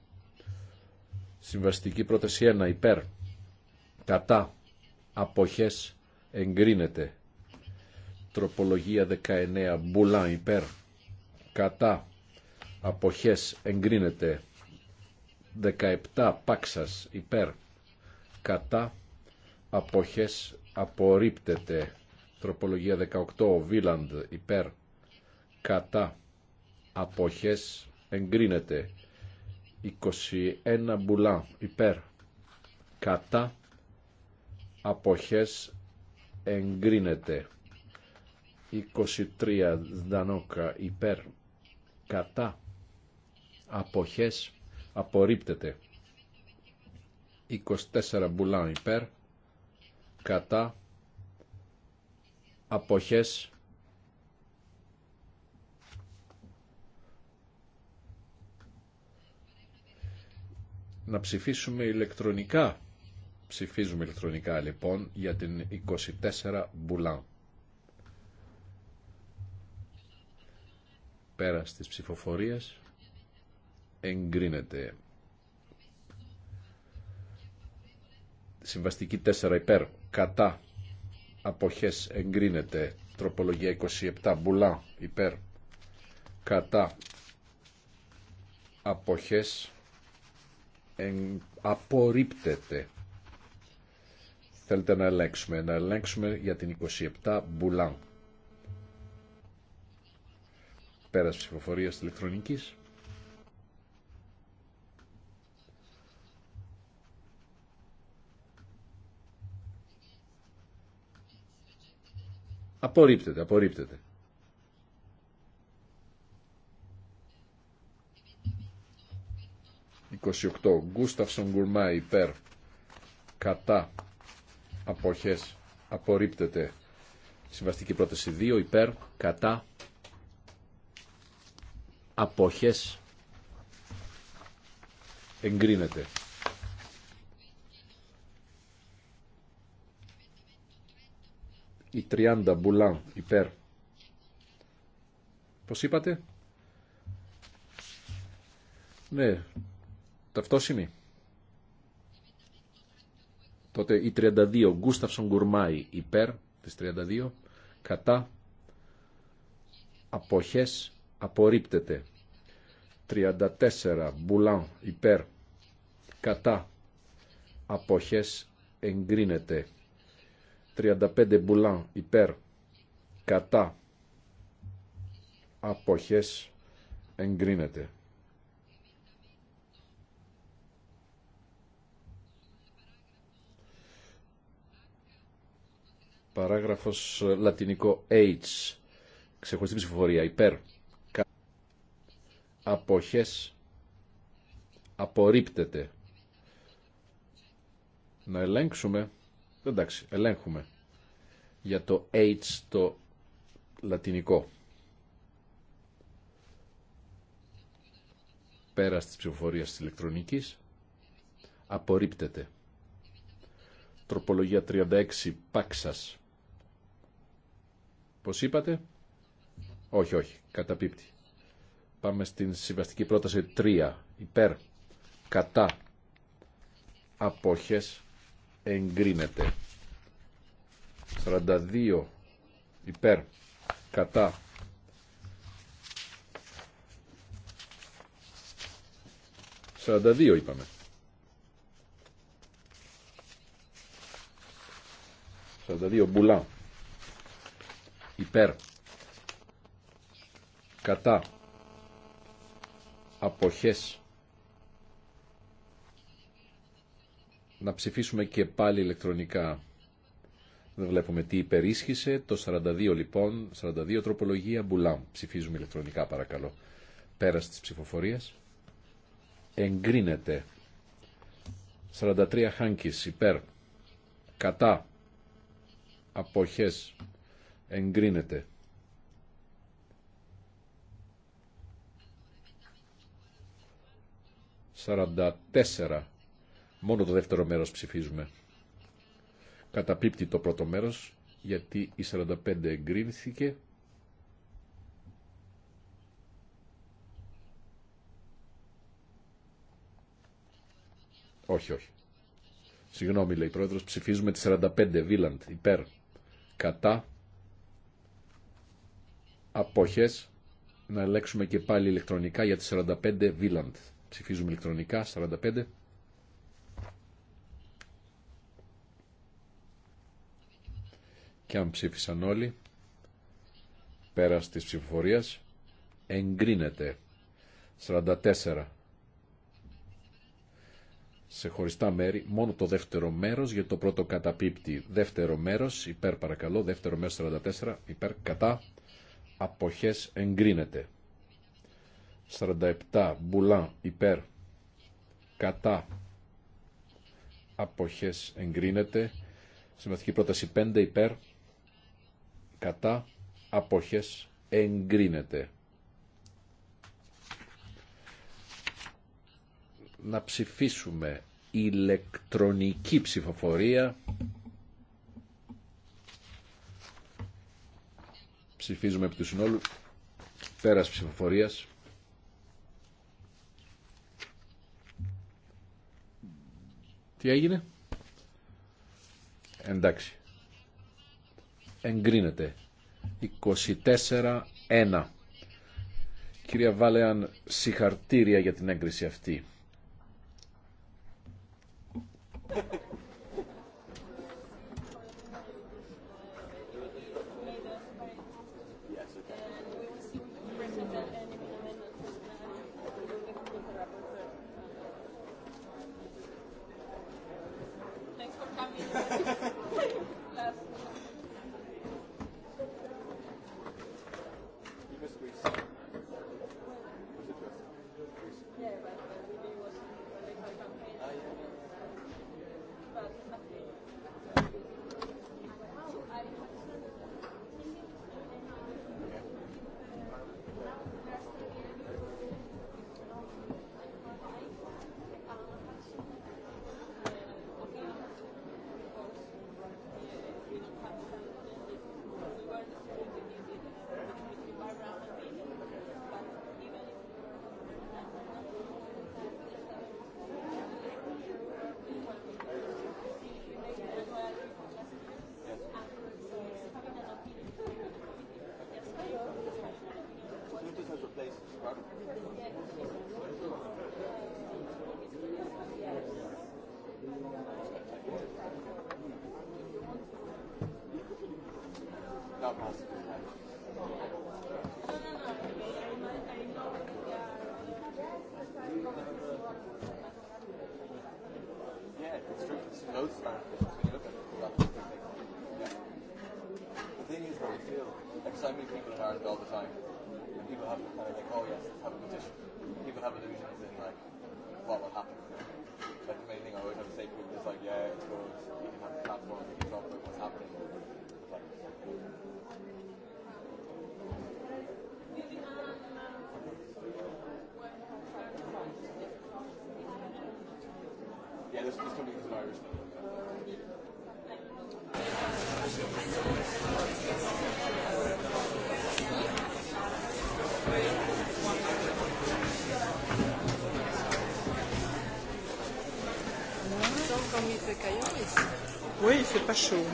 Συμβαστική πρόταση 1 υπέρ κατά αποχές εγκρίνεται. Τροπολογία 19 μπουλά υπέρ κατά αποχές εγκρίνεται. 17 πάξας υπέρ κατά αποχές απορρίπτεται. Τροπολογία 18 Βίλαντ υπέρ κατά αποχές εγκρίνεται. 21 μπουλά υπέρ κατά αποχές εγκρίνεται 23 δανόκα υπέρ κατά αποχές απορρίπτεται 24 μπουλά υπέρ κατά αποχές να ψηφίσουμε ηλεκτρονικά. Ψηφίζουμε ηλεκτρονικά λοιπόν για την 24 Μπουλάν. Πέρα της ψηφοφορίας εγκρίνεται. Συμβαστική 4 υπέρ κατά αποχές εγκρίνεται. Τροπολογία 27 Μπουλάν υπέρ κατά αποχές απορρίπτεται. Θέλετε να ελέγξουμε. Να ελέγξουμε για την 27 Μπουλάν. Πέρας ψηφοφορίας ηλεκτρονικής. Απορρίπτεται, απορρίπτεται. 28. Γκούσταυσον Γκουρμά υπέρ. Κατά. Αποχές. Απορρίπτεται. Συμβαστική πρόταση 2 υπέρ. Κατά. Αποχές. Εγκρίνεται. Η 30 μπουλάν υπέρ. Πώς είπατε? Ναι, ταυτόσημη. Τότε η 32, Γκούσταυσον Γκουρμάη, υπέρ της 32, κατά αποχές απορρίπτεται. 34, Μπουλάν, υπέρ, κατά αποχές εγκρίνεται. 35, Μπουλάν, υπέρ, κατά αποχές εγκρίνεται. Παράγραφος ε, λατινικό H. Ξεχωριστή ψηφοφορία. Υπέρ. Κα... Αποχές. Απορρίπτεται. Να ελέγξουμε. Εντάξει, ελέγχουμε. Για το H το λατινικό. Πέρα της ψηφοφορίας της ηλεκτρονικής. Απορρίπτεται. Τροπολογία 36 Πάξας Πώς είπατε? Όχι, όχι. Καταπίπτει. Πάμε στην συμβαστική πρόταση 3. Υπέρ. Κατά. Απόχες. Εγκρίνεται. 42. Υπέρ. Κατά. 42 είπαμε. 42 μπουλά υπέρ κατά αποχές να ψηφίσουμε και πάλι ηλεκτρονικά. Δεν βλέπουμε τι υπερίσχυσε. Το 42 λοιπόν, 42 τροπολογία Μπουλάμ. Ψηφίζουμε ηλεκτρονικά παρακαλώ. Πέρας της ψηφοφορίας. Εγκρίνεται. 43 Χάνκις. υπέρ. Κατά. Αποχές εγκρίνεται. «44». Μόνο το δεύτερο μέρος ψηφίζουμε. Καταπίπτει το πρώτο μέρος, γιατί η 45 εγκρίνθηκε. Όχι, όχι. Συγγνώμη, λέει η πρόεδρος, ψηφίζουμε τη 45, Βίλαντ, υπέρ, κατά, απόχες να ελέγξουμε και πάλι ηλεκτρονικά για τις 45 Βίλαντ. Ψηφίζουμε ηλεκτρονικά 45. Και αν ψήφισαν όλοι, πέρας της ψηφοφορίας, εγκρίνεται 44 σε χωριστά μέρη, μόνο το δεύτερο μέρος για το πρώτο καταπίπτει. Δεύτερο μέρος, υπέρ παρακαλώ, δεύτερο μέρος 44, υπέρ κατά αποχές εγκρίνεται. 47 μπουλάν υπέρ κατά αποχές εγκρίνεται. Συμβατική πρόταση 5 υπέρ κατά αποχές εγκρίνεται. Να ψηφίσουμε ηλεκτρονική ψηφοφορία Ψηφίζουμε επί του συνόλου. Πέρας ψηφοφορίας. Τι έγινε. Εντάξει. Εγκρίνεται. 24-1. Κυρία Βάλεαν, συγχαρτήρια για την έγκριση αυτή.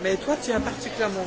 mais toi, tu as particulièrement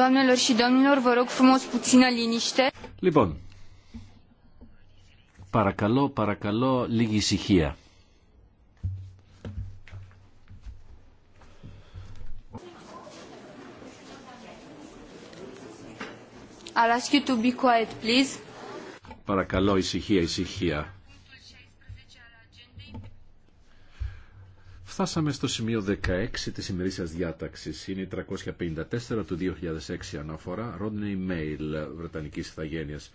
Doamnelor și domnilor, vă rog frumos puțină liniște. Λοιπόν, παρακαλώ, παρακαλώ, λίγη ησυχία. I'll ask you to be quiet, please. Παρακαλώ, ησυχία, ησυχία. Φτάσαμε στο σημείο 16 της ημερήσιας διάταξης. Είναι η 354 του 2006 αναφορά Rodney Mail Βρετανικής Ιθαγένειας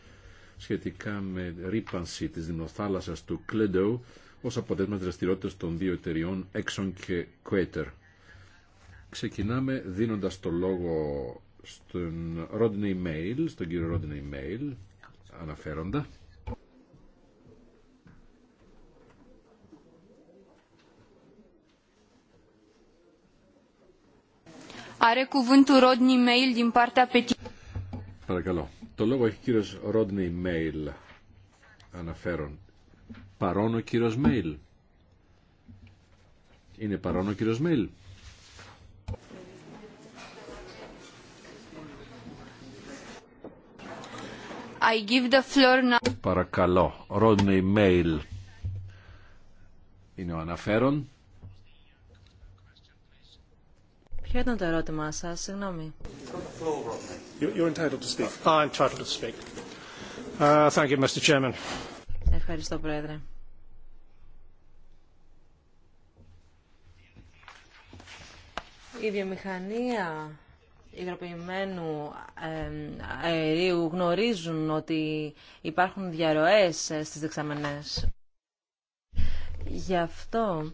σχετικά με ρήπανση της δημοθάλασσας του Κλέντο ως αποτέλεσμα της δραστηριότητας των δύο εταιριών Exxon και Quater. Ξεκινάμε δίνοντας το λόγο στον Rodney Mail, στον κύριο Rodney Mail, αναφέροντα. Παρακαλώ. Το λόγο έχει ο κύριος Rodney Mail αναφέρον. Παρόν ο κύριος Είναι παρόν ο κύριος Παρακαλώ. Rodney Μέιλ, Είναι ο αναφέρον. Ποιο ήταν το ερώτημά σας, συγγνώμη. Ευχαριστώ, Πρόεδρε. Η βιομηχανία υγροποιημένου αερίου γνωρίζουν ότι υπάρχουν διαρροές ε, στις δεξαμενές. Γι' αυτό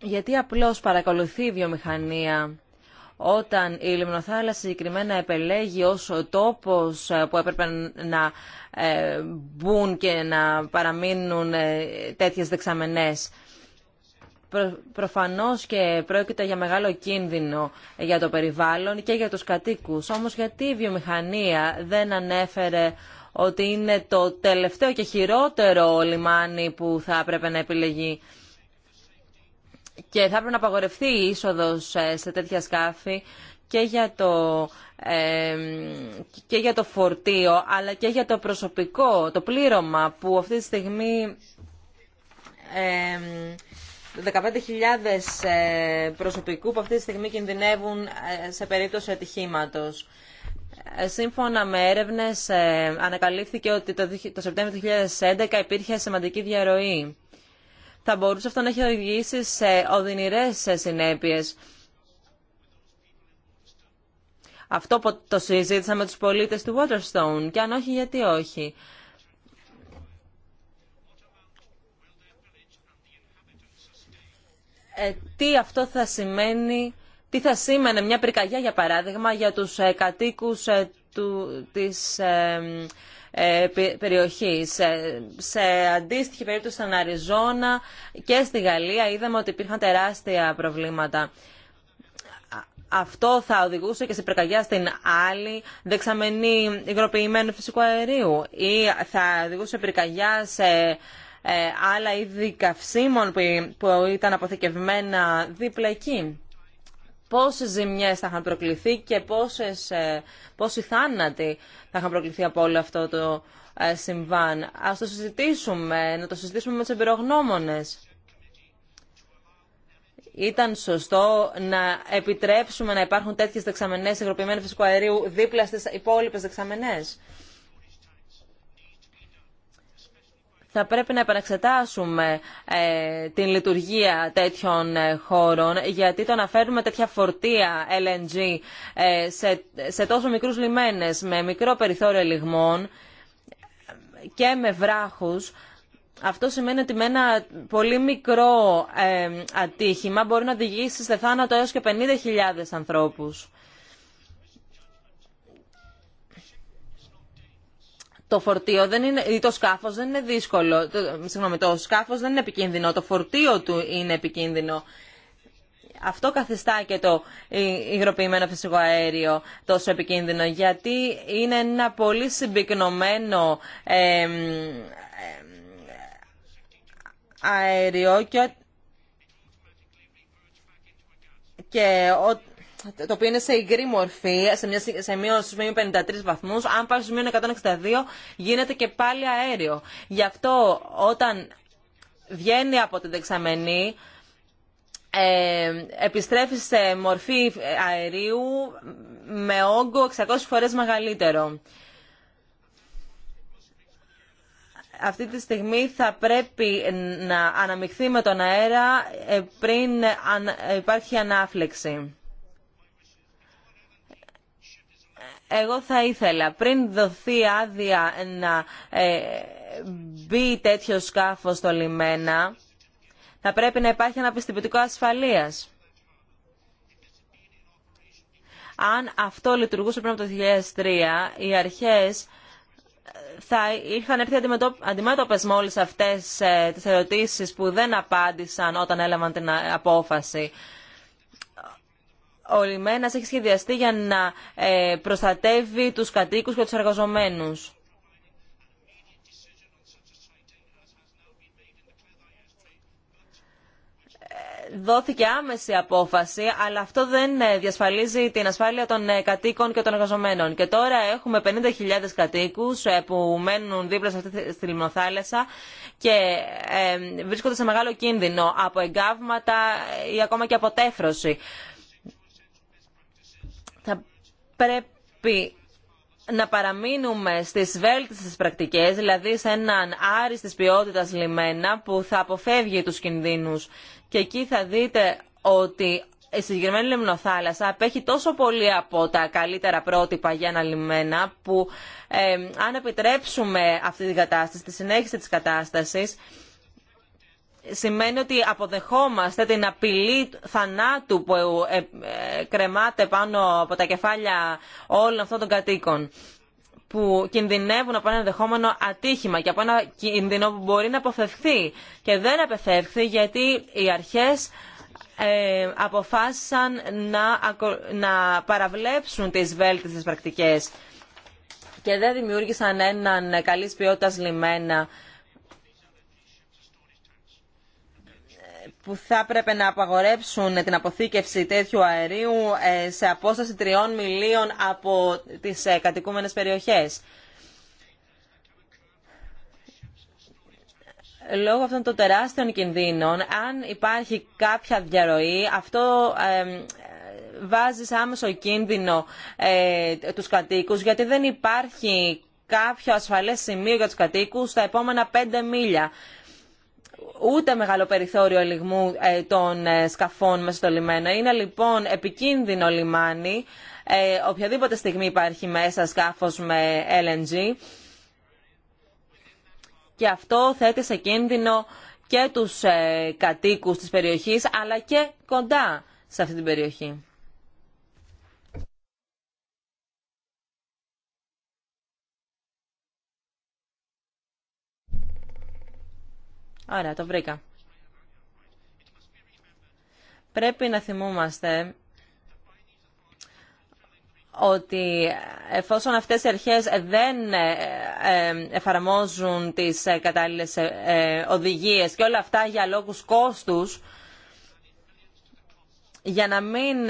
γιατί απλώς παρακολουθεί η βιομηχανία όταν η λιμνοθάλασσα συγκεκριμένα επελέγει ω τόπος που έπρεπε να ε, μπουν και να παραμείνουν ε, τέτοιες δεξαμενές. Προ, προφανώς και πρόκειται για μεγάλο κίνδυνο για το περιβάλλον και για τους κατοίκους. Όμως γιατί η βιομηχανία δεν ανέφερε ότι είναι το τελευταίο και χειρότερο λιμάνι που θα έπρεπε να επιλεγεί και θα έπρεπε να απαγορευτεί η είσοδος ε, σε τέτοια σκάφη και για το, ε, και για το φορτίο αλλά και για το προσωπικό, το πλήρωμα που αυτή τη στιγμή ε, 15.000 προσωπικού που αυτή τη στιγμή κινδυνεύουν ε, σε περίπτωση ατυχήματος. Σύμφωνα με έρευνες ανακαλύφθηκε ότι το, το Σεπτέμβριο του 2011 υπήρχε σημαντική διαρροή θα μπορούσε αυτό να έχει οδηγήσει σε οδυνηρές συνέπειες. Αυτό το συζήτησα με τους πολίτες του Waterstone και αν όχι γιατί όχι. Ε, τι αυτό θα σημαίνει, τι θα σήμαινε μια πυρκαγιά για παράδειγμα για τους ε, κατοίκους ε, του, της ε, περιοχής. Ε, σε αντίστοιχη περίπτωση στην Αριζόνα και στη Γαλλία είδαμε ότι υπήρχαν τεράστια προβλήματα. Αυτό θα οδηγούσε και σε πυρκαγιά στην άλλη δεξαμενή υγροποιημένου φυσικού αερίου ή θα οδηγούσε πυρκαγιά σε ε, άλλα είδη καυσίμων που ήταν αποθηκευμένα δίπλα εκεί πόσες ζημιές θα είχαν προκληθεί και πόσες, ε, πόσοι θάνατοι θα είχαν προκληθεί από όλο αυτό το ε, συμβάν. Ας το συζητήσουμε, να το συζητήσουμε με τους εμπειρογνώμονες. Ήταν σωστό να επιτρέψουμε να υπάρχουν τέτοιες δεξαμενές υγροποιημένου φυσικού αερίου δίπλα στις υπόλοιπες δεξαμενές. θα πρέπει να επαναξετάσουμε ε, την λειτουργία τέτοιων ε, χώρων γιατί το να φέρουμε τέτοια φορτία LNG ε, σε, σε τόσο μικρούς λιμένες με μικρό περιθώριο λιγμών και με βράχους αυτό σημαίνει ότι με ένα πολύ μικρό ατύχημα μπορεί να οδηγήσει σε θάνατο έως και 50.000 ανθρώπους. Το φορτίο δεν είναι, το σκάφος δεν είναι δύσκολο, το, συγγνώμη, το σκάφος δεν είναι επικίνδυνο, το φορτίο του είναι επικίνδυνο. Αυτό καθιστά και το υγροποιημένο φυσικό αέριο τόσο επικίνδυνο, γιατί είναι ένα πολύ συμπυκνωμένο ε, αέριο και, το οποίο είναι σε υγρή μορφή, σε, μια, σε 53 βαθμούς, αν πάει στο μείων 162 γίνεται και πάλι αέριο. Γι' αυτό όταν βγαίνει από την δεξαμενή, ε, επιστρέφει σε μορφή αερίου με όγκο 600 φορές μεγαλύτερο. Αυτή τη στιγμή θα πρέπει να αναμειχθεί με τον αέρα ε, πριν υπάρχει ανάφλεξη. Εγώ θα ήθελα πριν δοθεί άδεια να ε, μπει τέτοιο σκάφος στο λιμένα, θα πρέπει να υπάρχει ένα πιστοποιητικό ασφαλείας. Αν αυτό λειτουργούσε πριν από το 2003, οι αρχές θα είχαν έρθει αντιμέτωπες με όλες αυτές ε, τις ερωτήσεις που δεν απάντησαν όταν έλαβαν την ε, απόφαση ο λιμένας έχει σχεδιαστεί για να ε, προστατεύει τους κατοίκους και τους εργαζομένους. Δόθηκε άμεση απόφαση, αλλά αυτό δεν ε, διασφαλίζει την ασφάλεια των ε, κατοίκων και των εργαζομένων. Και τώρα έχουμε 50.000 κατοίκους που μένουν δίπλα σε αυτή τη λιμνοθάλασσα και βρίσκονται σε μεγάλο κίνδυνο από εγκάβματα ή ακόμα και από τέφρωση πρέπει να παραμείνουμε στις βέλτιστες πρακτικές, δηλαδή σε έναν άριστης ποιότητας λιμένα που θα αποφεύγει τους κινδύνους. Και εκεί θα δείτε ότι η συγκεκριμένη λιμνοθάλασσα απέχει τόσο πολύ από τα καλύτερα πρότυπα για ένα λιμένα που ε, αν επιτρέψουμε αυτή την κατάσταση, τη συνέχιση της κατάστασης, σημαίνει ότι αποδεχόμαστε την απειλή θανάτου που ε, ε, κρεμάται πάνω από τα κεφάλια όλων αυτών των κατοίκων που κινδυνεύουν από ένα ενδεχόμενο ατύχημα και από ένα κίνδυνο που μπορεί να αποφευχθεί και δεν απεφεύχθη γιατί οι αρχές ε, αποφάσισαν να, να παραβλέψουν τις βέλτιστες πρακτικές και δεν δημιούργησαν έναν καλής ποιότητας λιμένα που θα έπρεπε να απαγορέψουν την αποθήκευση τέτοιου αερίου ε, σε απόσταση τριών μιλίων από τις ε, κατοικούμενες περιοχές. Λόγω αυτών των τεράστιων κινδύνων, αν υπάρχει κάποια διαρροή, αυτό βάζει σε άμεσο κίνδυνο ε, τους κατοίκους, γιατί δεν υπάρχει κάποιο ασφαλές σημείο για τους κατοίκους στα επόμενα πέντε μίλια ούτε μεγάλο περιθώριο ελιγμού ε, των ε, σκαφών μέσα στο λιμένα. Είναι λοιπόν επικίνδυνο λιμάνι. Ε, οποιαδήποτε στιγμή υπάρχει μέσα σκάφος με LNG και αυτό θέτει σε κίνδυνο και τους κατοίκους της περιοχής αλλά και κοντά σε αυτή την περιοχή. Άρα, το βρήκα. Πρέπει να θυμούμαστε ότι εφόσον αυτές οι αρχές δεν ε, ε, εφαρμόζουν τις ε, κατάλληλες οδηγίες και όλα αυτά για λόγους κόστους, για να μην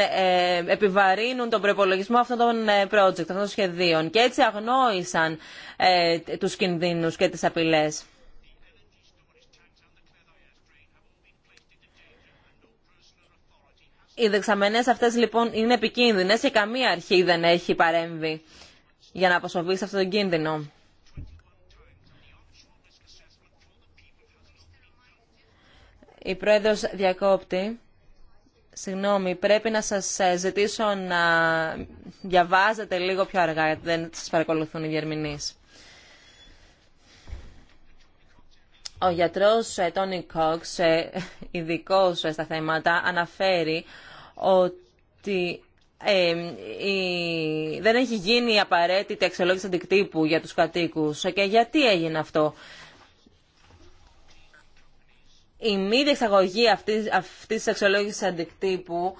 επιβαρύνουν τον προπολογισμό αυτών των project, αυτών των σχεδίων. Και έτσι αγνόησαν τους κινδύνους και τις απειλές. Οι δεξαμενέ αυτές λοιπόν είναι επικίνδυνες και καμία αρχή δεν έχει παρέμβει για να αποσοβήσει αυτόν τον κίνδυνο. Η Πρόεδρος διακόπτη. Συγγνώμη, πρέπει να σας ε, ζητήσω να διαβάζετε λίγο πιο αργά, γιατί δεν σας παρακολουθούν οι διερμηνείς. Ο γιατρός Τόνι Κόξ, ειδικό στα θέματα, αναφέρει ότι ε, δεν έχει γίνει η απαραίτητη αξιολόγηση αντικτύπου για τους κατοίκους. Και γιατί έγινε αυτό. Η μη διεξαγωγή αυτής, αυτής της αξιολόγησης αντικτύπου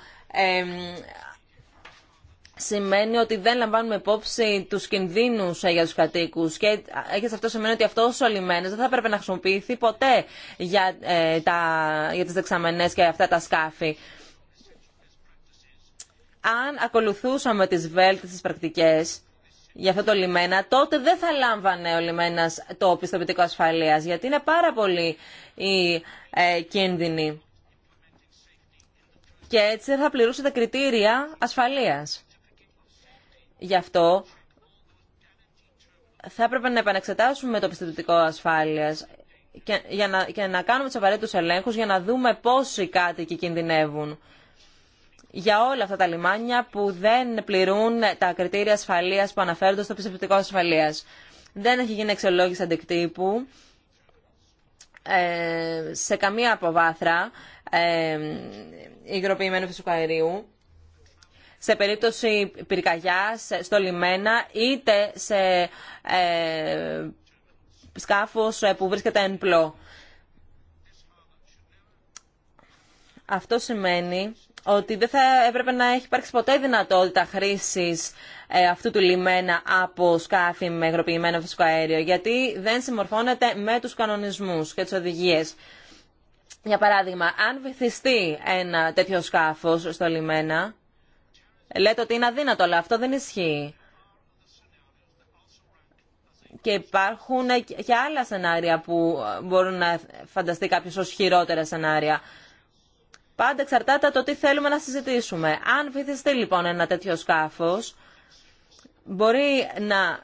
σημαίνει ότι δεν λαμβάνουμε υπόψη τους κινδύνους ε, για τους κατοίκους και, σε αυτό σημαίνει ότι αυτός ο λιμένος δεν θα έπρεπε να χρησιμοποιηθεί ποτέ για, ε, τα, για τις δεξαμενές και αυτά τα σκάφη αν ακολουθούσαμε τις βέλτιστες πρακτικές για αυτό το λιμένα, τότε δεν θα λάμβανε ο λιμένας το πιστοποιητικό ασφαλείας, γιατί είναι πάρα πολύ οι ε, κίνδυνοι. Και έτσι δεν θα πληρούσε τα κριτήρια ασφαλείας. Γι' αυτό θα έπρεπε να επανεξετάσουμε το πιστοποιητικό ασφάλειας και, για να, και να κάνουμε τους απαραίτητους ελέγχους για να δούμε πόσοι κάτοικοι κινδυνεύουν για όλα αυτά τα λιμάνια που δεν πληρούν τα κριτήρια ασφαλείας που αναφέρονται στο πιστοποιητικό ασφαλείας. Δεν έχει γίνει εξολόγηση αντικτύπου ε, σε καμία αποβάθρα ε, υγροποιημένου φυσικού αερίου σε περίπτωση πυρκαγιάς στο λιμένα είτε σε ε, σκάφος που βρίσκεται εν πλώ. Αυτό σημαίνει ότι δεν θα έπρεπε να έχει υπάρξει ποτέ δυνατότητα χρήσης ε, αυτού του λιμένα από σκάφη με υγροποιημένο φυσικό αέριο, γιατί δεν συμμορφώνεται με τους κανονισμούς και τις οδηγίες. Για παράδειγμα, αν βυθιστεί ένα τέτοιο σκάφος στο λιμένα, λέτε ότι είναι αδύνατο, αλλά αυτό δεν ισχύει. Και υπάρχουν και άλλα σενάρια που μπορούν να φανταστεί κάποιο ως χειρότερα σενάρια. Πάντα εξαρτάται το τι θέλουμε να συζητήσουμε. Αν βυθιστεί λοιπόν ένα τέτοιο σκάφος, μπορεί να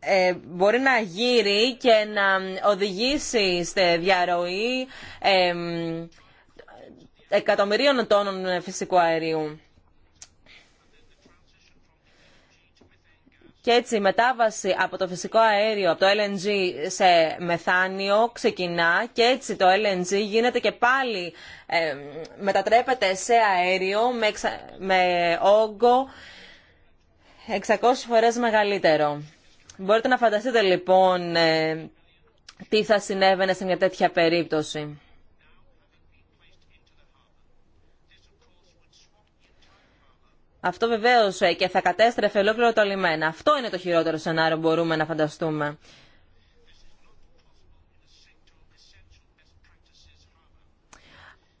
ε, μπορεί να γύρει και να οδηγήσει στη διαρροή ε, εκατομμυρίων τόνων φυσικού αερίου. Και έτσι η μετάβαση από το φυσικό αέριο, από το LNG σε μεθάνιο ξεκινά και έτσι το LNG γίνεται και πάλι ε, μετατρέπεται σε αέριο με, με όγκο 600 φορές μεγαλύτερο. Μπορείτε να φανταστείτε λοιπόν ε, τι θα συνέβαινε σε μια τέτοια περίπτωση. Αυτό βεβαίως ε, και θα κατέστρεφε ολόκληρο το λιμένα. Αυτό είναι το χειρότερο σενάριο που μπορούμε να φανταστούμε.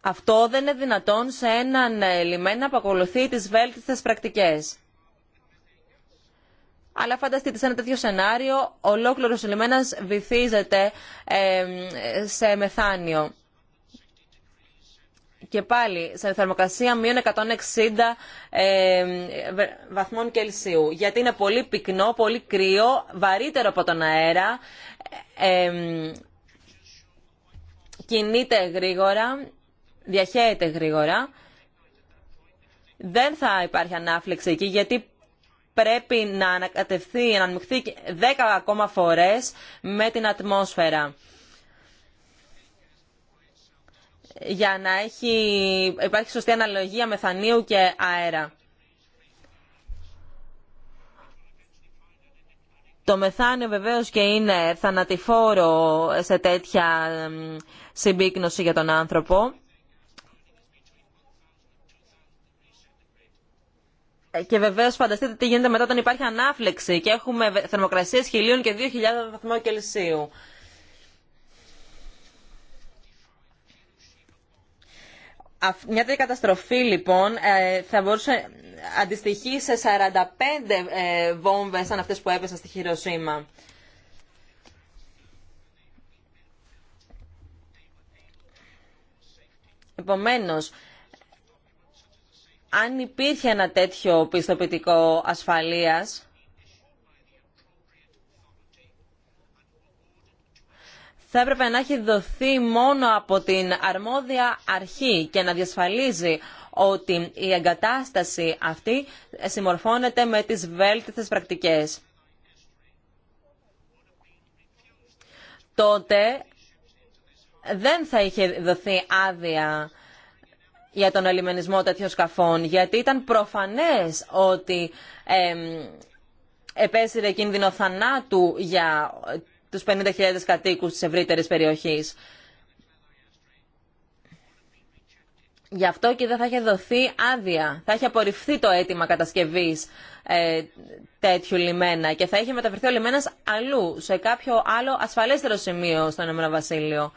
Αυτό δεν είναι δυνατόν σε έναν ε, λιμένα που ακολουθεί τις βέλτιστες πρακτικές. Αλλά φανταστείτε, σε ένα τέτοιο σενάριο, ολόκληρος ο λιμένας βυθίζεται ε, σε μεθάνιο και πάλι σε θερμοκρασία μείον 160 ε, βαθμών Κελσίου. Γιατί είναι πολύ πυκνό, πολύ κρύο, βαρύτερο από τον αέρα, ε, κινείται γρήγορα, διαχέεται γρήγορα. Δεν θα υπάρχει ανάφλεξη εκεί γιατί πρέπει να ανακατευθεί, να αναμειχθεί 10 ακόμα φορές με την ατμόσφαιρα για να έχει, υπάρχει σωστή αναλογία μεθανίου και αέρα. Το μεθάνιο βεβαίως και είναι θανατηφόρο σε τέτοια συμπίκνωση για τον άνθρωπο. Και βεβαίω φανταστείτε τι γίνεται μετά όταν υπάρχει ανάφλεξη και έχουμε θερμοκρασίες χιλίων και 2.000 βαθμών Κελσίου. Μια τέτοια καταστροφή λοιπόν ε, θα μπορούσε αντιστοιχεί σε 45 ε, βόμβες σαν αυτές που έπεσαν στη Χειροσύμα. Επομένως, αν υπήρχε ένα τέτοιο πιστοποιητικό ασφαλείας, θα έπρεπε να έχει δοθεί μόνο από την αρμόδια αρχή και να διασφαλίζει ότι η εγκατάσταση αυτή συμμορφώνεται με τις βέλτιστες πρακτικές. Τότε δεν θα είχε δοθεί άδεια για τον ελιμενισμό τέτοιων σκαφών, γιατί ήταν προφανές ότι ε, επέσυρε κίνδυνο θανάτου για του 50.000 κατοίκου τη ευρύτερη περιοχή. Γι' αυτό και δεν θα είχε δοθεί άδεια. Θα είχε απορριφθεί το αίτημα κατασκευή ε, τέτοιου λιμένα και θα είχε μεταφερθεί ο λιμένα αλλού, σε κάποιο άλλο ασφαλέστερο σημείο στον Ηνωμένο Βασίλειο.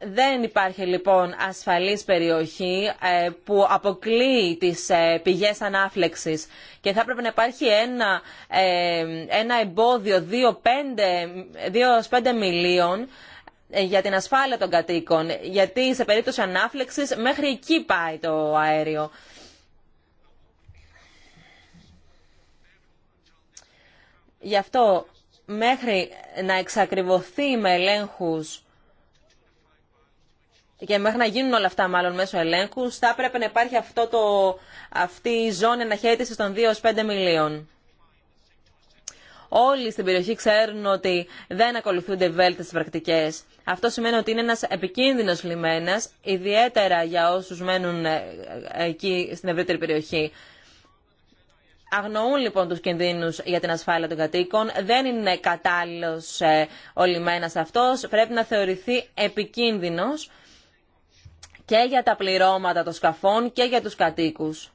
Δεν υπάρχει λοιπόν ασφαλής περιοχή ε, που αποκλείει τις ε, πηγές ανάφλεξης και θα έπρεπε να υπάρχει ένα, ε, ένα εμπόδιο 2-5 μιλίων για την ασφάλεια των κατοίκων, γιατί σε περίπτωση ανάφλεξης μέχρι εκεί πάει το αέριο. Γι' αυτό μέχρι να εξακριβωθεί με ελέγχους και μέχρι να γίνουν όλα αυτά μάλλον μέσω ελέγχου, θα έπρεπε να υπάρχει αυτό το, αυτή η ζώνη αναχέτηση των 2-5 μιλίων. Όλοι στην περιοχή ξέρουν ότι δεν ακολουθούνται βέλτιστες πρακτικές. Αυτό σημαίνει ότι είναι ένας επικίνδυνος λιμένας, ιδιαίτερα για όσους μένουν ε, εκεί στην ευρύτερη περιοχή. Αγνοούν λοιπόν τους κινδύνους για την ασφάλεια των κατοίκων. Δεν είναι κατάλληλος ε, ο λιμένας αυτός. Πρέπει να θεωρηθεί επικίνδυνος και για τα πληρώματα των σκαφών και για τους κατοίκους.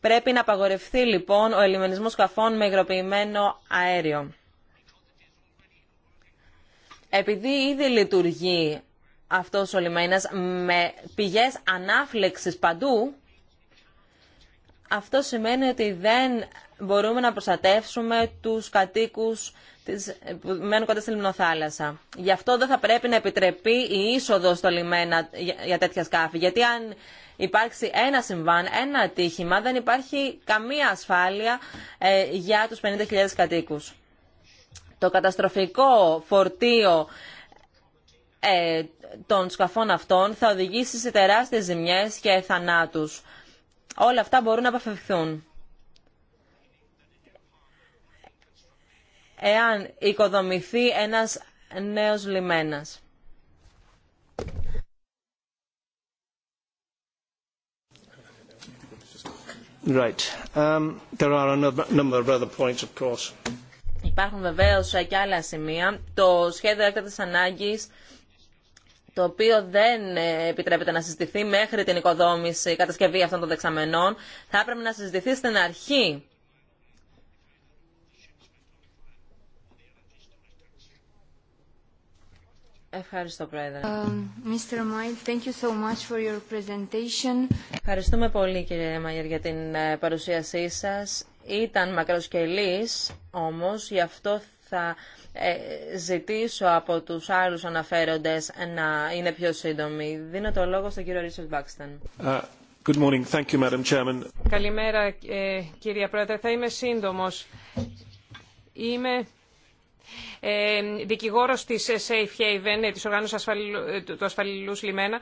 Πρέπει να απαγορευτεί λοιπόν ο ελιμενισμός σκαφών με υγροποιημένο αέριο. Επειδή ήδη λειτουργεί αυτός ο λιμένας με πηγές ανάφλεξης παντού, αυτό σημαίνει ότι δεν μπορούμε να προστατεύσουμε τους κατοίκους που μένουν κοντά στη λιμνοθάλασσα. Γι' αυτό δεν θα πρέπει να επιτρεπεί η είσοδο στο λιμένα για τέτοια σκάφη. Γιατί αν υπάρξει ένα συμβάν, ένα ατύχημα, δεν υπάρχει καμία ασφάλεια ε, για τους 50.000 κατοίκους. Το καταστροφικό φορτίο ε, των σκαφών αυτών θα οδηγήσει σε τεράστιες ζημιές και θανάτους. Όλα αυτά μπορούν να αποφευχθούν. εάν οικοδομηθεί ένας νέος λιμένας. Right. Um, there are number of other points, of course. Υπάρχουν βεβαίω και άλλα σημεία. Το σχέδιο της ανάγκη, το οποίο δεν ε, επιτρέπεται να συζητηθεί μέχρι την οικοδόμηση, η κατασκευή αυτών των δεξαμενών, θα έπρεπε να συζητηθεί στην αρχή Ευχαριστώ, Πρόεδρε. Uh, Ευχαριστούμε πολύ, κύριε Μαγερ, για την ε, παρουσίασή σας. Ήταν μακροσκελής, όμως, γι' αυτό θα ε, ζητήσω από τους άλλους αναφέροντες να είναι πιο σύντομοι. Δίνω το λόγο στον κύριο Ρίσος Μπάξτεν. Ε, good morning. Thank you, Madam Καλημέρα, κύριε Πρόεδρε. Θα είμαι σύντομος. Είμαι ε, δικηγόρος της Safe Haven, ε, της Οργάνωσης ασφαλου, ε, του Ασφαλιλούς Λιμένα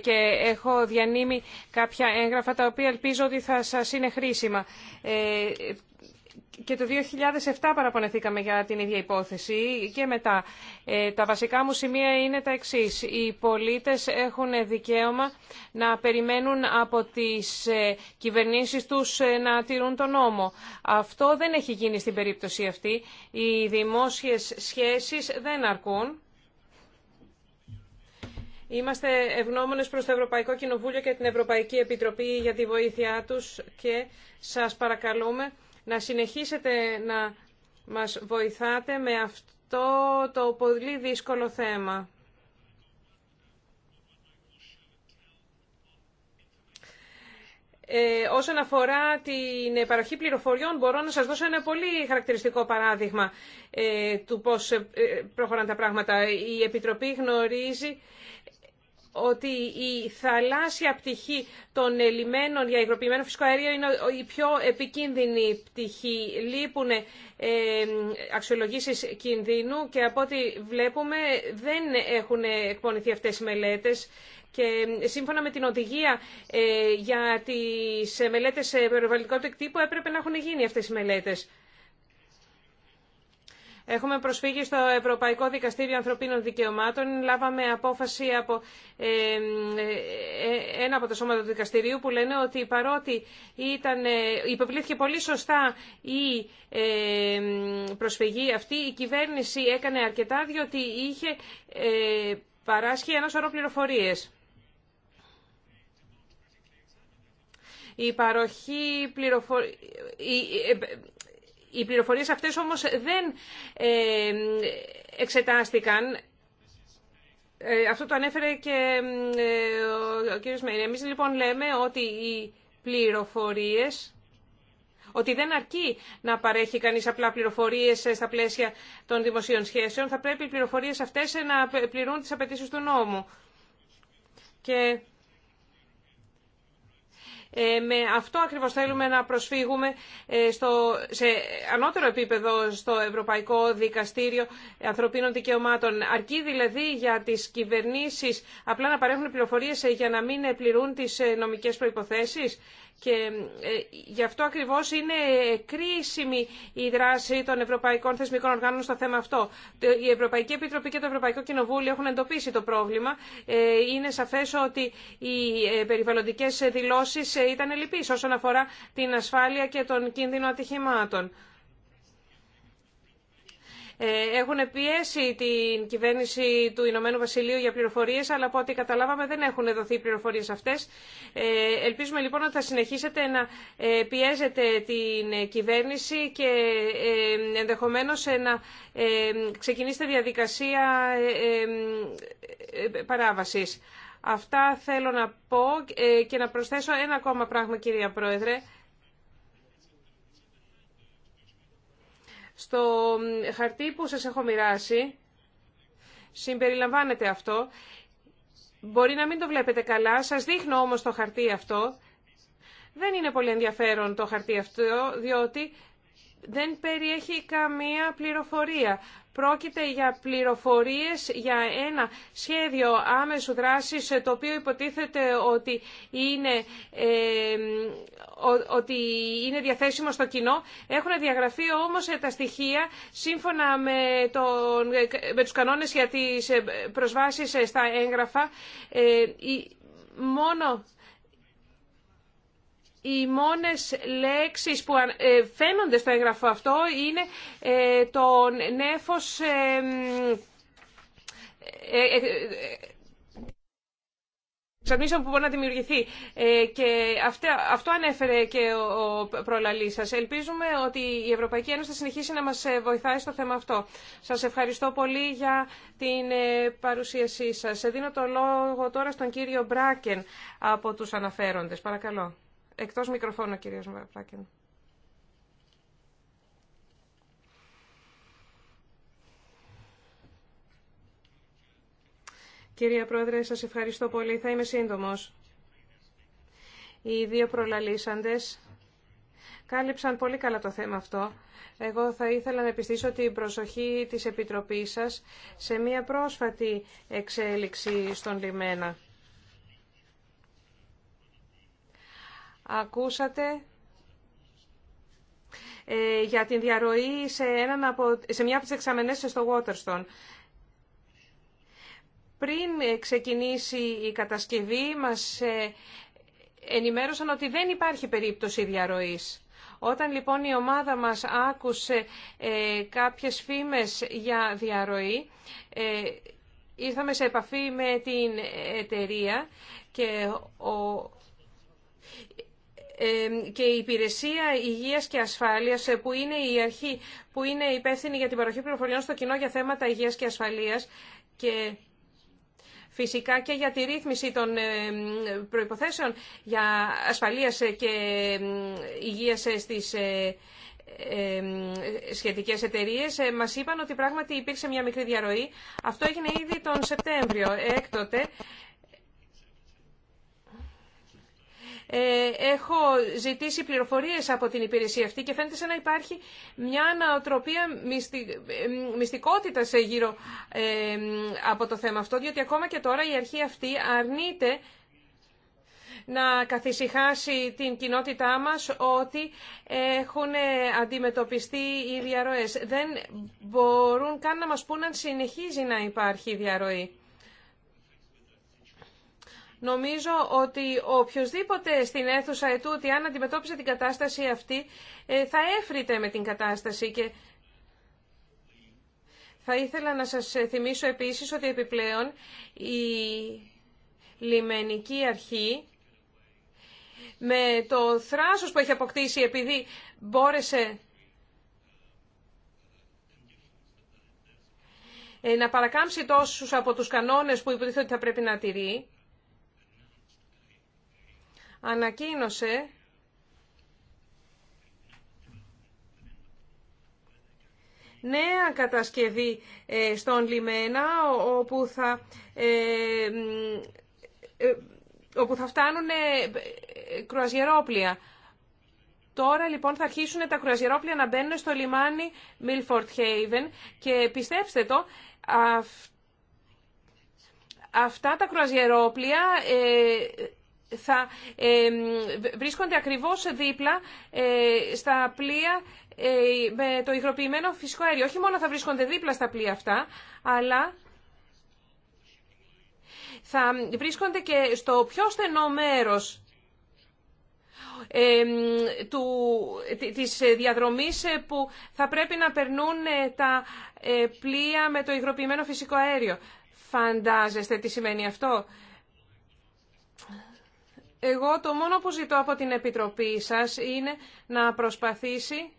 και έχω διανύμει κάποια έγγραφα τα οποία ελπίζω ότι θα σας είναι χρήσιμα και το 2007 παραπονεθήκαμε για την ίδια υπόθεση και μετά. Ε, τα βασικά μου σημεία είναι τα εξής. Οι πολίτες έχουν δικαίωμα να περιμένουν από τις ε, κυβερνήσεις τους ε, να τηρούν τον νόμο. Αυτό δεν έχει γίνει στην περίπτωση αυτή. Οι δημόσιες σχέσεις δεν αρκούν. Είμαστε ευγνώμονες προς το Ευρωπαϊκό Κοινοβούλιο και την Ευρωπαϊκή Επιτροπή για τη βοήθειά τους και σας παρακαλούμε να συνεχίσετε να μας βοηθάτε με αυτό το πολύ δύσκολο θέμα. Ε, όσον αφορά την παροχή πληροφοριών, μπορώ να σας δώσω ένα πολύ χαρακτηριστικό παράδειγμα ε, του πώς ε, ε, προχωράνε τα πράγματα. Η Επιτροπή γνωρίζει ότι η θαλάσσια πτυχή των λιμένων για υγροποιημένο φυσικό αέριο είναι η πιο επικίνδυνη πτυχή. Λείπουν ε, αξιολογήσεις κινδύνου και από ό,τι βλέπουμε δεν έχουν εκπονηθεί αυτές οι μελέτες. Και σύμφωνα με την οδηγία ε, για τις μελέτες περιβαλλοντικού τεκτύπου έπρεπε να έχουν γίνει αυτές οι μελέτες. Έχουμε προσφύγει στο Ευρωπαϊκό Δικαστήριο Ανθρωπίνων Δικαιωμάτων. Λάβαμε απόφαση από ε, ε, ένα από τα σώματα του δικαστηρίου που λένε ότι παρότι ήταν, ε, υποβλήθηκε πολύ σωστά η προσφυγή αυτή, η κυβέρνηση έκανε αρκετά διότι είχε παράσχει ένα σωρό πληροφορίες. Η παροχή πληροφοριών οι πληροφορίες αυτές όμως δεν ε, εξετάστηκαν. Ε, αυτό το ανέφερε και ε, ο κύριος Μέιν. Εμείς λοιπόν λέμε ότι οι πληροφορίες ότι δεν αρκεί να παρέχει κανείς απλά πληροφορίες στα πλαίσια των δημοσίων σχέσεων. Θα πρέπει οι πληροφορίες αυτές να πληρούν τις απαιτήσεις του νόμου. Και ε, με αυτό ακριβώς θέλουμε να προσφύγουμε ε, στο, σε ανώτερο επίπεδο στο Ευρωπαϊκό Δικαστήριο Ανθρωπίνων Δικαιωμάτων. Αρκεί δηλαδή για τις κυβερνήσεις απλά να παρέχουν πληροφορίες ε, για να μην πληρούν τις νομικές προϋποθέσεις. Και ε, γι' αυτό ακριβώς είναι κρίσιμη η δράση των ευρωπαϊκών θεσμικών οργάνων στο θέμα αυτό. Η Ευρωπαϊκή Επιτροπή και το Ευρωπαϊκό Κοινοβούλιο έχουν εντοπίσει το πρόβλημα. Ε, είναι σαφές ότι οι ε, περιβαλλοντικές δηλώσεις ήταν λυπείς όσον αφορά την ασφάλεια και τον κίνδυνο ατυχημάτων. Ε, έχουν πιέσει την κυβέρνηση του Ηνωμένου Βασιλείου για πληροφορίες, αλλά από ό,τι καταλάβαμε δεν έχουν δοθεί οι πληροφορίες αυτές. Ε, ελπίζουμε λοιπόν ότι θα συνεχίσετε να ε, πιέζετε την κυβέρνηση και ενδεχομένως να ξεκινήσετε διαδικασία παράβασης. Αυτά θέλω να πω και να προσθέσω ένα ακόμα πράγμα κυρία Πρόεδρε. Στο χαρτί που σας έχω μοιράσει συμπεριλαμβάνεται αυτό. Μπορεί να μην το βλέπετε καλά, σας δείχνω όμως το χαρτί αυτό. Δεν είναι πολύ ενδιαφέρον το χαρτί αυτό, διότι δεν περιέχει καμία πληροφορία. Πρόκειται για πληροφορίες για ένα σχέδιο άμεσου δράσης ε, το οποίο υποτίθεται ότι είναι, ε, είναι διαθέσιμο στο κοινό. Έχουν διαγραφεί όμως ε, τα στοιχεία σύμφωνα με, τον, με τους κανόνες για τις ε, προσβάσεις στα έγγραφα. Ε, μόνο οι μόνες λέξεις που ε, φαίνονται στο έγγραφο αυτό είναι ε, το νέφος ε, εξαρμίσεων που μπορεί να δημιουργηθεί. και αυτό ανέφερε και ο προλαλή σα. Ελπίζουμε ότι η Ευρωπαϊκή Ένωση θα συνεχίσει να μα βοηθάει στο θέμα αυτό. Σα ευχαριστώ πολύ για την παρουσίασή σα. Δίνω το λόγο τώρα στον κύριο Μπράκεν από του αναφέροντε. Παρακαλώ. Εκτός μικροφώνου, κύριε Βαπράκεν. Κυρία Πρόεδρε, σας ευχαριστώ πολύ. Θα είμαι σύντομος. Οι δύο προλαλήσαντες κάλυψαν πολύ καλά το θέμα αυτό. Εγώ θα ήθελα να επιστήσω την προσοχή της Επιτροπής σας σε μια πρόσφατη εξέλιξη στον Λιμένα. Ακούσατε ε, για την διαρροή σε, έναν από, σε μια από τις εξαμενές στο Waterstone. Πριν ε, ξεκινήσει η κατασκευή, μας ε, ενημέρωσαν ότι δεν υπάρχει περίπτωση διαρροής. Όταν λοιπόν η ομάδα μας άκουσε ε, κάποιες φήμες για διαρροή, ε, ήρθαμε σε επαφή με την εταιρεία και ο και η Υπηρεσία υγεία και Ασφάλειας ε, που είναι η αρχή που είναι υπεύθυνη για την παροχή πληροφοριών στο κοινό για θέματα υγείας και ασφαλείας και φυσικά και για τη ρύθμιση των ε, προϋποθέσεων για ασφαλείας και υγείας στις ε, σχετικές εταιρείες μας είπαν ότι πράγματι υπήρξε μια μικρή διαρροή. Αυτό έγινε ήδη τον Σεπτέμβριο. Έκτοτε Ε, έχω ζητήσει πληροφορίες από την υπηρεσία αυτή και φαίνεται σαν να υπάρχει μια ανατροπία μυστικότητας γύρω από το θέμα αυτό, διότι ακόμα και τώρα η αρχή αυτή αρνείται να καθησυχάσει την κοινότητά μας ότι έχουν αντιμετωπιστεί οι διαρροές. Δεν μπορούν καν να μας πούν αν συνεχίζει να υπάρχει διαρροή. Νομίζω ότι οποιοδήποτε στην αίθουσα ετούτη, αν αντιμετώπισε την κατάσταση αυτή, ε, θα έφρυτε με την κατάσταση και θα ήθελα να σας θυμίσω επίσης ότι επιπλέον η λιμενική αρχή με το θράσος που έχει αποκτήσει επειδή μπόρεσε ε, να παρακάμψει τόσους από τους κανόνες που υποτίθεται ότι θα πρέπει να τηρεί, ανακοίνωσε νέα κατασκευή ε, στον Λιμένα, όπου θα, ε, ε, όπου θα φτάνουν κρουαζιερόπλια. Τώρα λοιπόν θα αρχίσουν τα κρουαζιερόπλια να μπαίνουν στο λιμάνι Milford Haven και πιστέψτε το, αυτά τα κρουαζιερόπλια θα βρίσκονται ακριβώς δίπλα ε, στα πλοία ε, με το υγροποιημένο φυσικό αέριο. Όχι μόνο θα βρίσκονται δίπλα στα πλοία αυτά, αλλά θα βρίσκονται και στο πιο στενό μέρος του, της διαδρομής ε, που θα πρέπει να περνούν τα πλοία με το υγροποιημένο φυσικό αέριο. Φαντάζεστε τι σημαίνει αυτό. Εγώ το μόνο που ζητώ από την Επιτροπή σας είναι να προσπαθήσει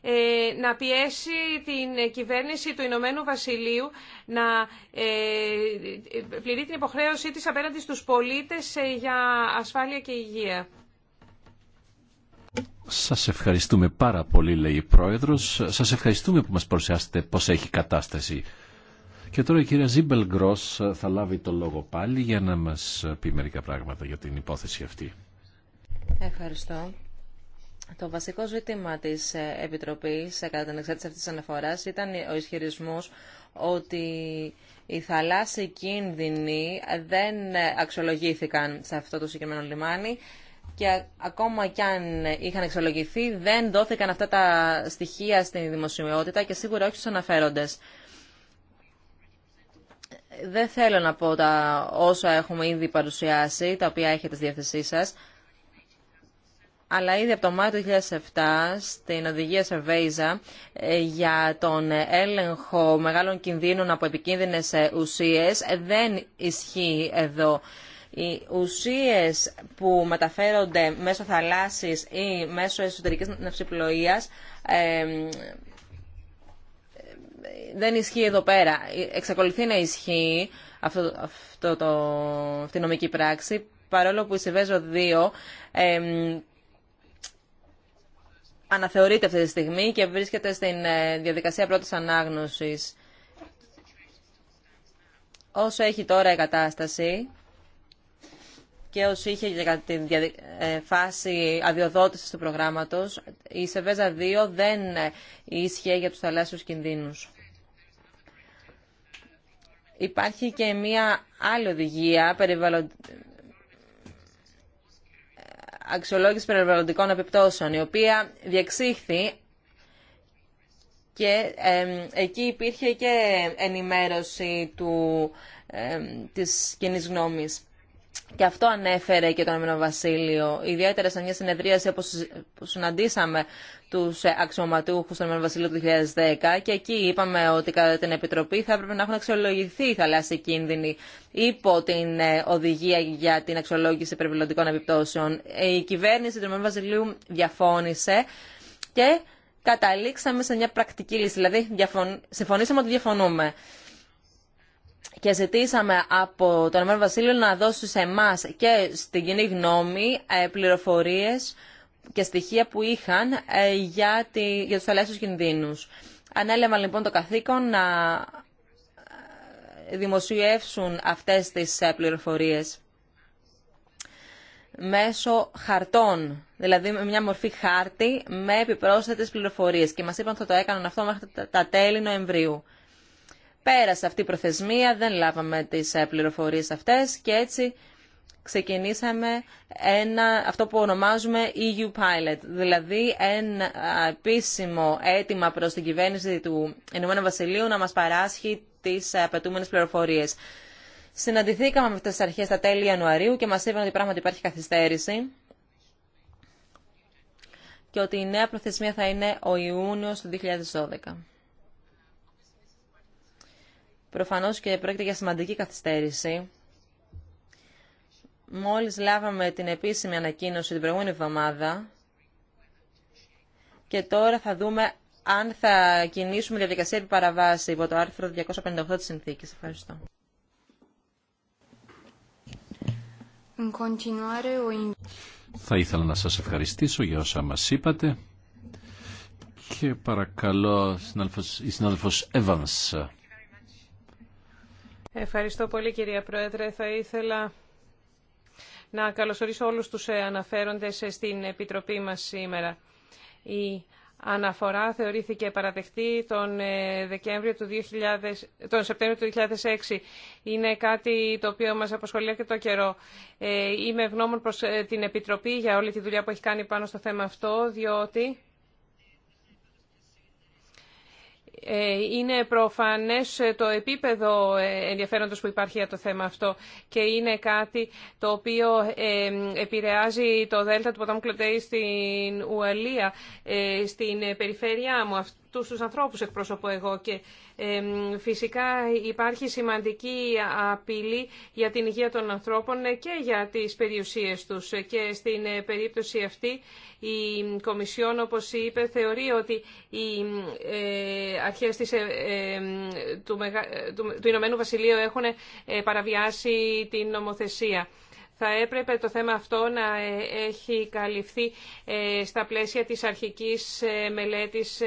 ε, να πιέσει την κυβέρνηση του Ηνωμένου Βασιλείου να ε, πληρεί την υποχρέωσή της απέναντι στους πολίτες ε, για ασφάλεια και υγεία. Σας ευχαριστούμε πάρα πολύ, λέει η Πρόεδρος. Σας ευχαριστούμε που μας παρουσιάσετε πώς έχει κατάσταση. Και τώρα η κυρία Ζίμπελ ε, θα λάβει το λόγο πάλι για να μας ε, πει μερικά πράγματα για την υπόθεση αυτή. Ευχαριστώ. Το βασικό ζήτημα της ε, Επιτροπής κατά την εξάρτηση αυτής της αναφοράς ήταν ο ισχυρισμός ότι οι θαλάσσιοι κίνδυνοι δεν αξιολογήθηκαν σε αυτό το συγκεκριμένο λιμάνι και ακόμα κι αν είχαν αξιολογηθεί δεν δόθηκαν αυτά τα στοιχεία στην δημοσιότητα και σίγουρα όχι στους αναφέροντες. Δεν θέλω να πω τα όσα έχουμε ήδη παρουσιάσει, τα οποία έχετε στη διάθεσή σας, αλλά ήδη από το Μάιο του 2007 στην οδηγία Σερβέιζα ε, για τον έλεγχο μεγάλων κινδύνων από επικίνδυνες ε, ουσίες δεν ισχύει εδώ. Οι ουσίες που μεταφέρονται μέσω θαλάσσης ή μέσω εσωτερικής ναυσιπλοείας ε, δεν ισχύει εδώ πέρα. Εξακολουθεί να ισχύει αυτό, το, αυτή η νομική πράξη, παρόλο που η Σεβέζο 2 αναθεωρείται αυτή τη στιγμή και βρίσκεται στην ε, διαδικασία πρώτης ανάγνωσης. Όσο έχει τώρα η κατάσταση και όσο είχε για τη ε, φάση αδειοδότησης του προγράμματος, η Σεβέζα 2 δεν ε, ίσχυε για τους θαλάσσιους κινδύνους. Υπάρχει και μία άλλη οδηγία περιβαλλον... αξιολόγηση περιβαλλοντικών επιπτώσεων, η οποία διεξήχθη και εκεί υπήρχε και ενημέρωση του, της κοινή γνώμης. Και αυτό ανέφερε και το Ηνωμένο Βασίλειο. Ιδιαίτερα σε μια συνεδρίαση όπως συναντήσαμε του αξιωματούχου του Ηνωμένου Βασίλειου του 2010 και εκεί είπαμε ότι κατά την Επιτροπή θα έπρεπε να έχουν αξιολογηθεί οι θαλάσσιοι κίνδυνοι υπό την ε, οδηγία για την αξιολόγηση περιβαλλοντικών επιπτώσεων. Ε, η κυβέρνηση του Ηνωμένου Βασιλείου διαφώνησε και καταλήξαμε σε μια πρακτική λύση. Δηλαδή συμφωνήσαμε ότι διαφωνούμε και ζητήσαμε από τον Ηνωμένο Βασίλειο να δώσει σε εμά και στην κοινή γνώμη ε, πληροφορίε και στοιχεία που είχαν ε, για, τη, για τους θαλάσσιους κινδύνους. Ανέλαβαν λοιπόν το καθήκον να ε, δημοσιεύσουν αυτές τις πληροφορίες μέσω χαρτών, δηλαδή με μια μορφή χάρτη με επιπρόσθετες πληροφορίες και μας είπαν ότι θα το έκαναν αυτό μέχρι τα τέλη Νοεμβρίου. Πέρασε αυτή η προθεσμία, δεν λάβαμε τις ε, πληροφορίες αυτές και έτσι ξεκινήσαμε ένα, αυτό που ονομάζουμε EU Pilot, δηλαδή ένα επίσημο αίτημα προς την κυβέρνηση του Ηνωμένου Βασιλείου να μας παράσχει τις ε, απαιτούμενες πληροφορίες. Συναντηθήκαμε με αυτές τις αρχές στα τέλη Ιανουαρίου και μας είπαν ότι πράγματι υπάρχει καθυστέρηση και ότι η νέα προθεσμία θα είναι ο Ιούνιος του 2012. Προφανώς και πρόκειται για σημαντική καθυστέρηση. Μόλις λάβαμε την επίσημη ανακοίνωση την προηγούμενη εβδομάδα και τώρα θα δούμε αν θα κινήσουμε διαδικασία επί παραβάση υπό το άρθρο 258 της συνθήκης. Ευχαριστώ. Θα ήθελα να σας ευχαριστήσω για όσα μας είπατε και παρακαλώ η συνάδελφος Evans Ευχαριστώ πολύ κυρία Πρόεδρε. Θα ήθελα να καλωσορίσω όλους τους ε, αναφέροντες ε, στην Επιτροπή μας σήμερα. Η αναφορά θεωρήθηκε παραδεκτή τον, ε, Δεκέμβριο του 2000, τον Σεπτέμβριο του 2006. Είναι κάτι το οποίο μας απασχολεί το καιρό. είμαι ευγνώμων προς την Επιτροπή για όλη τη δουλειά που έχει κάνει πάνω στο θέμα αυτό, διότι Ε, είναι προφανές ε, το επίπεδο ε, ενδιαφέροντος που υπάρχει για το θέμα αυτό και είναι κάτι το οποίο επηρεάζει το Δέλτα του Ποτάμου Κλωτέη στην Ουαλία, στην περιφέρειά μου τους, τους ανθρώπους εκπροσωπώ εγώ και ε, φυσικά υπάρχει σημαντική απειλή για την υγεία των ανθρώπων και για τις περιουσίες τους και στην ε, περίπτωση αυτή η Κομισιόν όπως είπε θεωρεί ότι οι ε, αρχές της, ε, του, ε, του, του Ηνωμένου Βασιλείου έχουν παραβιάσει την νομοθεσία. Θα έπρεπε το θέμα αυτό να ε, έχει καλυφθεί ε, στα πλαίσια της αρχικής ε, μελέτης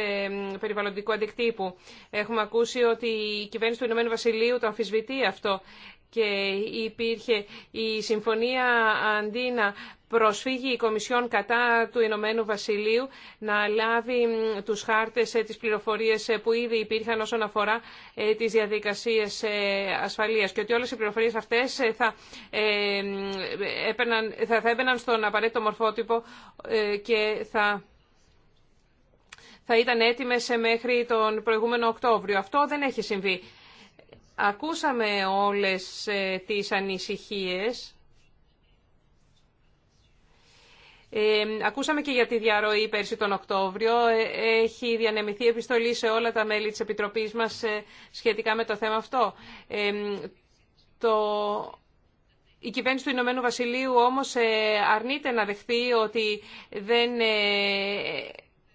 περιβαλλοντικού αντικτύπου. Έχουμε ακούσει ότι η κυβέρνηση του Ηνωμένου Βασιλείου το αμφισβητεί αυτό και υπήρχε η συμφωνία αντί να προσφύγει η Κομισιόν κατά του Ηνωμένου Βασιλείου να λάβει τους χάρτες, ε, τις πληροφορίες ε, που ήδη υπήρχαν όσον αφορά ε, τις διαδικασίες ασφαλείας και ότι όλες οι πληροφορίες αυτές θα, έπαιρναν, θα έμπαιναν στον απαραίτητο μορφότυπο και θα θα ήταν έτοιμες μέχρι τον προηγούμενο Οκτώβριο. Αυτό δεν έχει συμβεί. Ακούσαμε όλες ε, τις ανησυχίες. Ε, ακούσαμε και για τη διαρροή πέρσι τον Οκτώβριο. Ε, έχει διανεμηθεί επιστολή σε όλα τα μέλη της Επιτροπής μας σχετικά με το θέμα αυτό. Το... Η κυβέρνηση του Ηνωμένου Βασιλείου όμως αρνείται να δεχθεί ότι δεν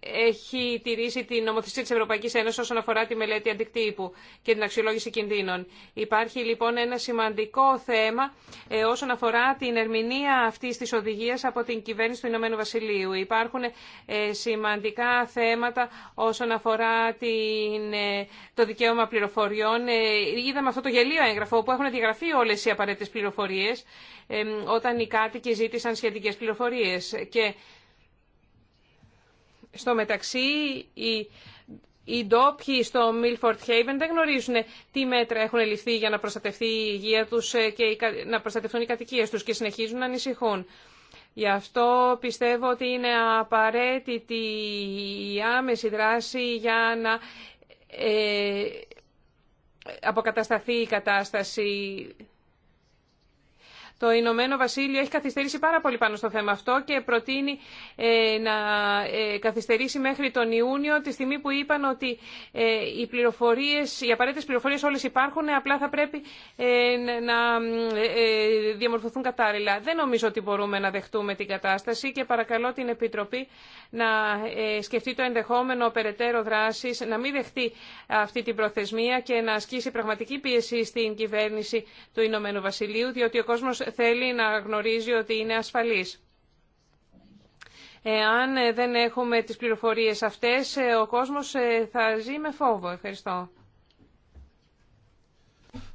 έχει τηρήσει την νομοθεσία τη Ευρωπαϊκή Ένωση όσον αφορά τη μελέτη αντικτύπου και την αξιολόγηση κινδύνων. Υπάρχει λοιπόν ένα σημαντικό θέμα ε, όσον αφορά την ερμηνεία αυτή τη οδηγία από την κυβέρνηση του Ηνωμένου Βασιλείου. Υπάρχουν ε, σημαντικά θέματα όσον αφορά την, ε, το δικαίωμα πληροφοριών. Είδαμε αυτό το γελίο έγγραφο που έχουν διαγραφεί όλε οι απαραίτητες πληροφορίες όταν οι κάτοικοι ζήτησαν σχετικέ πληροφορίε. Και στο μεταξύ, οι, οι ντόπιοι στο Milford Haven δεν γνωρίζουν τι μέτρα έχουν ληφθεί για να προστατευτεί η υγεία τους ε, και να προστατευτούν οι κατοικίες τους και συνεχίζουν να ανησυχούν. Γι' αυτό πιστεύω ότι είναι απαραίτητη η άμεση δράση για να ε, αποκατασταθεί η κατάσταση. Το Ηνωμένο Βασίλειο έχει καθυστερήσει πάρα πολύ πάνω στο θέμα αυτό και προτείνει ε, να ε, καθυστερήσει μέχρι τον Ιούνιο, τη στιγμή που είπαν ότι ε, οι, πληροφορίες, οι απαραίτητες πληροφορίες όλες υπάρχουν, απλά θα πρέπει να διαμορφωθούν κατάλληλα. Δεν νομίζω ότι μπορούμε να δεχτούμε την κατάσταση και παρακαλώ την Επιτροπή να σκεφτεί το ενδεχόμενο περαιτέρω δράσης, να μην δεχτεί αυτή την προθεσμία και να ασκήσει πραγματική πίεση στην κυβέρνηση του Ηνωμένου Βασιλείου, διότι ο κόσμος θέλει να γνωρίζει ότι είναι ασφαλής. Εάν δεν έχουμε τις πληροφορίες αυτές, ε, ο κόσμος ε, θα ζει με φόβο. Ευχαριστώ.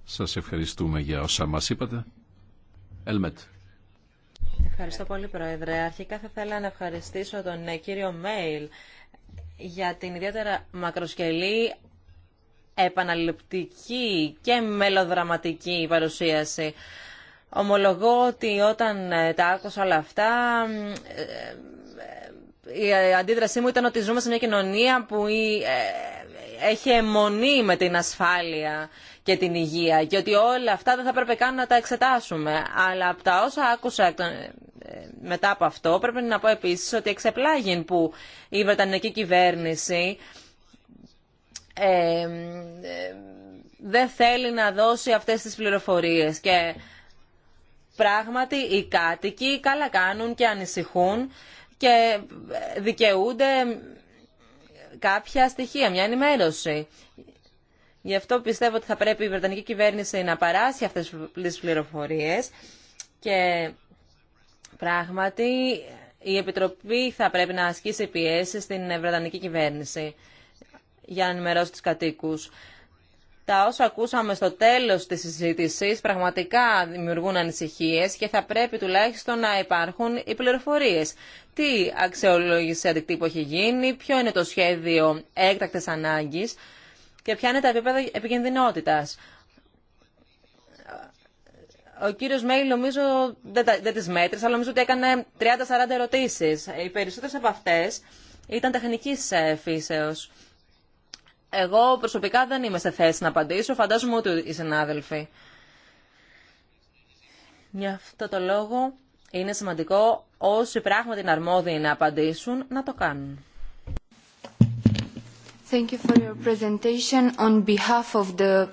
Σας ευχαριστούμε για όσα μας είπατε. Ελμέτ. Ευχαριστώ πολύ, Πρόεδρε. Αρχικά θα ήθελα να ευχαριστήσω τον ε, κύριο Μέιλ για την ιδιαίτερα μακροσκελή, επαναληπτική και μελοδραματική παρουσίαση Ομολογώ ότι όταν ε, τα άκουσα όλα αυτά, ε, ε, η αντίδρασή μου ήταν ότι ζούμε σε μια κοινωνία που έχει αιμονή με την ασφάλεια και την υγεία και ότι όλα αυτά δεν θα πρέπει καν να τα εξετάσουμε. Αλλά από τα όσα άκουσα μετά από αυτό πρέπει να πω επίσης ότι εξεπλάγει που η Βρετανική κυβέρνηση δεν θέλει να δώσει αυτές τις πληροφορίες και πράγματι οι κάτοικοι καλά κάνουν και ανησυχούν και δικαιούνται κάποια στοιχεία, μια ενημέρωση. Γι' αυτό πιστεύω ότι θα πρέπει η Βρετανική κυβέρνηση να παράσει αυτές τις πληροφορίες και πράγματι η Επιτροπή θα πρέπει να ασκήσει πιέσει στην Βρετανική κυβέρνηση για να ενημερώσει τους κατοίκους τα όσα ακούσαμε στο τέλος της συζήτησης πραγματικά δημιουργούν ανησυχίες και θα πρέπει τουλάχιστον να υπάρχουν οι πληροφορίες. Τι αξιολόγηση αντικτύπου έχει γίνει, ποιο είναι το σχέδιο έκτακτη ανάγκης και ποια είναι τα επίπεδα επικινδυνότητας. Ο κύριος Μέιλ νομίζω δεν, δεν τις μέτρησε, αλλά νομίζω ότι έκανε 30-40 ερωτήσεις. Οι περισσότερες από αυτές ήταν τεχνικής ε, φύσεως. Εγώ προσωπικά δεν είμαι σε θέση να απαντήσω, φαντάζομαι ότι οι συνάδελφοι. Γι' αυτό το λόγο είναι σημαντικό όσοι πράγματι είναι αρμόδιοι να απαντήσουν, να το κάνουν. Thank you for your on of the...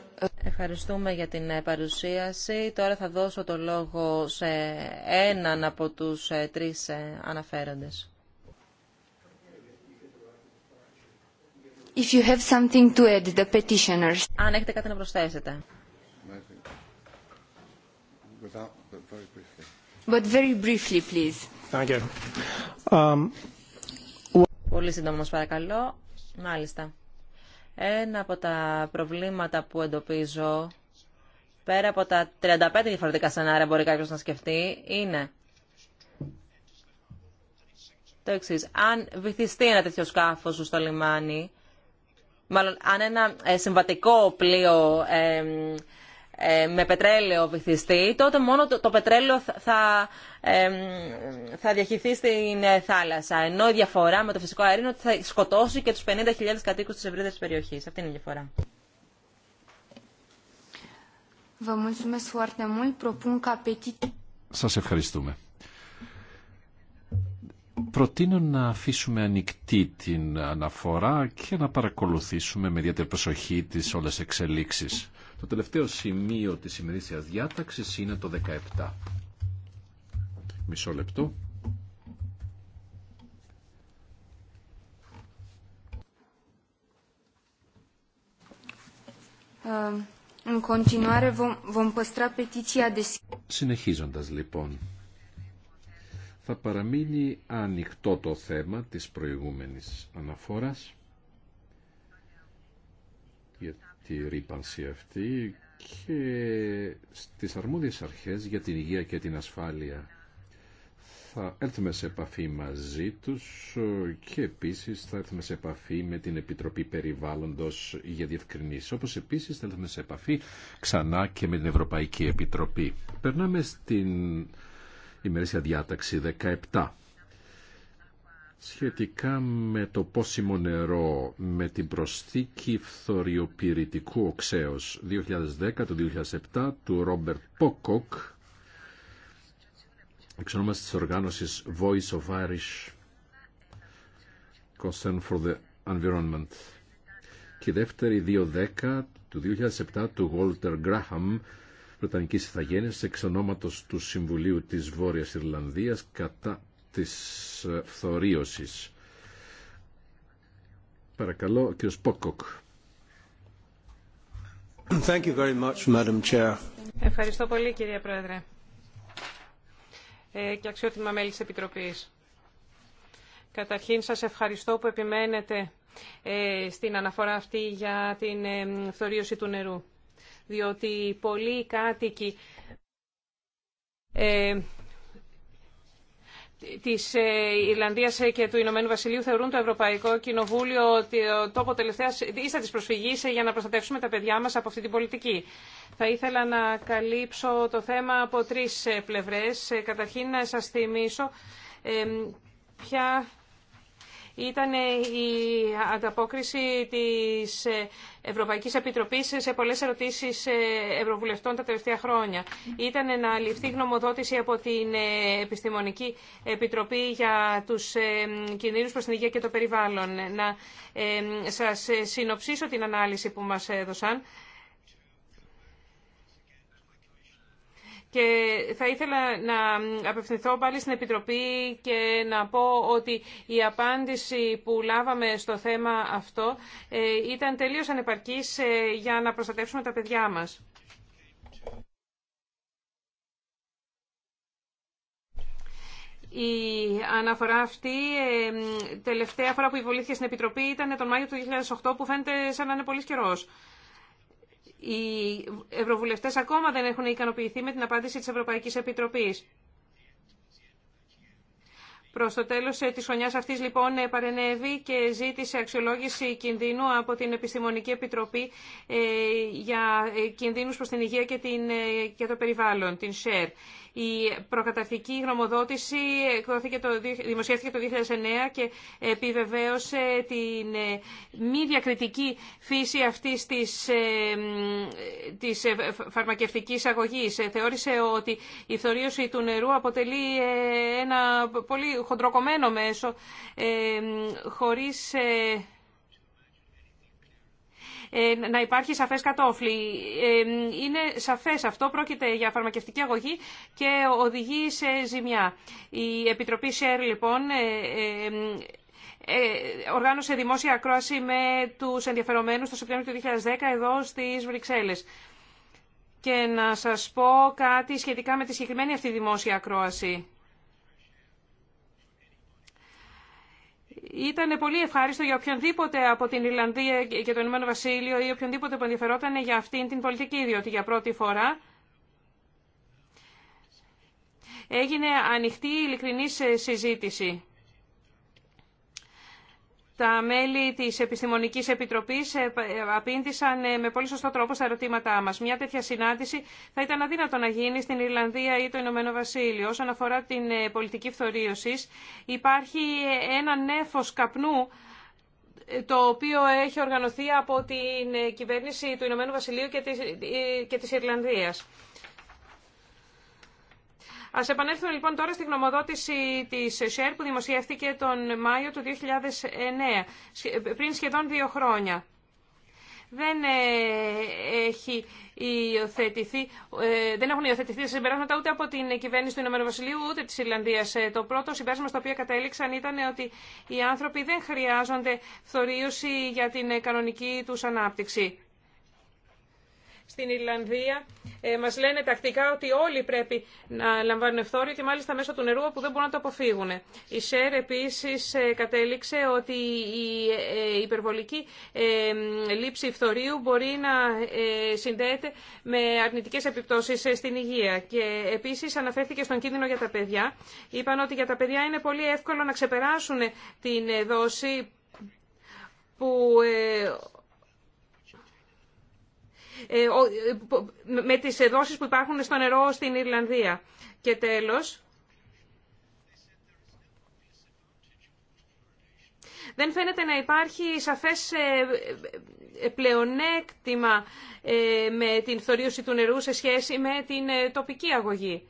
Ευχαριστούμε για την ε, παρουσίαση. Τώρα θα δώσω το λόγο σε έναν από τους ε, τρεις ε, αναφέροντες. If you have something to add, the petitioners. Αν έχετε κάτι να προσθέσετε. but very briefly. But very briefly, please. Thank you. Um, Πολύ σύντομα, μας παρακαλώ. Μάλιστα. Ένα από τα προβλήματα που εντοπίζω, πέρα από τα 35 διαφορετικά σενάρια μπορεί κάποιος να σκεφτεί, είναι το εξής. Αν βυθιστεί ένα τέτοιο σκάφος στο λιμάνι, μάλλον αν ένα ε, συμβατικό πλοίο ε, με πετρέλαιο βυθιστεί, τότε μόνο το, το πετρέλαιο θα, θα διαχυθεί στην ε, θάλασσα. Ενώ η διαφορά με το φυσικό αέριο είναι ότι θα σκοτώσει και του 50.000 κατοίκους τη ευρύτερη περιοχή. Αυτή είναι η διαφορά. Σα ευχαριστούμε προτείνω να αφήσουμε ανοιχτή την αναφορά και να παρακολουθήσουμε με ιδιαίτερη προσοχή τις όλες εξελίξεις. Το τελευταίο σημείο της ημερήσιας διάταξης είναι το 17. Μισό λεπτό. Ε, Συνεχίζοντας λοιπόν, θα παραμείνει ανοιχτό το θέμα της προηγούμενης αναφόρας για τη ρήπανση αυτή και στις αρμόδιες αρχές για την υγεία και την ασφάλεια θα έρθουμε σε επαφή μαζί τους και επίσης θα έρθουμε σε επαφή με την Επιτροπή Περιβάλλοντος για διευκρινήσεις. Όπως επίσης θα έρθουμε σε επαφή ξανά και με την Ευρωπαϊκή Επιτροπή. Περνάμε στην ημερήσια διάταξη 17 σχετικά με το πόσιμο νερό με την προσθήκη φθοριοπυρητικού οξέως 2010-2007 του Ρόμπερτ Πόκοκ εξονόμαστε της οργάνωσης Voice of Irish Concern for the Environment και η δεύτερη 210 του 2007 του Walter Graham Βρετανικής Ιθαγένειας εξ ονόματος του Συμβουλίου της Βόρειας Ιρλανδίας κατά της ε, φθορίωσης. Παρακαλώ, κ. Πόκοκ. Thank you very much, Madam Chair. Ευχαριστώ πολύ, κυρία Πρόεδρε. Ε, και αξιότιμα μέλη της Επιτροπής. Καταρχήν, σας ευχαριστώ που επιμένετε ε, στην αναφορά αυτή για την ε, φθορίωση του νερού διότι πολλοί κάτοικοι ε, της ε, Ιρλανδίας και του Ηνωμένου Βασιλείου θεωρούν το Ευρωπαϊκό Κοινοβούλιο ότι ε, το τόπο τελευταία ίστα της προσφυγής ε, για να προστατεύσουμε τα παιδιά μας από αυτή την πολιτική. Θα ήθελα να καλύψω το θέμα από τρεις πλευρές. Καταρχήν να σας θυμίσω ποια ήταν η ανταπόκριση της Ευρωπαϊκής Επιτροπής σε πολλές ερωτήσεις ευρωβουλευτών τα τελευταία χρόνια. Ήταν να ληφθεί γνωμοδότηση από την Επιστημονική Επιτροπή για τους ε, κινδύνους προς την υγεία και το περιβάλλον. Να ε, σας συνοψίσω την ανάλυση που μας έδωσαν. Και θα ήθελα να απευθυνθώ πάλι στην Επιτροπή και να πω ότι η απάντηση που λάβαμε στο θέμα αυτό ε, ήταν τελείως ανεπαρκής ε, για να προστατεύσουμε τα παιδιά μας. Η αναφορά αυτή, ε, τελευταία φορά που υπολήθηκε στην Επιτροπή ήταν τον Μάιο του 2008 που φαίνεται σαν να είναι πολύ καιρό οι ευρωβουλευτές ακόμα δεν έχουν ικανοποιηθεί με την απάντηση της Ευρωπαϊκής Επιτροπής. Προ το τέλο ε, τη χρονιά αυτή, λοιπόν, ε, παρενέβη και ζήτησε αξιολόγηση κινδύνου από την Επιστημονική Επιτροπή ε, για κινδύνου προ την υγεία και, και το περιβάλλον, την ΣΕΡ. Η προκαταρθική γνωμοδότηση το, δημοσιεύτηκε το 2009 και επιβεβαίωσε την ε, μη διακριτική φύση αυτής της, ε, της ε, φαρμακευτικής αγωγής. Θεώρησε ότι η φθορίωση του νερού αποτελεί ένα πολύ χοντροκομμένο μέσο χωρίς ε, να υπάρχει σαφές κατόφλι. Ε, είναι σαφές αυτό, πρόκειται για φαρμακευτική αγωγή και οδηγεί σε ζημιά. Η Επιτροπή ΣΕΡ, λοιπόν, ε, οργάνωσε δημόσια ακρόαση με τους ενδιαφερομένους το Σεπτέμβριο του 2010 εδώ στις Βρυξέλλες. Και να σας πω κάτι σχετικά με τη συγκεκριμένη αυτή δημόσια ακρόαση. ήταν πολύ ευχάριστο για οποιονδήποτε από την Ιρλανδία και το Ηνωμένο Βασίλειο ή οποιονδήποτε που ενδιαφερόταν για αυτήν την πολιτική, διότι για πρώτη φορά έγινε ανοιχτή ειλικρινή ε, συζήτηση. Τα μέλη της Επιστημονικής Επιτροπής ε, ε, απήντησαν ε, με πολύ σωστό τρόπο στα ερωτήματά μας. Μια τέτοια συνάντηση θα ήταν αδύνατο να γίνει στην Ιρλανδία ή το Ηνωμένο Βασίλειο. Όσον αφορά την πολιτική φθορίωση, υπάρχει ένα νέφος καπνού το οποίο έχει οργανωθεί από την κυβέρνηση του Ηνωμένου Βασιλείου και της Ιρλανδίας. Α επανέλθουμε λοιπόν τώρα στη γνωμοδότηση της ΣΕΡ που δημοσιεύτηκε τον Μάιο του 2009, πριν σχεδόν δύο χρόνια. Δεν, ε, έχει υιοθετηθεί, ε, δεν έχουν υιοθετηθεί συμπεράσματα ούτε από την κυβέρνηση του Ηνωμένου Βασιλείου ούτε τη Ιρλανδία. Ε, το πρώτο συμπέρασμα στο οποίο κατέληξαν ήταν ότι οι άνθρωποι δεν χρειάζονται φθορίωση για την κανονική του ανάπτυξη στην Ιρλανδία ε, μας λένε τακτικά ότι όλοι πρέπει να λαμβάνουν και μάλιστα μέσω του νερού που δεν μπορούν να το αποφύγουν. Η ΣΕΡ επίσης ε, κατέληξε ότι η ε, υπερβολική λήψη φθορίου μπορεί να συνδέεται με αρνητικές επιπτώσεις στην υγεία. Και επίσης αναφέρθηκε στον κίνδυνο για τα παιδιά. Είπαν ότι για τα παιδιά είναι πολύ εύκολο να ξεπεράσουν την δόση που ε, ε, με τις δόσεις που υπάρχουν στο νερό στην Ιρλανδία. Και τέλος, δεν φαίνεται να υπάρχει σαφές ε, πλεονέκτημα με την θωρίωση του νερού σε σχέση με την τοπική αγωγή.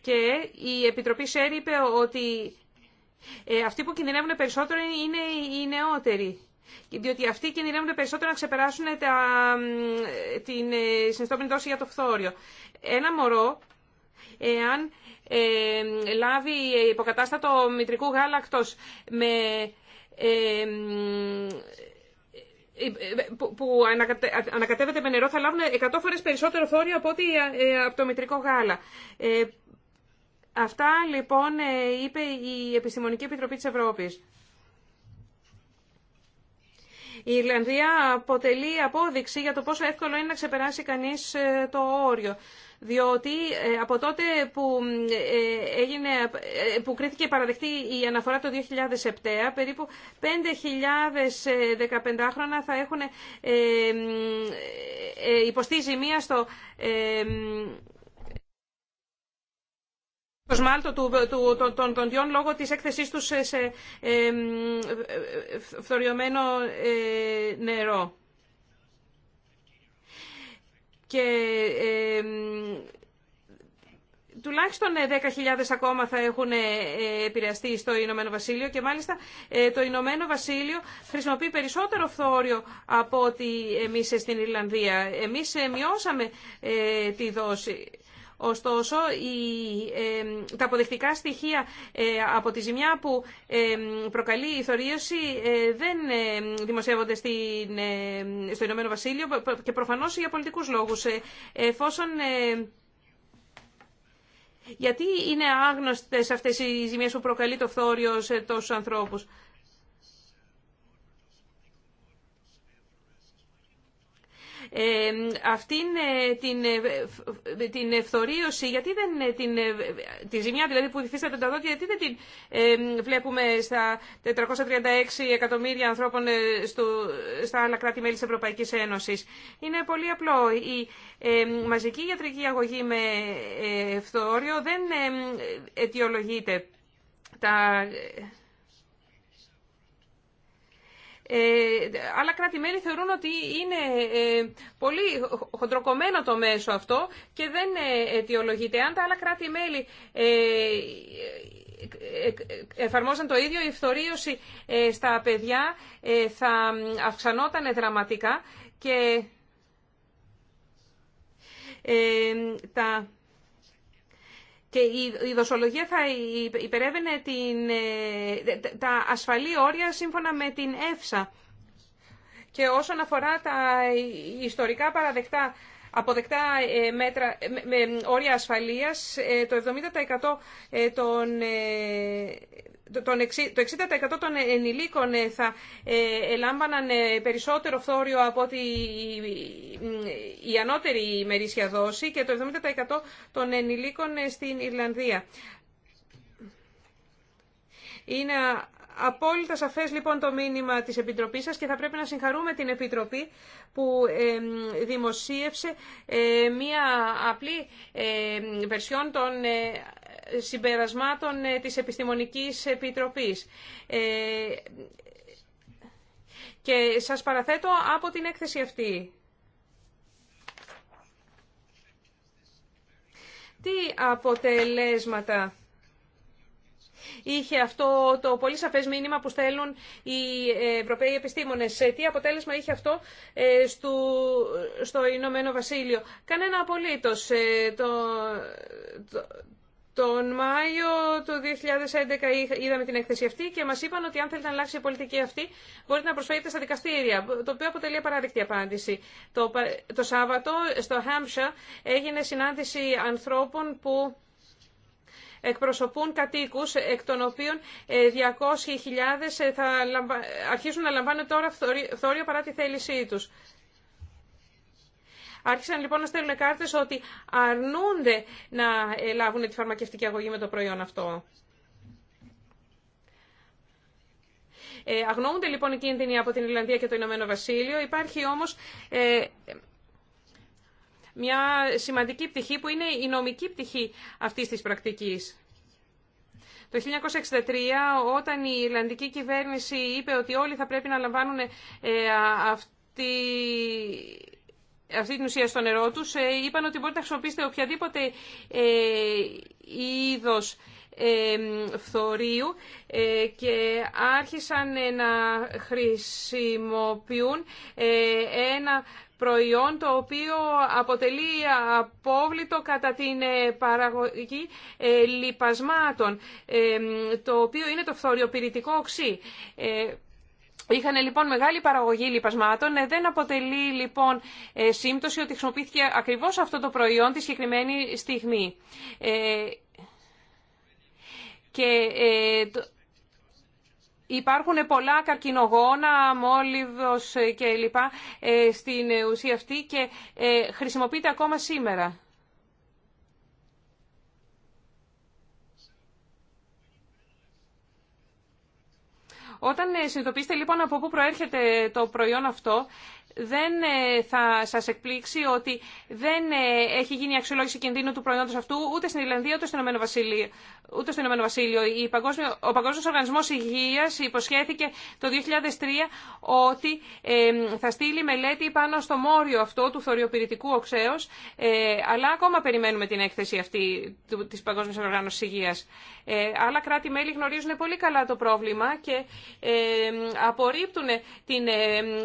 Και η Επιτροπή ΣΕΡ είπε ότι ε, αυτοί που κινδυνεύουν περισσότερο είναι οι νεότεροι. Διότι αυτοί κινδυνεύουν περισσότερο να ξεπεράσουν τα, την ε, συνιστόμενη δόση για το φθόριο. Ένα μωρό, εάν ε, λάβει υποκατάστατο μητρικού γάλακτος με... Ε, που ανακατεύεται με νερό θα λάβουν 100 φορές περισσότερο φθόριο από, ότι, ε, από το μητρικό γάλα. Αυτά λοιπόν ε, είπε η Επιστημονική Επιτροπή της Ευρώπης. Η Ιρλανδία αποτελεί απόδειξη για το πόσο εύκολο είναι να ξεπεράσει κανείς ε, το όριο. Διότι ε, από τότε που, έγινε, που κρίθηκε παραδεκτή η αναφορά το 2007, περίπου 5.000 15 θα έχουν υποστεί ζημία στο το σμάλτο του, του, των, των, των διών λόγω της έκθεσής τους σε, σε ε, φθοριωμένο ε, νερό. Και ε, τουλάχιστον 10.000 ακόμα θα έχουν επηρεαστεί στο Ηνωμένο Βασίλειο και μάλιστα το Ηνωμένο Βασίλειο χρησιμοποιεί περισσότερο φθόριο από ότι εμείς στην Ιρλανδία. Εμείς μειώσαμε τη δόση. Ωστόσο, τα αποδεκτικά στοιχεία ε, από τη ζημιά που προκαλεί η θωρίωση ε, δεν δημοσιεύονται στο Ηνωμένο Βασίλειο και προφανώς για πολιτικούς λόγους. Ε, εφόσον γιατί είναι άγνωστες αυτές οι ζημίες που προκαλεί το φθόριο σε τόσους ανθρώπους. αυτήν ε, την, ε, την γιατί δεν ε, την, τη ζημιά δηλαδή που υφίσταται τα δόντια, γιατί δεν την βλέπουμε στα 436 εκατομμύρια ανθρώπων στο, στα άλλα κράτη-μέλη της Ευρωπαϊκής Ένωσης. Είναι πολύ απλό. Η μαζική ιατρική αγωγή με ευθόριο δεν αιτιολογείται. Τα ε, άλλα κράτη-μέλη θεωρούν ότι είναι ε, πολύ χοντροκομμένο το μέσο αυτό και δεν ε, αιτιολογείται. Αν τα άλλα κράτη-μέλη εφαρμόζαν το ίδιο, η ευθορίωση στα παιδιά θα αυξανόταν δραματικά και τα και η δοσολογία θα υπερεύαινε την, ε, τα ασφαλή όρια σύμφωνα με την ΕΦΣΑ. Και όσον αφορά τα ιστορικά παραδεκτά αποδεκτά ε, μέτρα, όρια ασφαλείας, ε, το 70% των το 60% των ενηλίκων ε, θα ε, ελάμβαναν ε, περισσότερο φθόριο από ότι η ανώτερη ημερήσια δόση και το 70% των ενηλίκων στην Ιρλανδία. Είναι απόλυτα σαφές λοιπόν το μήνυμα της Επιτροπής σας και θα πρέπει να συγχαρούμε την Επιτροπή που δημοσίευσε μία απλή περσιόν των συμπερασμάτων ε, της Επιστημονικής Επιτροπής. Ε, και σας παραθέτω από την έκθεση αυτή. Τι αποτελέσματα είχε αυτό το πολύ σαφές μήνυμα που στέλνουν οι Ευρωπαίοι επιστήμονες. Ε, τι αποτέλεσμα είχε αυτό στο Ηνωμένο Βασίλειο. Κανένα απολύτως. Το, το, τον Μάιο του 2011 είδαμε την έκθεση αυτή και μα είπαν ότι αν θέλετε να αλλάξει η πολιτική αυτή, μπορείτε να προσφέρετε στα δικαστήρια. Το οποίο αποτελεί απαράδεκτη απάντηση. Το, το Σάββατο στο Χάμψα έγινε συνάντηση ανθρώπων που εκπροσωπούν κατοίκους, εκ των οποίων 200.000 ε, ε, θα αρχίσουν να λαμβάνουν τώρα φθόριο παρά τη θέλησή τους. Άρχισαν λοιπόν να στέλνουν κάρτες ότι αρνούνται να ε, λάβουν τη φαρμακευτική αγωγή με το προϊόν αυτό. Ε, αγνοούνται λοιπόν οι κίνδυνοι από την Ιρλανδία και το Ηνωμένο Βασίλειο. Υπάρχει όμως ε, μια σημαντική πτυχή που είναι η νομική πτυχή αυτής της πρακτικής. Το 1963, όταν η Ιρλανδική κυβέρνηση είπε ότι όλοι θα πρέπει να λαμβάνουν ε, αυτή αυτή την ουσία στο νερό τους, ε, είπαν ότι μπορείτε να χρησιμοποιήσετε οποιαδήποτε ε, είδος ε, φθορείου και άρχισαν να χρησιμοποιούν ένα προϊόν το οποίο αποτελεί απόβλητο κατά την παραγωγή λιπασμάτων, το οποίο είναι το φθοριοπυρητικό οξύ. Είχαν λοιπόν μεγάλη παραγωγή λιπασμάτων. Ε, δεν αποτελεί λοιπόν ε, σύμπτωση ότι χρησιμοποιήθηκε ακριβώς αυτό το προϊόν τη συγκεκριμένη στιγμή. Ε, και υπάρχουν πολλά καρκινογόνα, μόλιβος και στην ουσία αυτή και χρησιμοποιείται ακόμα σήμερα. Όταν ε, συνειδητοποιήσετε λοιπόν από πού προέρχεται το προϊόν αυτό, δεν ε, θα σα εκπλήξει ότι δεν ε, έχει γίνει αξιολόγηση κινδύνου του προϊόντο αυτού ούτε στην Ιρλανδία ούτε στο Ηνωμένο Βασίλειο. Ούτε στο Ηνωμένο Βασίλειο. Η Παγκόσμιο, ο Παγκόσμιος Οργανισμός Υγείας υποσχέθηκε το 2003 ότι ε, θα στείλει μελέτη πάνω στο μόριο αυτό του θωριοπηρητικού οξέως, αλλά ακόμα περιμένουμε την έκθεση αυτή της παγκοσμιου Υγεία. Οργάνωσης Υγείας. άλλα κράτη-μέλη γνωρίζουν πολύ καλά το πρόβλημα και απορρίπτουν την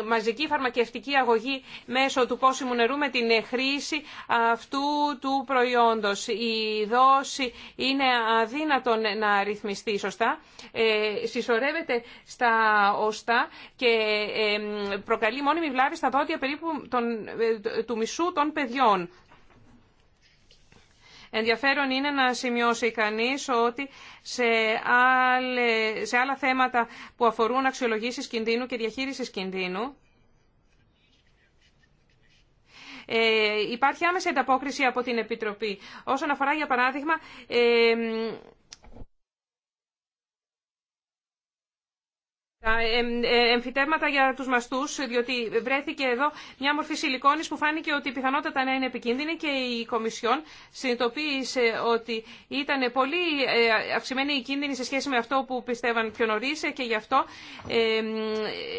μαζική φαρμακευτική η αγωγή μέσω του πόσιμου νερού με την χρήση αυτού του προϊόντος. Η δόση είναι αδύνατον να ρυθμιστεί σωστά, ε, συσσωρεύεται στα οστά και ε, προκαλεί μόνιμη βλάβη στα δόντια περίπου ε, του μισού των παιδιών. Ενδιαφέρον είναι να σημειώσει κανείς ότι σε, άλλε, σε άλλα θέματα που αφορούν αξιολογήσεις κινδύνου και διαχείρισης κινδύνου, ε, υπάρχει άμεση ανταπόκριση από την Επιτροπή. Όσον αφορά, για παράδειγμα, ε, τα ε, εμφυτεύματα για τους μαστούς, διότι βρέθηκε εδώ μια μορφή σιλικόνης που φάνηκε ότι πιθανότατα να είναι επικίνδυνη και η Κομισιόν συνειδητοποίησε ότι ήταν πολύ ε, αυξημένη η κίνδυνη σε σχέση με αυτό που πιστεύαν πιο νωρί και γι' αυτό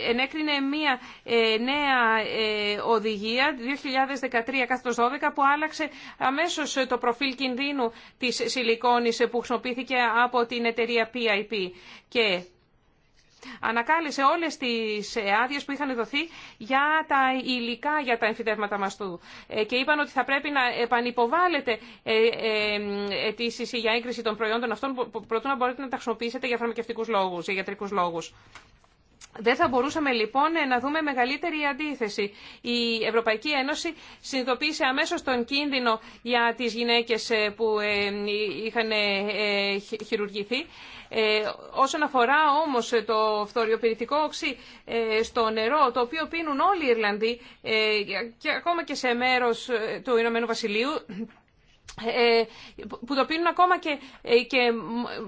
ενέκρινε μια ε, νέα οδηγία 2013-12 που άλλαξε αμέσως το προφίλ κινδύνου της σιλικόνης που χρησιμοποιήθηκε από την εταιρεία PIP. Και ανακάλεσε όλες τις ε, άδειε που είχαν δοθεί για τα υλικά για τα εμφυτεύματα μαστού ε, και είπαν ότι θα πρέπει να επανυποβάλλετε ε, αιτήσει για έγκριση των προϊόντων αυτών προτού να μπορείτε να τα χρησιμοποιήσετε για φαρμακευτικούς λόγους, για ιατρικού λόγους. Δεν θα μπορούσαμε λοιπόν να δούμε μεγαλύτερη αντίθεση. Η Ευρωπαϊκή Ένωση συνειδητοποίησε αμέσως τον κίνδυνο για τις γυναίκες ε, που ε, είχαν ε, χειρουργηθεί. Όσον αφορά όμως το φθοριοπηρητικό οξύ στο νερό, το οποίο πίνουν όλοι οι Ιρλανδοί και ακόμα και σε μέρος του Ηνωμένου Βασιλείου, ε, που το πίνουν ακόμα και, ε, και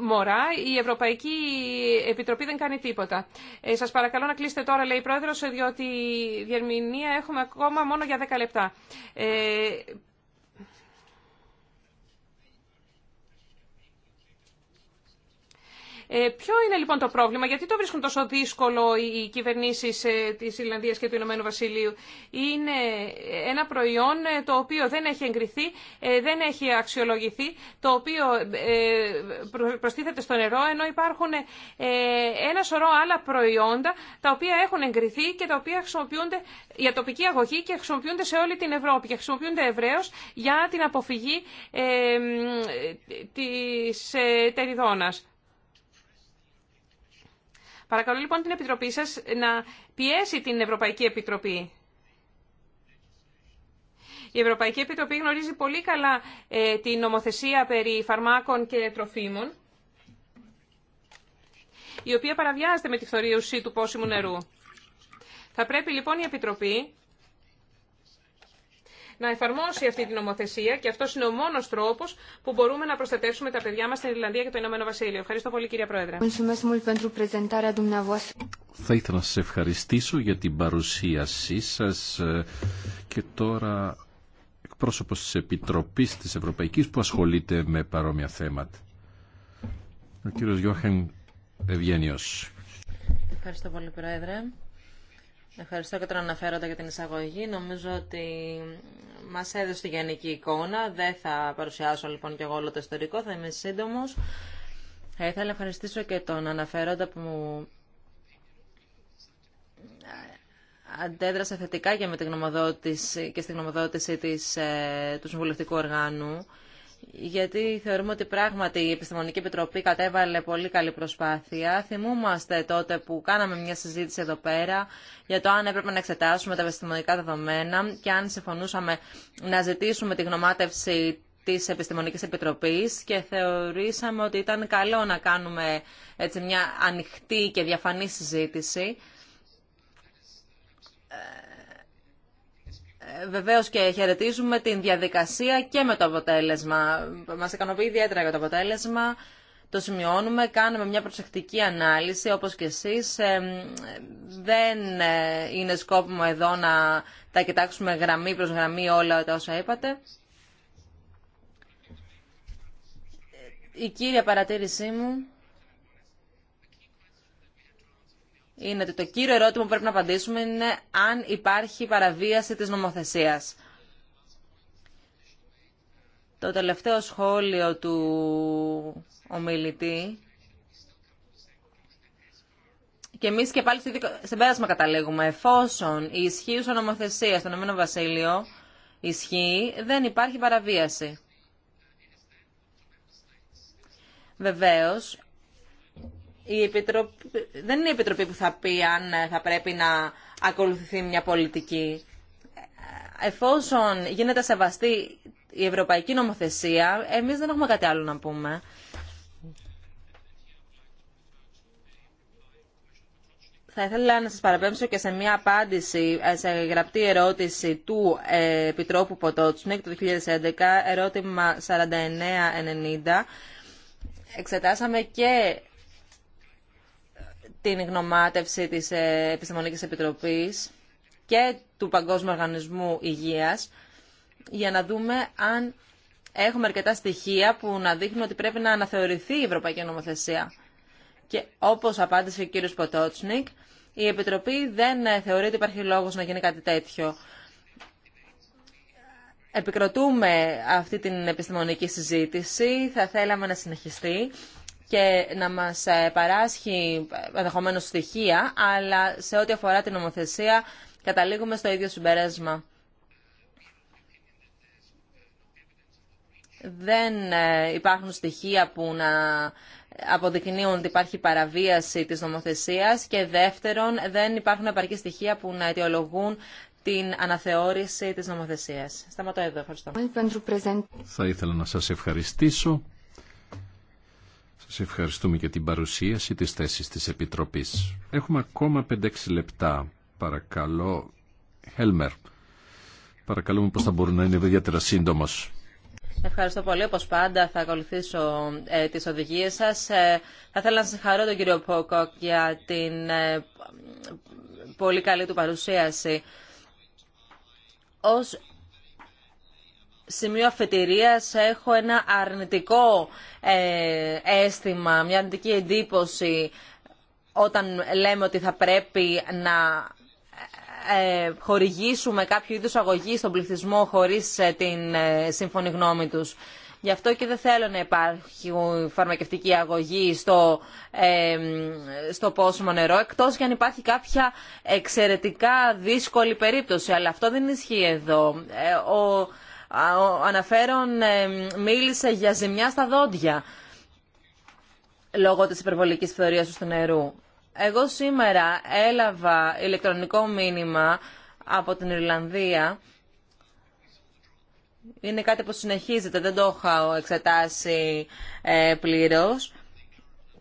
μωρά. Η Ευρωπαϊκή Επιτροπή δεν κάνει τίποτα. Ε, σας παρακαλώ να κλείσετε τώρα, λέει η Πρόεδρος, διότι διερμηνία έχουμε ακόμα μόνο για 10 λεπτά. Ε, Ε, ποιο είναι λοιπόν το πρόβλημα, γιατί το βρίσκουν τόσο δύσκολο οι κυβερνήσεις ε, της Ιρλανδία και του Ηνωμένου Βασιλείου. Είναι ένα προϊόν ε, το οποίο δεν έχει εγκριθεί, δεν έχει αξιολογηθεί, το οποίο προστίθεται στο νερό, ενώ υπάρχουν ένα σωρό άλλα προϊόντα τα οποία έχουν εγκριθεί και τα οποία χρησιμοποιούνται για τοπική αγωγή και χρησιμοποιούνται σε όλη την Ευρώπη και χρησιμοποιούνται ευρέω για την αποφυγή της τεριδόνας. Παρακαλώ λοιπόν την Επιτροπή σας να πιέσει την Ευρωπαϊκή Επιτροπή. Η Ευρωπαϊκή Επιτροπή γνωρίζει πολύ καλά ε, την νομοθεσία περί φαρμάκων και τροφίμων, η οποία παραβιάζεται με τη φθορίωση του πόσιμου νερού. Θα πρέπει λοιπόν η Επιτροπή να εφαρμόσει αυτή την νομοθεσία και αυτό είναι ο μόνο τρόπο που μπορούμε να προστατεύσουμε τα παιδιά μα στην Ιρλανδία και το Ηνωμένο Βασίλειο. Ευχαριστώ πολύ, κυρία Πρόεδρε. Θα ήθελα να σα ευχαριστήσω για την παρουσίασή σα ε, και τώρα εκπρόσωπο τη Επιτροπή τη Ευρωπαϊκή που ασχολείται με παρόμοια θέματα. Ο κύριος Γιώχεν Ευγένιος. Ευχαριστώ πολύ, Πρόεδρε. Ευχαριστώ και τον αναφέροντα για την εισαγωγή. Νομίζω ότι μας έδωσε τη γενική εικόνα. Δεν θα παρουσιάσω λοιπόν και εγώ όλο το ιστορικό, θα είμαι σύντομο. Θα ήθελα να ευχαριστήσω και τον αναφέροντα που μου αντέδρασε θετικά και με την γνωμοδότηση, και στη γνωμοδότηση της, ε, του Συμβουλευτικού Οργάνου γιατί θεωρούμε ότι πράγματι η Επιστημονική Επιτροπή κατέβαλε πολύ καλή προσπάθεια. Θυμούμαστε τότε που κάναμε μια συζήτηση εδώ πέρα για το αν έπρεπε να εξετάσουμε τα επιστημονικά δεδομένα και αν συμφωνούσαμε να ζητήσουμε τη γνωμάτευση της Επιστημονικής Επιτροπής και θεωρήσαμε ότι ήταν καλό να κάνουμε έτσι μια ανοιχτή και διαφανή συζήτηση ε, βεβαίως και χαιρετίζουμε την διαδικασία και με το αποτέλεσμα. Μας ικανοποιεί ιδιαίτερα για το αποτέλεσμα. Το σημειώνουμε, κάνουμε μια προσεκτική ανάλυση, όπως και εσείς. Ε, δεν ε, είναι σκόπιμο εδώ να τα κοιτάξουμε γραμμή προς γραμμή όλα τα όσα είπατε. Η κύρια παρατήρησή μου είναι ότι το κύριο ερώτημα που πρέπει να απαντήσουμε είναι αν υπάρχει παραβίαση της νομοθεσίας. Το τελευταίο σχόλιο του ομιλητή και εμείς και πάλι σε πέρασμα καταλήγουμε. Εφόσον η ισχύουσα νομοθεσία στον Ηνωμένο Βασίλειο ισχύει, δεν υπάρχει παραβίαση. Βεβαίως, η Επιτροπή, δεν είναι η Επιτροπή που θα πει αν θα πρέπει να ακολουθηθεί μια πολιτική. Εφόσον γίνεται σεβαστή η ευρωπαϊκή νομοθεσία, εμείς δεν έχουμε κάτι άλλο να πούμε. Θα ήθελα να σας παραπέμψω και σε μια απάντηση, σε γραπτή ερώτηση του ε, Επιτρόπου Ποτότσνικ το 2011, ερώτημα 4990. Εξετάσαμε και την γνωμάτευση της ε, Επιστημονικής Επιτροπής και του Παγκόσμιου Οργανισμού Υγείας για να δούμε αν έχουμε αρκετά στοιχεία που να δείχνουν ότι πρέπει να αναθεωρηθεί η Ευρωπαϊκή Νομοθεσία. Και όπως απάντησε ο κύριος Ποτότσνικ, η Επιτροπή δεν ε, θεωρεί ότι υπάρχει λόγος να γίνει κάτι τέτοιο. Επικροτούμε αυτή την επιστημονική συζήτηση, θα θέλαμε να συνεχιστεί και να μας ε, παράσχει ε, ενδεχομένω στοιχεία, αλλά σε ό,τι αφορά την νομοθεσία καταλήγουμε στο ίδιο συμπέρασμα. Δεν ε, υπάρχουν στοιχεία που να αποδεικνύουν ότι υπάρχει παραβίαση της νομοθεσίας και δεύτερον δεν υπάρχουν επαρκή στοιχεία που να αιτιολογούν την αναθεώρηση της νομοθεσίας. Σταματώ εδώ. Ευχαριστώ. Θα ήθελα να σας ευχαριστήσω σας ευχαριστούμε για την παρουσίαση της θέσης της Επιτροπής. Έχουμε ακόμα 5-6 λεπτά. Παρακαλώ, Χέλμερ. Παρακαλούμε πώς θα μπορούν να είναι ιδιαίτερα σύντομος. Ευχαριστώ πολύ. Όπως πάντα θα ακολουθήσω ε, τις οδηγίες σας. Ε, θα ήθελα να συγχαρώ τον κύριο Πόκοκ για την ε, πολύ καλή του παρουσίαση. Ως σημείο αφετηρία έχω ένα αρνητικό ε, αίσθημα, μια αρνητική εντύπωση όταν λέμε ότι θα πρέπει να ε, χορηγήσουμε κάποιο είδους αγωγή στον πληθυσμό χωρίς ε, την ε, σύμφωνη γνώμη τους. Γι' αυτό και δεν θέλω να υπάρχει φαρμακευτική αγωγή στο, στο πόσιμο νερό, εκτός και αν υπάρχει κάποια εξαιρετικά δύσκολη περίπτωση. Αλλά αυτό δεν ισχύει εδώ. ο ο αναφέρον ε, μίλησε για ζημιά στα δόντια λόγω της υπερβολικής θεωρίας του νερού. Εγώ σήμερα έλαβα ηλεκτρονικό μήνυμα από την Ιρλανδία. Είναι κάτι που συνεχίζεται, δεν το είχα εξετάσει ε,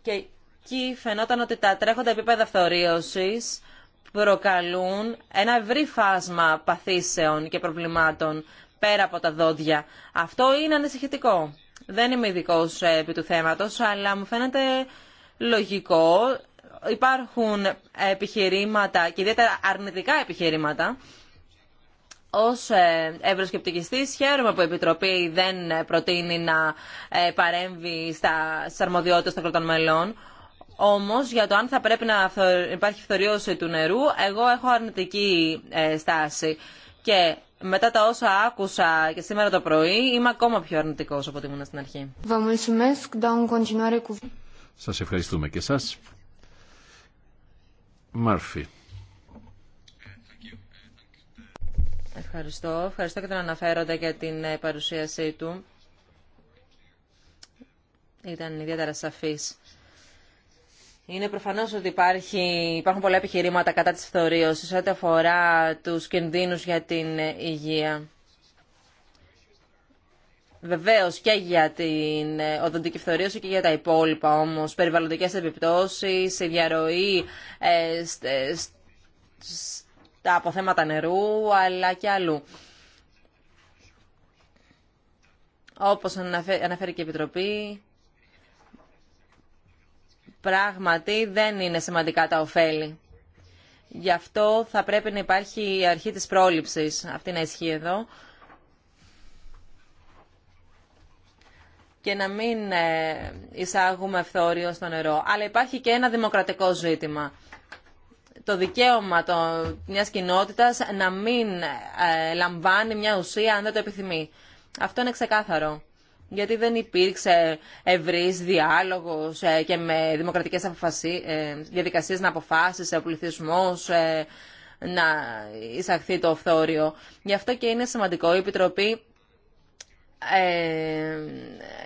Και εκεί φαινόταν ότι τα τρέχοντα επίπεδα φθορίωσης προκαλούν ένα ευρύ φάσμα παθήσεων και προβλημάτων πέρα από τα δόντια. Αυτό είναι ανησυχητικό. Δεν είμαι ειδικό ε, επί του θέματο, αλλά μου φαίνεται λογικό. Υπάρχουν επιχειρήματα, και ιδιαίτερα αρνητικά επιχειρήματα, Ω ε, ευρωσκεπτικιστή χαίρομαι που η Επιτροπή δεν προτείνει να ε, παρέμβει στα αρμοδιότητε των κρατών μελών. Όμω για το αν θα πρέπει να υπάρχει φθοριώση του νερού, εγώ έχω αρνητική στάση. Και μετά τα όσα άκουσα και σήμερα το πρωί, είμαι ακόμα πιο αρνητικό από ό,τι ήμουν στην αρχή. Σα ευχαριστούμε και εσά. Μάρφη. Ευχαριστώ. Ευχαριστώ και τον αναφέροντα για την ε, παρουσίασή του. Ήταν ιδιαίτερα σαφής. Είναι προφανώ ότι υπάρχει, υπάρχουν πολλά επιχειρήματα κατά τη φθορίωση ό,τι αφορά του κινδύνου για την υγεία. Βεβαίω και για την οδοντική φθορίωση και για τα υπόλοιπα όμω. Περιβαλλοντικέ επιπτώσει, η διαρροή ε, ποθέματα ε, αποθέματα νερού αλλά και αλλού. Όπως αναφέρει και η Επιτροπή, πράγματι δεν είναι σημαντικά τα ωφέλη. Γι' αυτό θα πρέπει να υπάρχει η αρχή της πρόληψης, αυτή να ισχύει εδώ, και να μην ε, εισάγουμε ευθόριο στο νερό. Αλλά υπάρχει και ένα δημοκρατικό ζήτημα. Το δικαίωμα το, μιας κοινότητας να μην ε, λαμβάνει μια ουσία αν δεν το επιθυμεί. Αυτό είναι ξεκάθαρο γιατί δεν υπήρξε ευρύς διάλογος ε, και με δημοκρατικές ε, διαδικασίες να αποφάσισε ο πληθυσμό ε, να εισαχθεί το φθόριο. Γι' αυτό και είναι σημαντικό η Επιτροπή ε,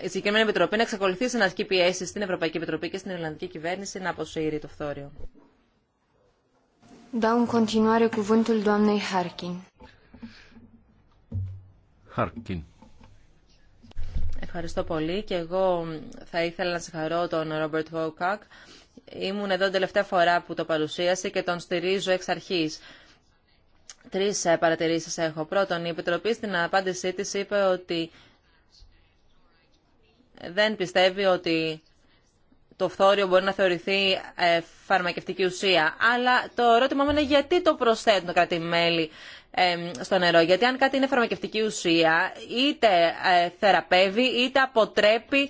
η συγκεκριμένη Επιτροπή να εξακολουθήσει να ασκεί πιέσει στην Ευρωπαϊκή Επιτροπή και στην Ιρλανδική κυβέρνηση να αποσύρει το φθόριο. Ευχαριστώ πολύ και εγώ θα ήθελα να συγχαρώ τον Ρόμπερτ Βόκακ. Ήμουν εδώ την τελευταία φορά που το παρουσίασε και τον στηρίζω εξ αρχής. Τρεις ε, παρατηρήσεις έχω. Πρώτον, η Επιτροπή στην απάντησή της είπε ότι δεν πιστεύει ότι το φθόριο μπορεί να θεωρηθεί ε, φαρμακευτική ουσία. Αλλά το ερώτημα μου είναι γιατί το προσθέτουν τα κράτη-μέλη στο νερό. Γιατί αν κάτι είναι φαρμακευτική ουσία, είτε ε, θεραπεύει, είτε αποτρέπει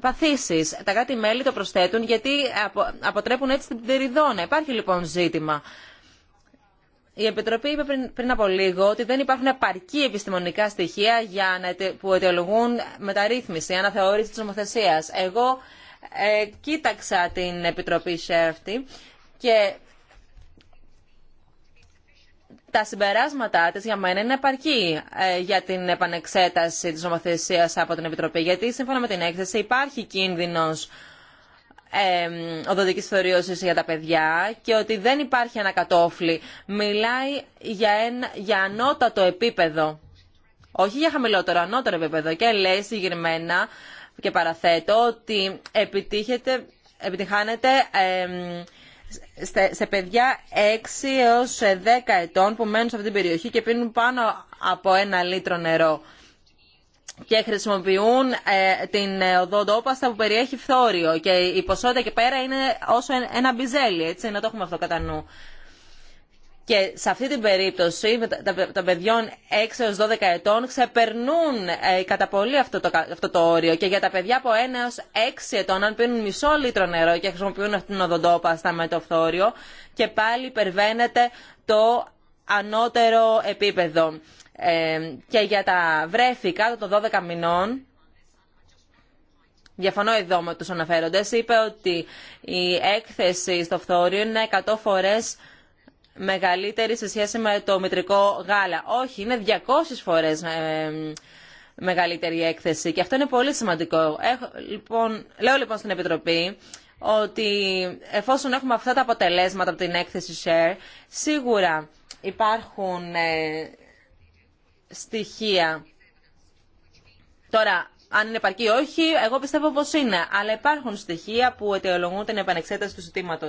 παθήσεις. Τα κράτη-μέλη το προσθέτουν γιατί αποτρέπουν έτσι την τεριδόνα. Υπάρχει λοιπόν ζήτημα. Η Επιτροπή είπε πριν, πριν από λίγο ότι δεν υπάρχουν επαρκή επιστημονικά στοιχεία για να, που αιτιολογούν μεταρρύθμιση, αναθεώρηση της νομοθεσίας. Εγώ ε, κοίταξα την Επιτροπή Σέρφτη και τα συμπεράσματά της για μένα είναι επαρκή ε, για την επανεξέταση της νομοθεσία από την Επιτροπή. Γιατί σύμφωνα με την έκθεση υπάρχει κίνδυνος ε, οδοντικής για τα παιδιά και ότι δεν υπάρχει ανακατόφλη. Μιλάει για, έν για ανώτατο επίπεδο. Όχι για χαμηλότερο, ανώτερο επίπεδο. Και λέει συγκεκριμένα και παραθέτω ότι επιτύχεται, επιτυχάνεται σε παιδιά 6 έως 10 ετών που μένουν σε αυτή την περιοχή και πίνουν πάνω από ένα λίτρο νερό και χρησιμοποιούν ε, την ε, οδοντόπαστα που περιέχει φθόριο και η ποσότητα και πέρα είναι όσο ένα μπιζέλι, έτσι, να το έχουμε αυτό κατά νου. Και σε αυτή την περίπτωση των παιδιών 6 έως 12 ετών ξεπερνούν ε, κατά πολύ αυτό το, αυτό το όριο. Και για τα παιδιά από 1 έως 6 ετών, αν πίνουν μισό λίτρο νερό και χρησιμοποιούν αυτήν την οδοντόπαστα με το φθόριο, και πάλι υπερβαίνεται το ανώτερο επίπεδο. Ε, και για τα βρέφη κάτω των 12 μηνών, Διαφωνώ εδώ με τους αναφέροντες. Είπε ότι η έκθεση στο φθόριο είναι 100 φορές μεγαλύτερη σε σχέση με το μητρικό γάλα. Όχι, είναι 200 φορές ε, μεγαλύτερη έκθεση και αυτό είναι πολύ σημαντικό. Λοιπόν, λέω λοιπόν στην Επιτροπή ότι εφόσον έχουμε αυτά τα αποτελέσματα από την έκθεση share, σίγουρα υπάρχουν ε, στοιχεία. Τώρα, αν είναι επαρκή ή όχι, εγώ πιστεύω πω είναι. Αλλά υπάρχουν στοιχεία που αιτιολογούν την επανεξέταση του ζητήματο.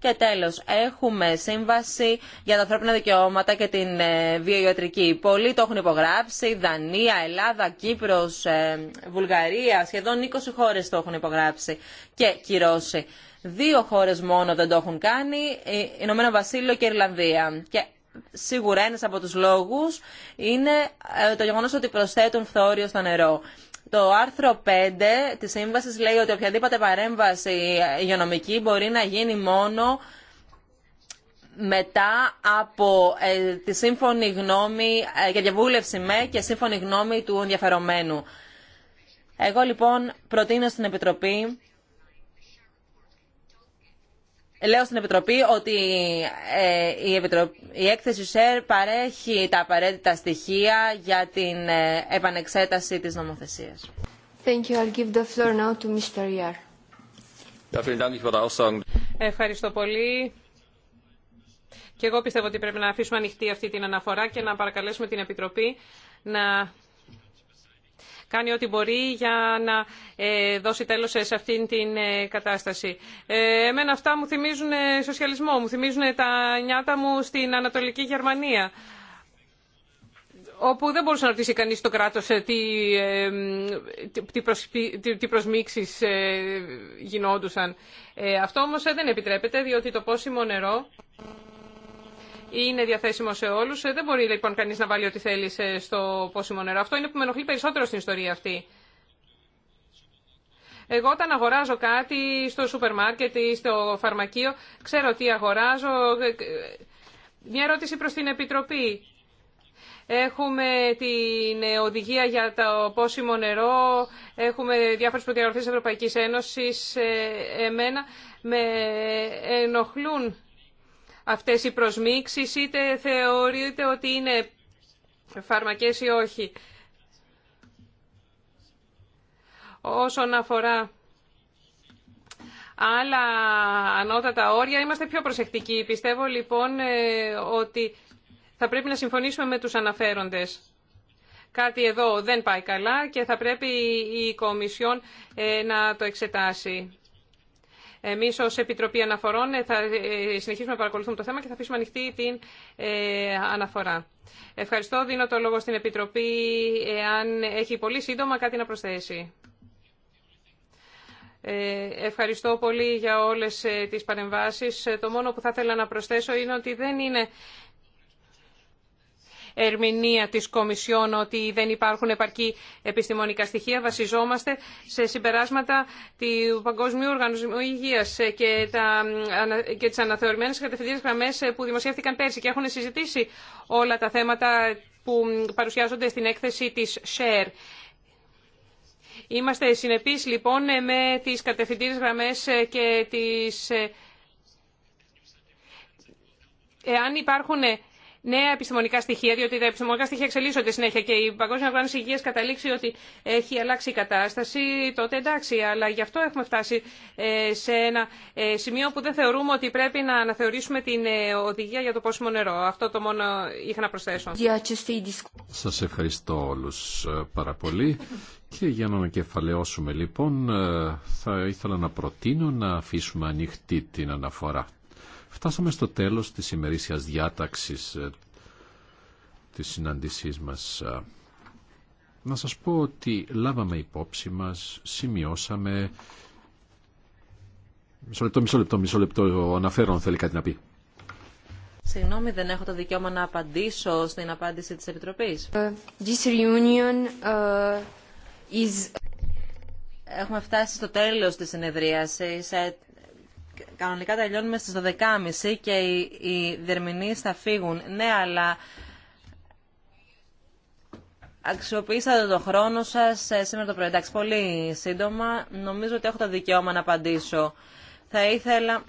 Και τέλο, έχουμε σύμβαση για τα ανθρώπινα δικαιώματα και την ε, βιοιατρική. Πολλοί το έχουν υπογράψει, Δανία, Ελλάδα, Κύπρος, ε, Βουλγαρία, σχεδόν 20 χώρε το έχουν υπογράψει και κυρώσει. Δύο χώρε μόνο δεν το έχουν κάνει, ε, Ηνωμένο Βασίλειο και Ιρλανδία. Και σίγουρα ένα από του λόγου είναι το γεγονό ότι προσθέτουν φθόριο στο νερό. Το άρθρο 5 της σύμβασης λέει ότι οποιαδήποτε παρέμβαση υγειονομική μπορεί να γίνει μόνο μετά από ε, τη σύμφωνη γνώμη ε, και διαβούλευση με και σύμφωνη γνώμη του ενδιαφερομένου. Εγώ λοιπόν προτείνω στην Επιτροπή Λέω στην Επιτροπή ότι ε, η, η έκθεση ΣΕΡ παρέχει τα απαραίτητα στοιχεία για την ε, επανεξέταση της νομοθεσίας. Ευχαριστώ πολύ. Και εγώ πιστεύω ότι πρέπει να αφήσουμε ανοιχτή αυτή την αναφορά και να παρακαλέσουμε την Επιτροπή να κάνει ό,τι μπορεί για να ε, δώσει τέλος σε αυτήν την ε, κατάσταση. Ε, εμένα αυτά μου θυμίζουν σοσιαλισμό, μου θυμίζουν τα νιάτα μου στην Ανατολική Γερμανία όπου δεν μπορούσε να ρωτήσει κανείς το κράτος τι, τι, προσμίξεις γινόντουσαν. Αυτό όμως δεν επιτρέπεται, διότι το πόσιμο νερό είναι διαθέσιμο σε όλου. Ε, δεν μπορεί λοιπόν κανεί να βάλει ό,τι θέλει στο πόσιμο νερό. Αυτό είναι που με ενοχλεί περισσότερο στην ιστορία αυτή. Εγώ όταν αγοράζω κάτι στο σούπερ μάρκετ ή στο φαρμακείο, ξέρω τι αγοράζω. Μια ερώτηση προς την Επιτροπή. Έχουμε την οδηγία για το πόσιμο νερό, έχουμε διάφορες προδιαγραφές Ευρωπαϊκής Ένωσης. Ε, εμένα με ενοχλούν αυτές οι προσμίξεις, είτε θεωρείτε ότι είναι φαρμακές ή όχι. Όσον αφορά άλλα ανώτατα όρια, είμαστε πιο προσεκτικοί. Πιστεύω λοιπόν ε, ότι θα πρέπει να συμφωνήσουμε με τους αναφέροντες. Κάτι εδώ δεν πάει καλά και θα πρέπει η Κομισιόν ε, να το εξετάσει. Εμεί ω Επιτροπή Αναφορών ε, θα ε, συνεχίσουμε να παρακολουθούμε το θέμα και θα αφήσουμε ανοιχτή την ε, αναφορά. Ευχαριστώ. Δίνω το λόγο στην Επιτροπή εάν έχει πολύ σύντομα κάτι να προσθέσει. Ευχαριστώ πολύ για όλες τις παρεμβάσεις. Το μόνο που θα ήθελα να προσθέσω είναι ότι δεν είναι ερμηνεία της Κομισιόν ότι δεν υπάρχουν επαρκή επιστημονικά στοιχεία. Βασιζόμαστε σε συμπεράσματα του Παγκόσμιου Οργανισμού Υγείας και, τα, και τις αναθεωρημένες κατευθυντήρες που δημοσιεύτηκαν πέρσι και έχουν συζητήσει όλα τα θέματα που παρουσιάζονται στην έκθεση της ΣΕΡ. Είμαστε συνεπείς λοιπόν με τις κατευθυντήρες γραμμές και τις... Ε, εάν υπάρχουν νέα επιστημονικά στοιχεία, διότι τα επιστημονικά στοιχεία εξελίσσονται συνέχεια και η Παγκόσμια Οργάνωση Υγεία καταλήξει ότι έχει αλλάξει η κατάσταση, τότε εντάξει. Αλλά γι' αυτό έχουμε φτάσει ε, σε ένα ε, σημείο που δεν θεωρούμε ότι πρέπει να αναθεωρήσουμε την ε, οδηγία για το πόσιμο νερό. Αυτό το μόνο είχα να προσθέσω. Σα ευχαριστώ όλου πάρα πολύ. Και για να ανακεφαλαιώσουμε λοιπόν, θα ήθελα να προτείνω να αφήσουμε ανοιχτή την αναφορά. Φτάσαμε στο τέλος της ημερήσιας διάταξης ε, της συναντησής μας. Ε, να σας πω ότι λάβαμε υπόψη μας, σημειώσαμε... Μισό λεπτό, μισό λεπτό, μισό λεπτό, αναφέρον θέλει κάτι να πει. Συγγνώμη, δεν έχω το δικαίωμα να απαντήσω στην απάντηση της Επιτροπής. Ε, this reunion, is... Έχουμε φτάσει στο τέλος της συνεδρίασης κανονικά τελειώνουμε στις 12.30 και οι, οι θα φύγουν. Ναι, αλλά αξιοποιήσατε το χρόνο σας ε, σήμερα το πρωί. Εντάξει, πολύ σύντομα. Νομίζω ότι έχω το δικαίωμα να απαντήσω. Θα ήθελα...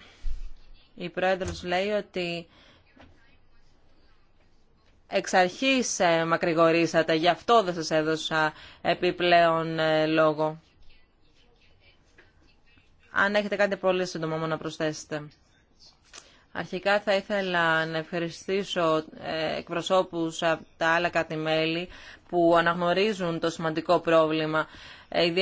Η Πρόεδρος λέει ότι εξ αρχής ε, μακρηγορήσατε, γι' αυτό δεν σας έδωσα επιπλέον ε, λόγο αν έχετε κάτι πολύ σύντομα να προσθέσετε. Αρχικά θα ήθελα να ευχαριστήσω ε, εκπροσώπους από τα άλλα κάτι μέλη που αναγνωρίζουν το σημαντικό πρόβλημα ε,